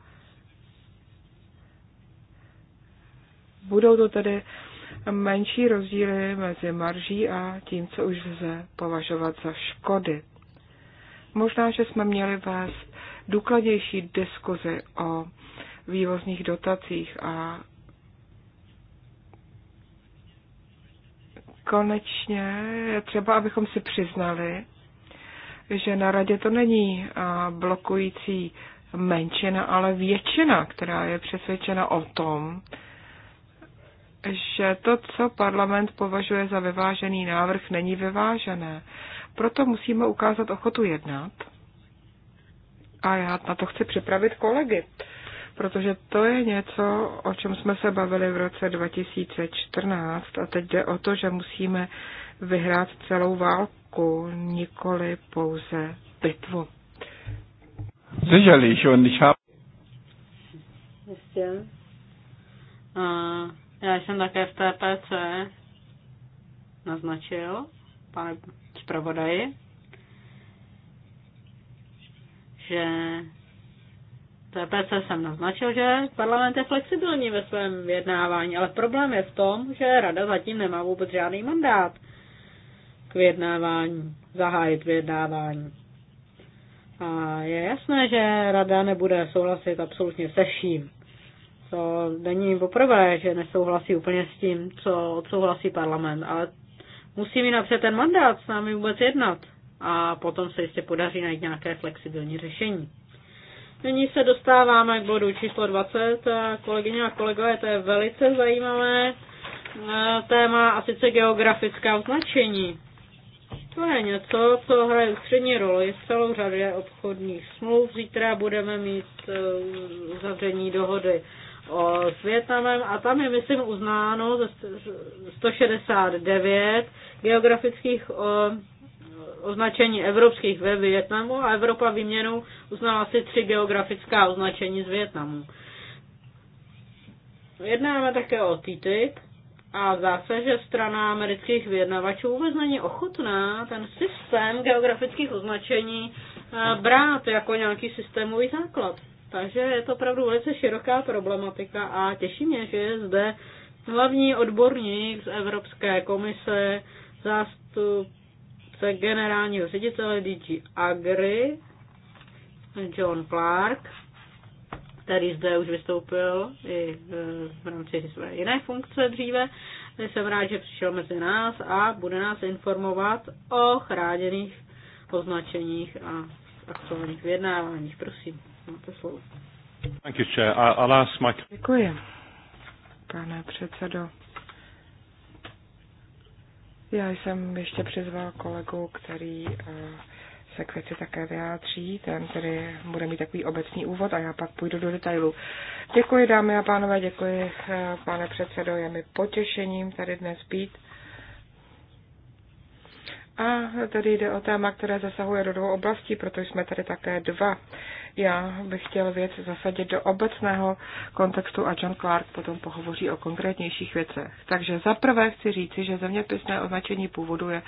Budou to tedy menší rozdíly mezi marží a tím, co už lze považovat za škody. Možná, že jsme měli vést důkladnější diskuzi o vývozních dotacích a konečně je třeba, abychom si přiznali, že na radě to není blokující menšina, ale většina, která je přesvědčena o tom, že to, co parlament považuje za vyvážený návrh, není vyvážené. Proto musíme ukázat ochotu jednat. A já na to chci připravit kolegy protože to je něco, o čem jsme se bavili v roce 2014 a teď jde o to, že musíme vyhrát celou válku, nikoli pouze bitvu. Sicherlich und ich habe A já jsem také v TPC naznačil, pane zpravodaji, že TPC jsem naznačil, že parlament je flexibilní ve svém vyjednávání, ale problém je v tom, že rada zatím nemá vůbec žádný mandát k vyjednávání, zahájit vyjednávání. A je jasné, že rada nebude souhlasit absolutně se vším. To není poprvé, že nesouhlasí úplně s tím, co odsouhlasí parlament, ale musí mít napřed ten mandát s námi vůbec jednat a potom se jistě podaří najít nějaké flexibilní řešení. Nyní se dostáváme k bodu číslo 20. Kolegyně a kolegové, to je velice zajímavé e, téma a sice geografická označení. To je něco, co hraje ústřední roli v celou řadě obchodních smluv. Zítra budeme mít e, uzavření dohody o, s Větnamem a tam je, myslím, uznáno 169 geografických e, označení evropských ve Větnamu a Evropa výměnou uznala si tři geografická označení z Větnamu. Jednáme také o TTIP a zdá se, že strana amerických vyjednavačů vůbec není ochotná ten systém geografických označení eh, brát jako nějaký systémový základ. Takže je to opravdu velice široká problematika a těší mě, že je zde hlavní odborník z Evropské komise, zástup zástupce generálního ředitele DG Agri, John Clark, který zde už vystoupil i e, v rámci své jiné funkce dříve. Jsem rád, že přišel mezi nás a bude nás informovat o chráněných označeních a aktuálních vyjednáváních. Prosím, máte slovo. Děkuji, pane předsedo. Já jsem ještě přizval kolegu, který eh, se k věci také vyjádří, ten tedy bude mít takový obecný úvod a já pak půjdu do detailu. Děkuji dámy a pánové, děkuji eh, pane předsedo, je mi potěšením tady dnes být. A tady jde o téma, které zasahuje do dvou oblastí, protože jsme tady také dva. Já bych chtěl věc zasadit do obecného kontextu a John Clark potom pohovoří o konkrétnějších věcech. Takže zaprvé chci říci, že zeměpisné označení původu je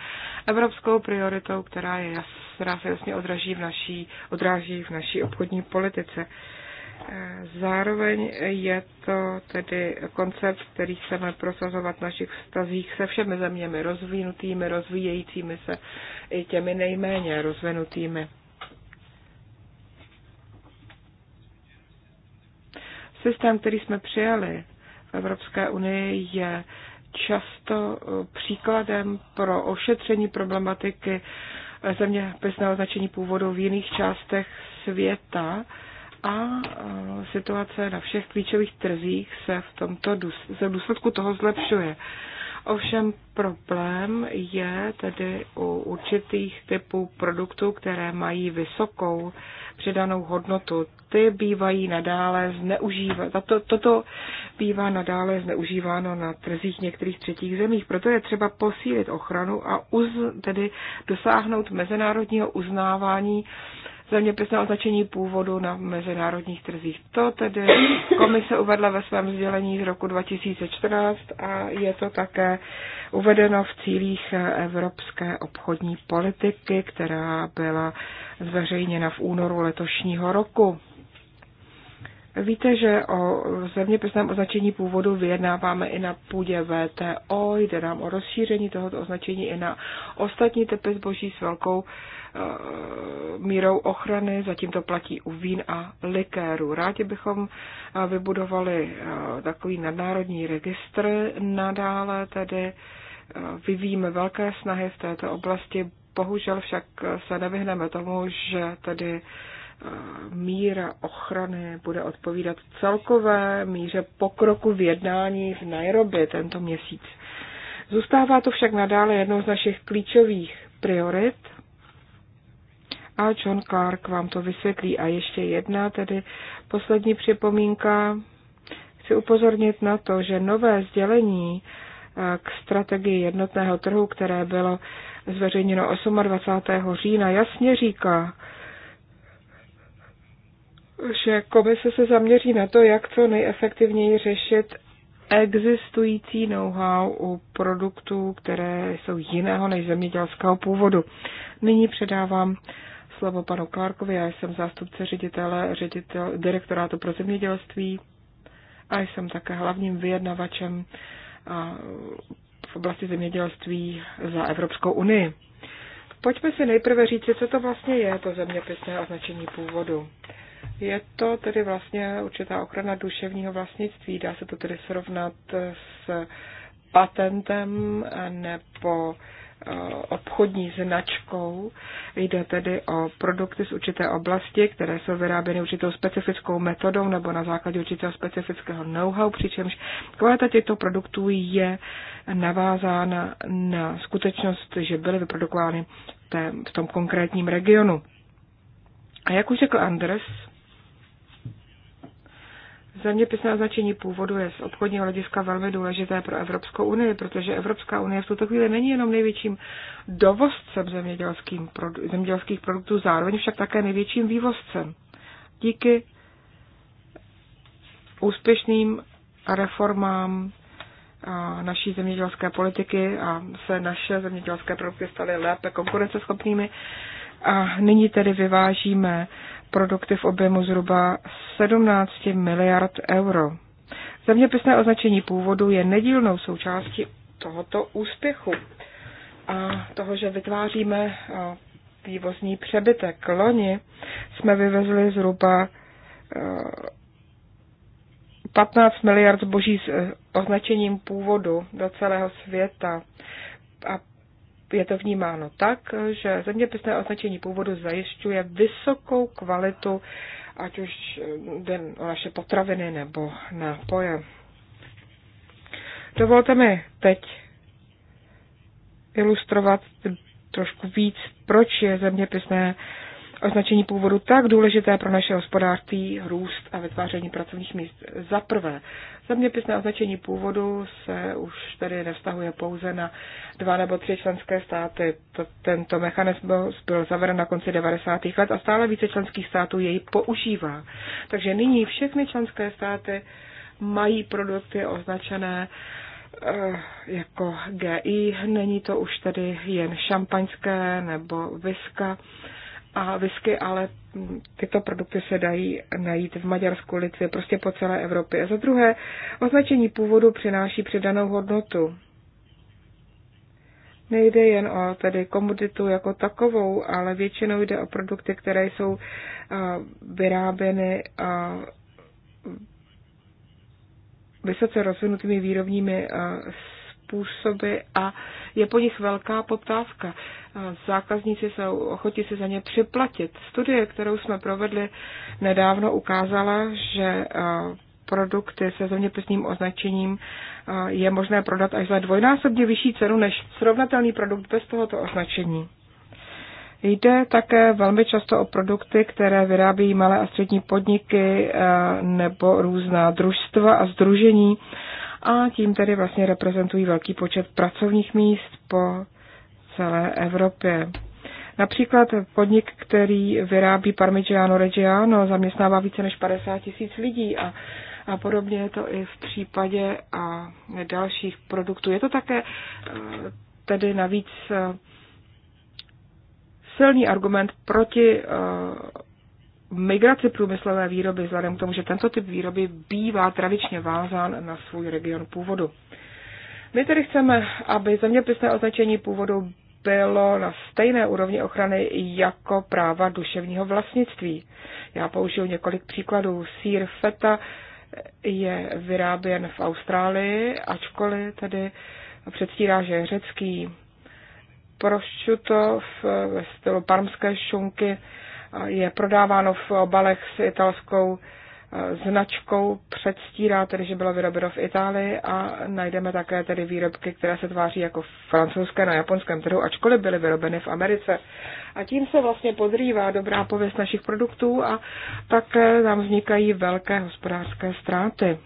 evropskou prioritou, která, je která se jasně odraží v naší, odráží v naší obchodní politice. Eh, zároveň je to tedy koncept, který chceme prosazovat v našich vztazích se všemi zeměmi, rozvinutými, rozvíjejícími se i těmi nejméně rozvinutými. Systém, který jsme přijali v Evropské unii, je často eh, příkladem pro ošetření problematiky eh, zeměpisného označení původu v jiných částech světa a eh, situace na všech klíčových trzích se v tomto se důsledku toho zlepšuje. Ovšem problém je tedy u určitých typů produktů, které mají vysokou přidanou hodnotu. Ty bývají nadále zneužívány, to toto bývá nadále zneužíváno na trzích některých třetích zemích. Proto je třeba posílit ochranu a uz, tedy dosáhnout mezinárodního uznávání zeměpisné označení původu na mezinárodních trzích. To tedy komise uvedla ve svém sdělení z roku 2014 a je to také uvedeno v cílích evropské obchodní politiky, která byla zveřejněna v únoru letošního roku. Víte, že o zeměpisném označení původu vyjednáváme i na půdě VTO, jde nám o rozšíření tohoto označení i na ostatní typy zboží s velkou Eh, mírou ochrany, zatím to platí u vín a likéru. Rádi bychom eh, vybudovali eh, takový nadnárodní registr nadále, tedy vyvíjíme velké snahy v této oblasti, bohužel však se nevyhneme tomu, že tedy míra ochrany bude odpovídat celkové míře pokroku v jednání v Nairobi tento měsíc. Zůstává to však nadále jednou z našich klíčových priorit a John Clark vám to vysvětlí. A ještě jedna, tedy poslední připomínka. Chci upozornit na to, že nové sdělení eh, k strategii jednotného trhu, které bylo zveřejněno 28. října, jasně říká, že komise se zaměří na to, jak co nejefektivněji řešit existující know-how u produktů, které jsou jiného než zemědělského původu. Nyní předávám slovo panu Clarkovi, já jsem zástupce ředitele, ředitel, direktorátu pro zemědělství a jsem také hlavním vyjednavačem v oblasti zemědělství za Evropskou unii. Pojďme si nejprve říct, co to vlastně je, to zeměpisné označení původu. Je to tedy vlastně určitá ochrana duševního vlastnictví, dá se to tedy srovnat s patentem nebo Eh, obchodní značkou. Jde tedy o produkty z určité oblasti, které jsou vyráběny určitou specifickou metodou nebo na základě určitého specifického know-how, přičemž kvalita těchto produktů je navázána na skutečnost, že byly vyprodukovány v tom konkrétním regionu. A jak už řekl Andres, Zeměpisné označení původu je z obchodního hlediska velmi důležité pro Evropskou unii, protože Evropská unie v tuto chvíli není jenom největším dovozcem zemědělských produktů, zároveň však také největším vývozcem. Díky úspěšným reformám naší zemědělské politiky a se naše zemědělské produkty staly lépe konkurenceschopnými. A nyní tedy vyvážíme produkty v objemu zhruba 17 miliard euro. Zeměpisné označení původu je nedílnou součástí tohoto úspěchu a toho, že vytváříme eh, vývozní přebytek. Loni jsme vyvezli zhruba 15 eh, miliard zboží s eh, označením původu do celého světa a je to vnímáno tak, že zeměpisné označení původu zajišťuje vysokou kvalitu, ať už jde o naše potraviny nebo nápoje. Dovolte mi teď ilustrovat trošku víc, proč je zeměpisné označení původu tak důležité pro naše hospodářství, růst a vytváření pracovních míst. Za prvé, zeměpisné označení původu se už tedy nevztahuje pouze na dva nebo tři členské státy. Tento mechanismus byl zaveden na konci 90. let a stále více členských států jej používá. Takže nyní všechny členské státy mají produkty označené eh, jako GI, není to už tedy jen šampaňské nebo viska a whisky, ale tyto produkty se dají najít v Maďarsku, Litvě, prostě po celé Evropě. A za druhé, označení původu přináší přidanou hodnotu. Nejde jen o tedy komoditu jako takovou, ale většinou jde o produkty, které jsou vyráběny vysoce rozvinutými výrobními způsoby a je po nich velká poptávka. Zákazníci jsou ochotí si za ně připlatit. Studie, kterou jsme provedli nedávno, ukázala, že produkty se zeměpisným označením je možné prodat až za dvojnásobně vyšší cenu než srovnatelný produkt bez tohoto označení. Jde také velmi často o produkty, které vyrábí malé a střední podniky nebo různá družstva a združení a tím tedy vlastně reprezentují velký počet pracovních míst po celé Evropě. Například podnik, který vyrábí Parmigiano Reggiano, zaměstnává více než 50 tisíc lidí a, a podobně je to i v případě a dalších produktů. Je to také eh, tedy navíc eh, silný argument proti eh, migraci průmyslové výroby, vzhledem k tomu, že tento typ výroby bývá tradičně vázán na svůj region původu. My tedy chceme, aby zeměpisné označení původu bylo na stejné úrovni ochrany jako práva duševního vlastnictví. Já použiju několik příkladů. Sýr feta je vyráběn v Austrálii, ačkoliv tedy předstírá, že je řecký. Prosciutto v, ve stylu parmské šunky je prodáváno v obalech s italskou eh, značkou, předstírá tedy, že bylo vyrobeno v Itálii a najdeme také tedy výrobky, které se tváří jako francouzské na japonském trhu, ačkoliv byly vyrobeny v Americe. A tím se vlastně podrývá dobrá pověst našich produktů a také nám vznikají velké hospodářské ztráty.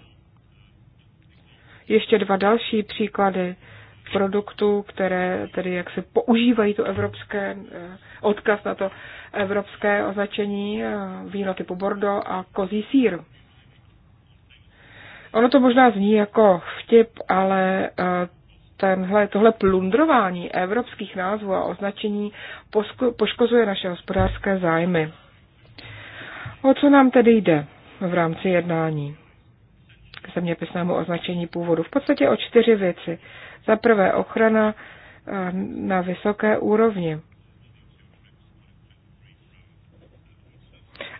Ještě dva další příklady produktů, které tedy jak se používají to evropské, eh, odkaz na to evropské označení eh, víno typu Bordeaux a kozí sír. Ono to možná zní jako vtip, ale eh, tenhle, tohle plundrování evropských názvů a označení poškozuje naše hospodářské zájmy. O co nám tedy jde v rámci jednání? K zeměpisnému označení původu. V podstatě o čtyři věci. Za prvé ochrana eh, na vysoké úrovni.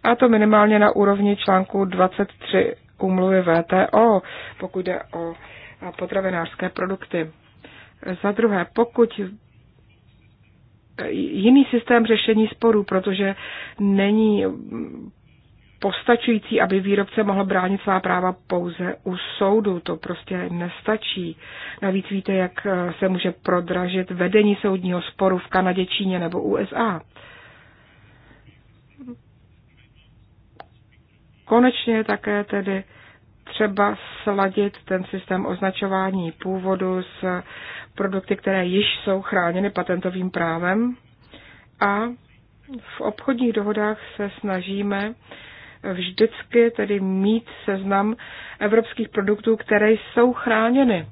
A to minimálně na úrovni článku 23 úmluvy VTO, pokud jde o eh, potravinářské produkty. Za druhé, pokud eh, jiný systém řešení sporů, protože není postačující, aby výrobce mohl bránit svá práva pouze u soudu. To prostě nestačí. Navíc víte, jak eh, se může prodražit vedení soudního sporu v Kanadě, Číně nebo USA. Konečně také tedy třeba sladit ten systém označování původu s produkty, které již jsou chráněny patentovým právem. A v obchodních dohodách se snažíme vždycky tedy mít seznam evropských produktů, které jsou chráněny.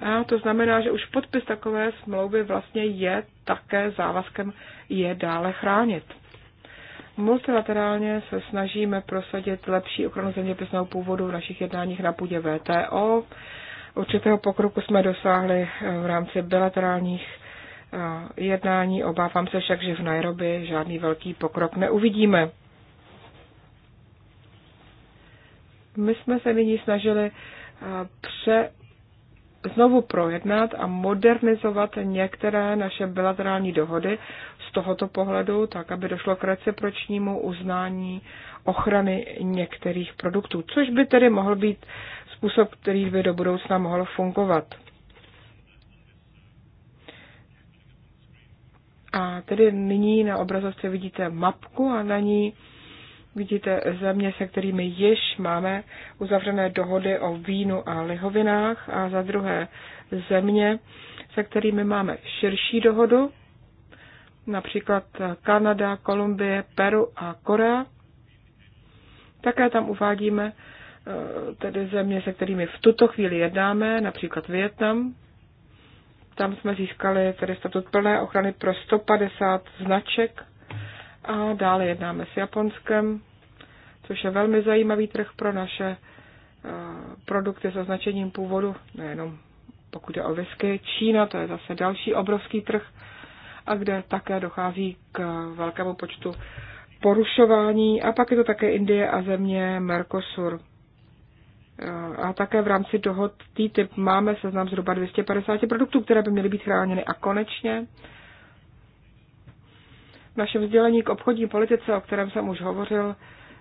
A to znamená, že už podpis takové smlouvy vlastně je také závazkem je dále chránit. Multilaterálně se snažíme prosadit lepší ochranu zeměpisného původu v našich jednáních na půdě VTO. Určitého pokroku jsme dosáhli eh, v rámci bilaterálních eh, jednání. Obávám se však, že v Nairobi žádný velký pokrok neuvidíme. My jsme se nyní snažili eh, pře znovu projednat a modernizovat některé naše bilaterální dohody z tohoto pohledu, tak aby došlo k recipročnímu uznání ochrany některých produktů, což by tedy mohl být způsob, který by do budoucna mohl fungovat. A tedy nyní na obrazovce vidíte mapku a na ní Vidíte země, se kterými již máme uzavřené dohody o vínu a lihovinách a za druhé země, se kterými máme širší dohodu, například Kanada, Kolumbie, Peru a Korea. Také tam uvádíme eh, tedy země, se kterými v tuto chvíli jednáme, například Vietnam. Tam jsme získali tedy statut plné ochrany pro 150 značek a dále jednáme s Japonskem, což je velmi zajímavý trh pro naše eh, produkty s označením původu, nejenom pokud je o whisky. Čína, to je zase další obrovský trh, a kde také dochází k velkému počtu porušování. A pak je to také Indie a země Mercosur. Eh, a také v rámci dohod TTIP máme seznam zhruba 250 produktů, které by měly být chráněny. A konečně v našem vzdělení k obchodní politice, o kterém jsem už hovořil,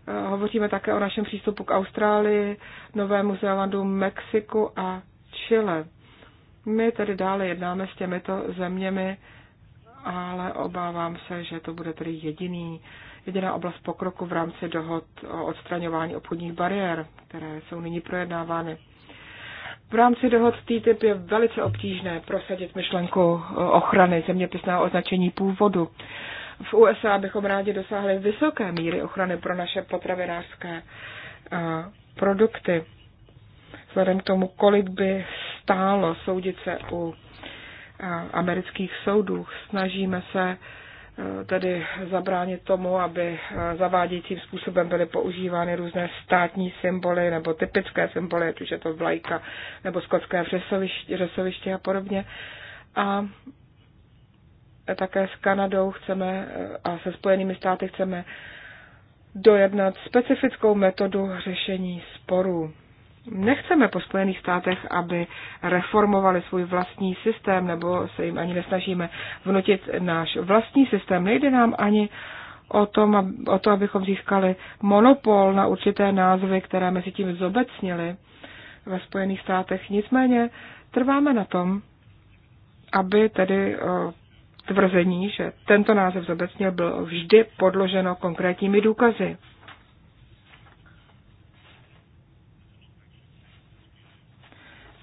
eh, hovoříme také o našem přístupu k Austrálii, Novému Zélandu, Mexiku a Chile. My tedy dále jednáme s těmito zeměmi, ale obávám se, že to bude tedy jediný, jediná oblast pokroku v rámci dohod o odstraňování obchodních bariér, které jsou nyní projednávány. V rámci dohod TTIP je velice obtížné prosadit myšlenku ochrany zeměpisného označení původu v USA bychom rádi dosáhli vysoké míry ochrany pro naše potravinářské eh, produkty. Vzhledem k tomu, kolik by stálo soudit se u eh, amerických soudů, snažíme se eh, tedy zabránit tomu, aby zavádějícím způsobem byly používány různé státní symboly nebo typické symboly, ať už je to vlajka nebo skotské řesoviště, řesoviště a podobně. A také s Kanadou chceme eh, a se Spojenými státy chceme dojednat specifickou metodu řešení sporů. Nechceme po Spojených státech, aby reformovali svůj vlastní systém, nebo se jim ani nesnažíme vnutit náš vlastní systém. Nejde nám ani o, tom, o to, abychom získali monopol na určité názvy, které mezi tím zobecnili ve Spojených státech. Nicméně trváme na tom, aby tedy eh, tvrzení, že tento název zobecně byl vždy podloženo konkrétními důkazy.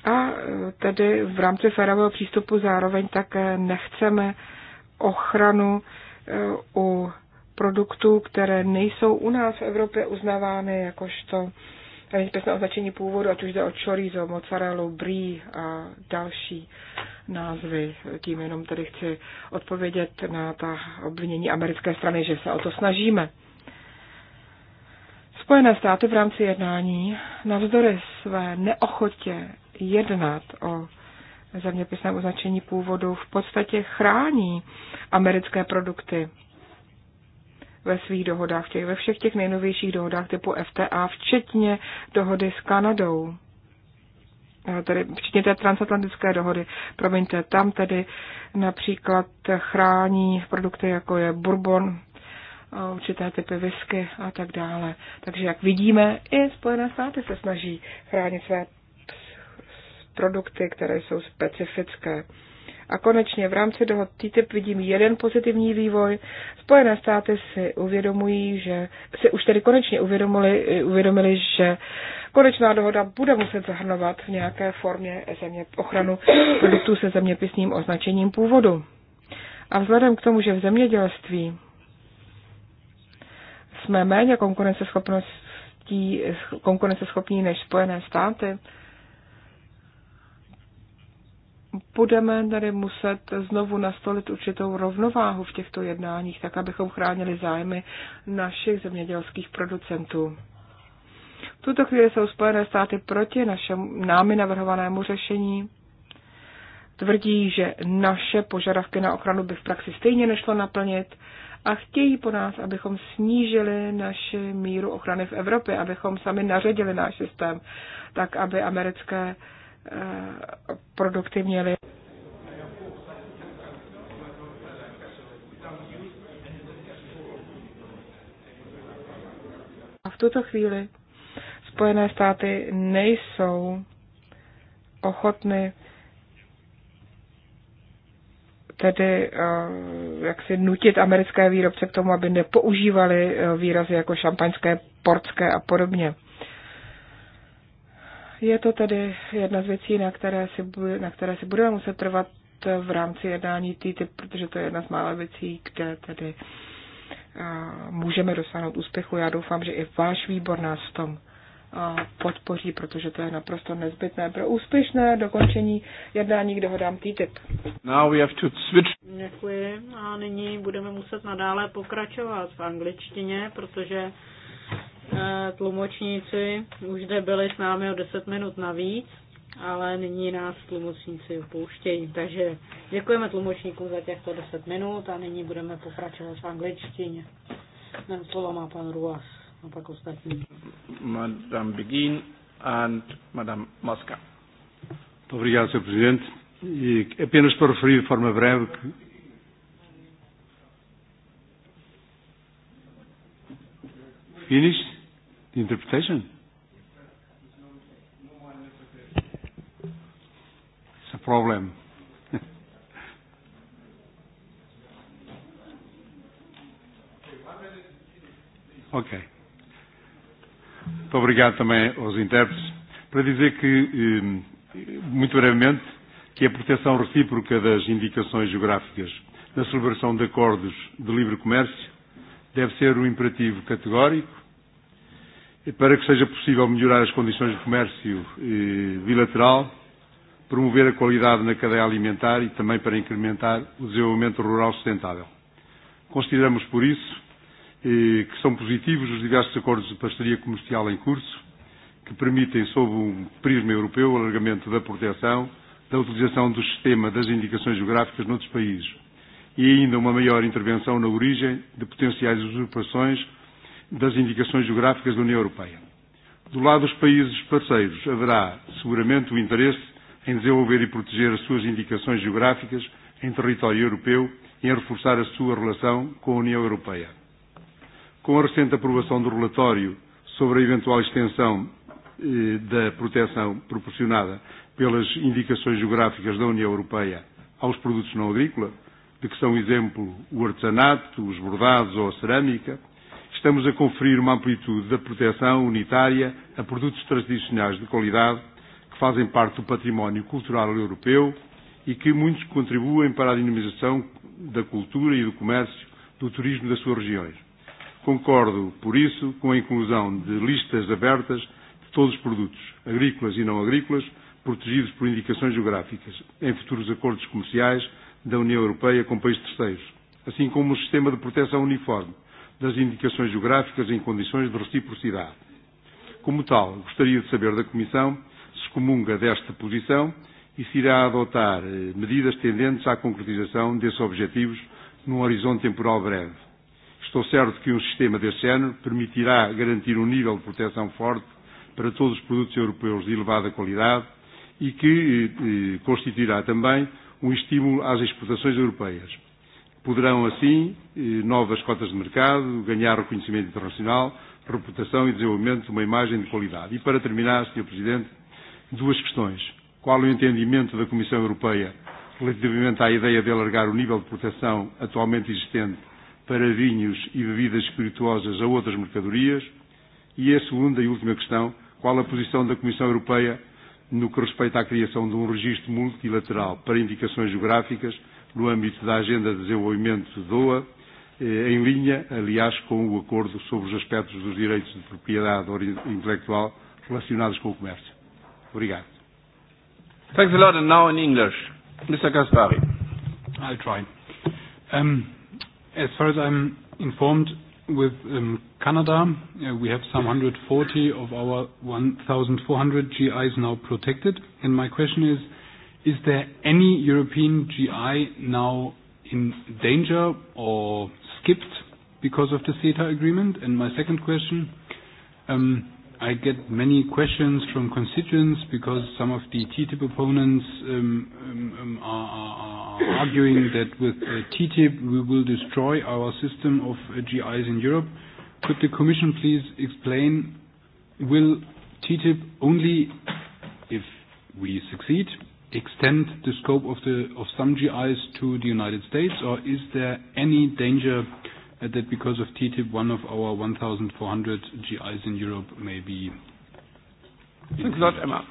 A e, tedy v rámci férového přístupu zároveň také nechceme ochranu e, u produktů, které nejsou u nás v Evropě uznávány jakožto je bychom označení původu, ať už jde o chorizo, mozzarellu, brie a další názvy. Tím jenom tady chci odpovědět na ta obvinění americké strany, že se o to snažíme. Spojené státy v rámci jednání navzdory své neochotě jednat o zeměpisném označení původu v podstatě chrání americké produkty ve svých dohodách, těch, ve všech těch nejnovějších dohodách typu FTA, včetně dohody s Kanadou. Eh, tedy včetně té transatlantické dohody, promiňte, tam tedy například chrání produkty, jako je bourbon, eh, určité typy whisky a tak dále. Takže jak vidíme, i Spojené státy se snaží chránit své produkty, které jsou specifické. A konečně v rámci toho TTIP vidím jeden pozitivní vývoj. Spojené státy si uvědomují, že si už tedy konečně uvědomili, uvědomili že konečná dohoda bude muset zahrnovat v nějaké formě země, ochranu produktů se zeměpisným označením původu. A vzhledem k tomu, že v zemědělství jsme méně konkurenceschopnosti, konkurenceschopní než Spojené státy, budeme tady muset znovu nastolit určitou rovnováhu v těchto jednáních, tak abychom chránili zájmy našich zemědělských producentů. V tuto chvíli jsou Spojené státy proti našemu námi navrhovanému řešení. Tvrdí, že naše požadavky na ochranu by v praxi stejně nešlo naplnit a chtějí po nás, abychom snížili naši míru ochrany v Evropě, abychom sami naředili náš systém, tak aby americké Eh, produkty měly. A v tuto chvíli Spojené státy nejsou ochotny tedy eh, jak si nutit americké výrobce k tomu, aby nepoužívali eh, výrazy jako šampaňské, portské a podobně. Je to tedy jedna z věcí, na které si, na které si budeme muset trvat v rámci jednání TTIP, protože to je jedna z mála věcí, kde tedy můžeme dosáhnout úspěchu. Já doufám, že i váš výbor nás v tom podpoří, protože to je naprosto nezbytné pro úspěšné dokončení jednání k dohodám TTIP. Now we have to switch. Děkuji a nyní budeme muset nadále pokračovat v angličtině, protože Eh, tlumočníci už zde byli s námi o 10 minut navíc, ale nyní nás tlumočníci opouštějí. Takže děkujeme tlumočníkům za těchto 10 minut a nyní budeme pokračovat v angličtině. Ten slovo má pan Ruas a pak ostatní. Madame Begin and Madame Mosca. Dobrý den, pane prezident. apenas para referir de forma breve Finish. finished? the interpretation? It's a problem. ok. Muito obrigado também aos intérpretes. Para dizer que, muito brevemente, que a proteção recíproca das indicações geográficas na celebração de acordos de livre comércio deve ser um imperativo categórico E para que seja possível melhorar as condições de comércio eh, bilateral, promover a qualidade na cadeia alimentar e também para incrementar o desenvolvimento rural sustentável. Consideramos, por isso, eh, que são positivos os diversos acordos de parceria comercial em curso, que permitem, sob um prisma europeu, o alargamento da proteção, da utilização do sistema das indicações geográficas noutros países e ainda uma maior intervenção na origem de potenciais usurpações das indicações geográficas da União Europeia. Do lado dos países parceiros, haverá seguramente o interesse em desenvolver e proteger as suas indicações geográficas em território europeu e em reforçar a sua relação com a União Europeia. Com a recente aprovação do relatório sobre a eventual extensão eh, da proteção proporcionada pelas indicações geográficas da União Europeia aos produtos não agrícola, de que são exemplo o artesanato, os bordados ou a cerâmica, estamos a conferir uma amplitude da proteção unitária a produtos tradicionais de qualidade que fazem parte do património cultural europeu e que muitos contribuem para a dinamização da cultura e do comércio, do turismo das suas regiões. Concordo, por isso, com a inclusão de listas abertas de todos os produtos, agrícolas e não agrícolas, protegidos por indicações geográficas, em futuros acordos comerciais da União Europeia com países terceiros, assim como um sistema de proteção uniforme das indicações geográficas em condições de reciprocidade. Como tal, gostaria de saber da Comissão se comunga desta posição e se irá adotar eh, medidas tendentes à concretização desses objetivos num horizonte temporal breve. Estou certo que um sistema deste género permitirá garantir um nível de proteção forte para todos os produtos europeus de elevada qualidade e que eh, eh constituirá também um estímulo às exportações europeias Poderão, assim, eh, novas cotas de mercado, ganhar reconhecimento internacional, reputação e desenvolvimento de uma imagem de qualidade. E, para terminar, Sr. Presidente, duas questões. Qual o entendimento da Comissão Europeia relativamente à ideia de alargar o nível de proteção atualmente existente para vinhos e bebidas espirituosas a outras mercadorias? E a segunda e última questão, qual a posição da Comissão Europeia no que respeita à criação de um registro multilateral para indicações geográficas no âmbito da Agenda de Desenvolvimento de DOA, eh, em linha, aliás, com o acordo sobre os aspectos dos direitos de propriedade intelectual relacionados com o comércio. Obrigado. Thanks a lot, and now in English, Mr. Gaspari. I'll try. Um, as far as I'm informed, with um, Canada, uh, we have some 140 of our 1,400 GIs now protected, and my question is Is there any European GI now in danger or skipped because of the CETA agreement? And my second question, um, I get many questions from constituents because some of the TTIP opponents um, um, um are, are arguing that with uh, TTIP we will destroy our system of uh, GIs in Europe. Could the Commission please explain, will TTIP only, if we succeed, extend the scope of, the, of some GIs to the United States, or is there any danger that because of TTIP, one of our 1,400 GIs in Europe may be? Thanks a lot, Emma.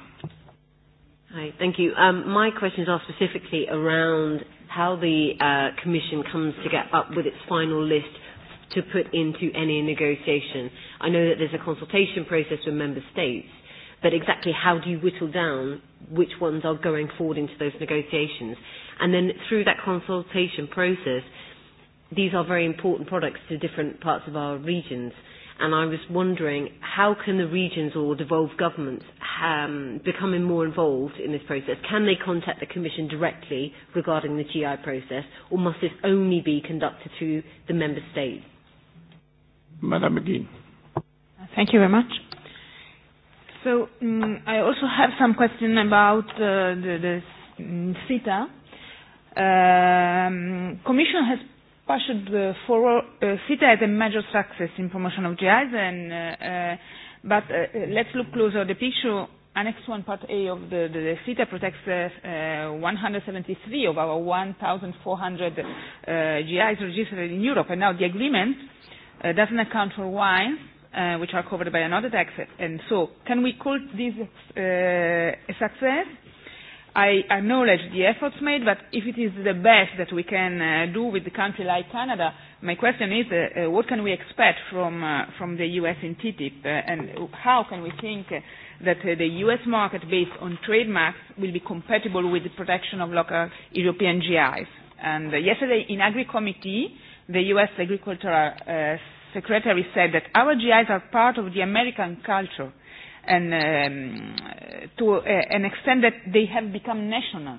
Hi. Thank you. Um, my questions are specifically around how the uh, commission comes to get up with its final list to put into any negotiation. I know that there's a consultation process with member states, but exactly how do you whittle down which ones are going forward into those negotiations? And then through that consultation process, these are very important products to different parts of our regions. And I was wondering, how can the regions or devolved governments um, become more involved in this process? Can they contact the Commission directly regarding the GI process, or must this only be conducted through the Member States? Madam McGee. Thank you very much. So um, I also have some question about uh, the, the CETA. Um, Commission has pushed uh, for uh, CETA as a major success in promotion of GIs, and, uh, uh, but uh, uh, let's look closer at the picture. Annex 1 Part A of the, the, the CETA protects uh, uh, 173 of our 1,400 uh, GIs registered in Europe, and now the agreement uh, doesn't account for wines Uh, which are covered by another tax. And so, can we call this uh, a success? I acknowledge the efforts made, but if it is the best that we can uh, do with a country like Canada, my question is, uh, uh, what can we expect from, uh, from the U.S. in TTIP, uh, and how can we think uh, that uh, the U.S. market based on trademarks will be compatible with the protection of local European GIs? And uh, yesterday in Agri Committee, the U.S. Agricultural uh, Secretary said that our GIs are part of the American culture and um, to uh, an extent that they have become national.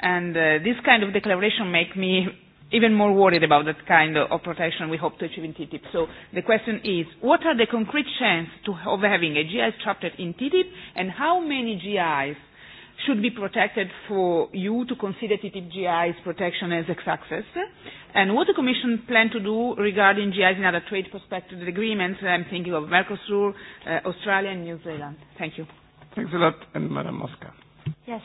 And uh, this kind of declaration make me even more worried about that kind of protection we hope to achieve in TTIP. So the question is, what are the concrete chances of having a GI chapter in TTIP and how many GIs should be protected for you to consider TTIP's protection as ex success? And what the Commission plan to do regarding GIs and other trade prospective agreements, I'm thinking of Mercosur, uh, Australia and New Zealand. Thank you. Thanks a lot, and Madam Mosca. Yes,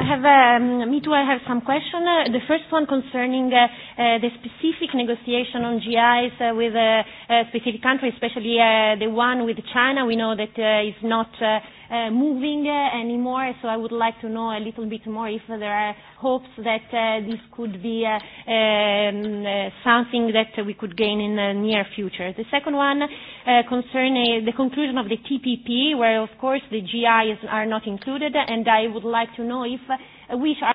I have, um, me too, I have some questions. Uh, the first one concerning uh, uh, the specific negotiation on GIs uh, with a, uh, a uh, specific country, especially uh, the one with China. We know that uh, is not uh, uh, moving uh, anymore, so I would like to know a little bit more if there are hopes that uh, this could be uh, um, uh, something that we could gain in the near future. The second one uh, concerning the conclusion of the TPP, where of course the GIs are not included, and I would like like to know if uh, which are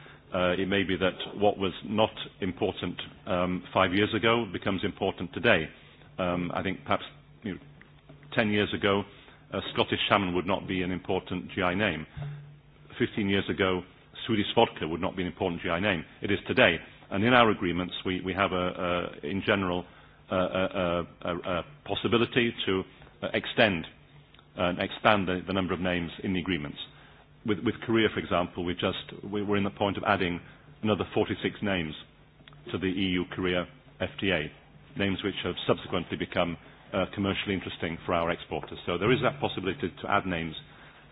uh, it may be that what was not important um, five years ago becomes important today. Um, I think perhaps you know, 10 years ago, uh, Scottish salmon would not be an important GI name. 15 years ago, Swedish vodka would not be an important GI name. It is today. And in our agreements, we, we have, a, a, in general, a, a, a, a possibility to uh, extend uh, and expand the, the number of names in the agreements with, with Korea, for example, we just we were in the point of adding another 46 names to the EU-Korea FTA, names which have subsequently become uh, commercially interesting for our exporters. So there is that possibility to add names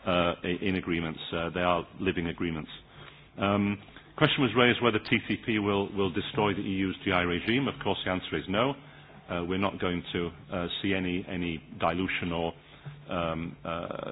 uh, in agreements. Uh, they are living agreements. Um, question was raised whether TCP will, will destroy the EU's GI regime. Of course, the answer is no. Uh, we're not going to uh, see any, any dilution or um, uh,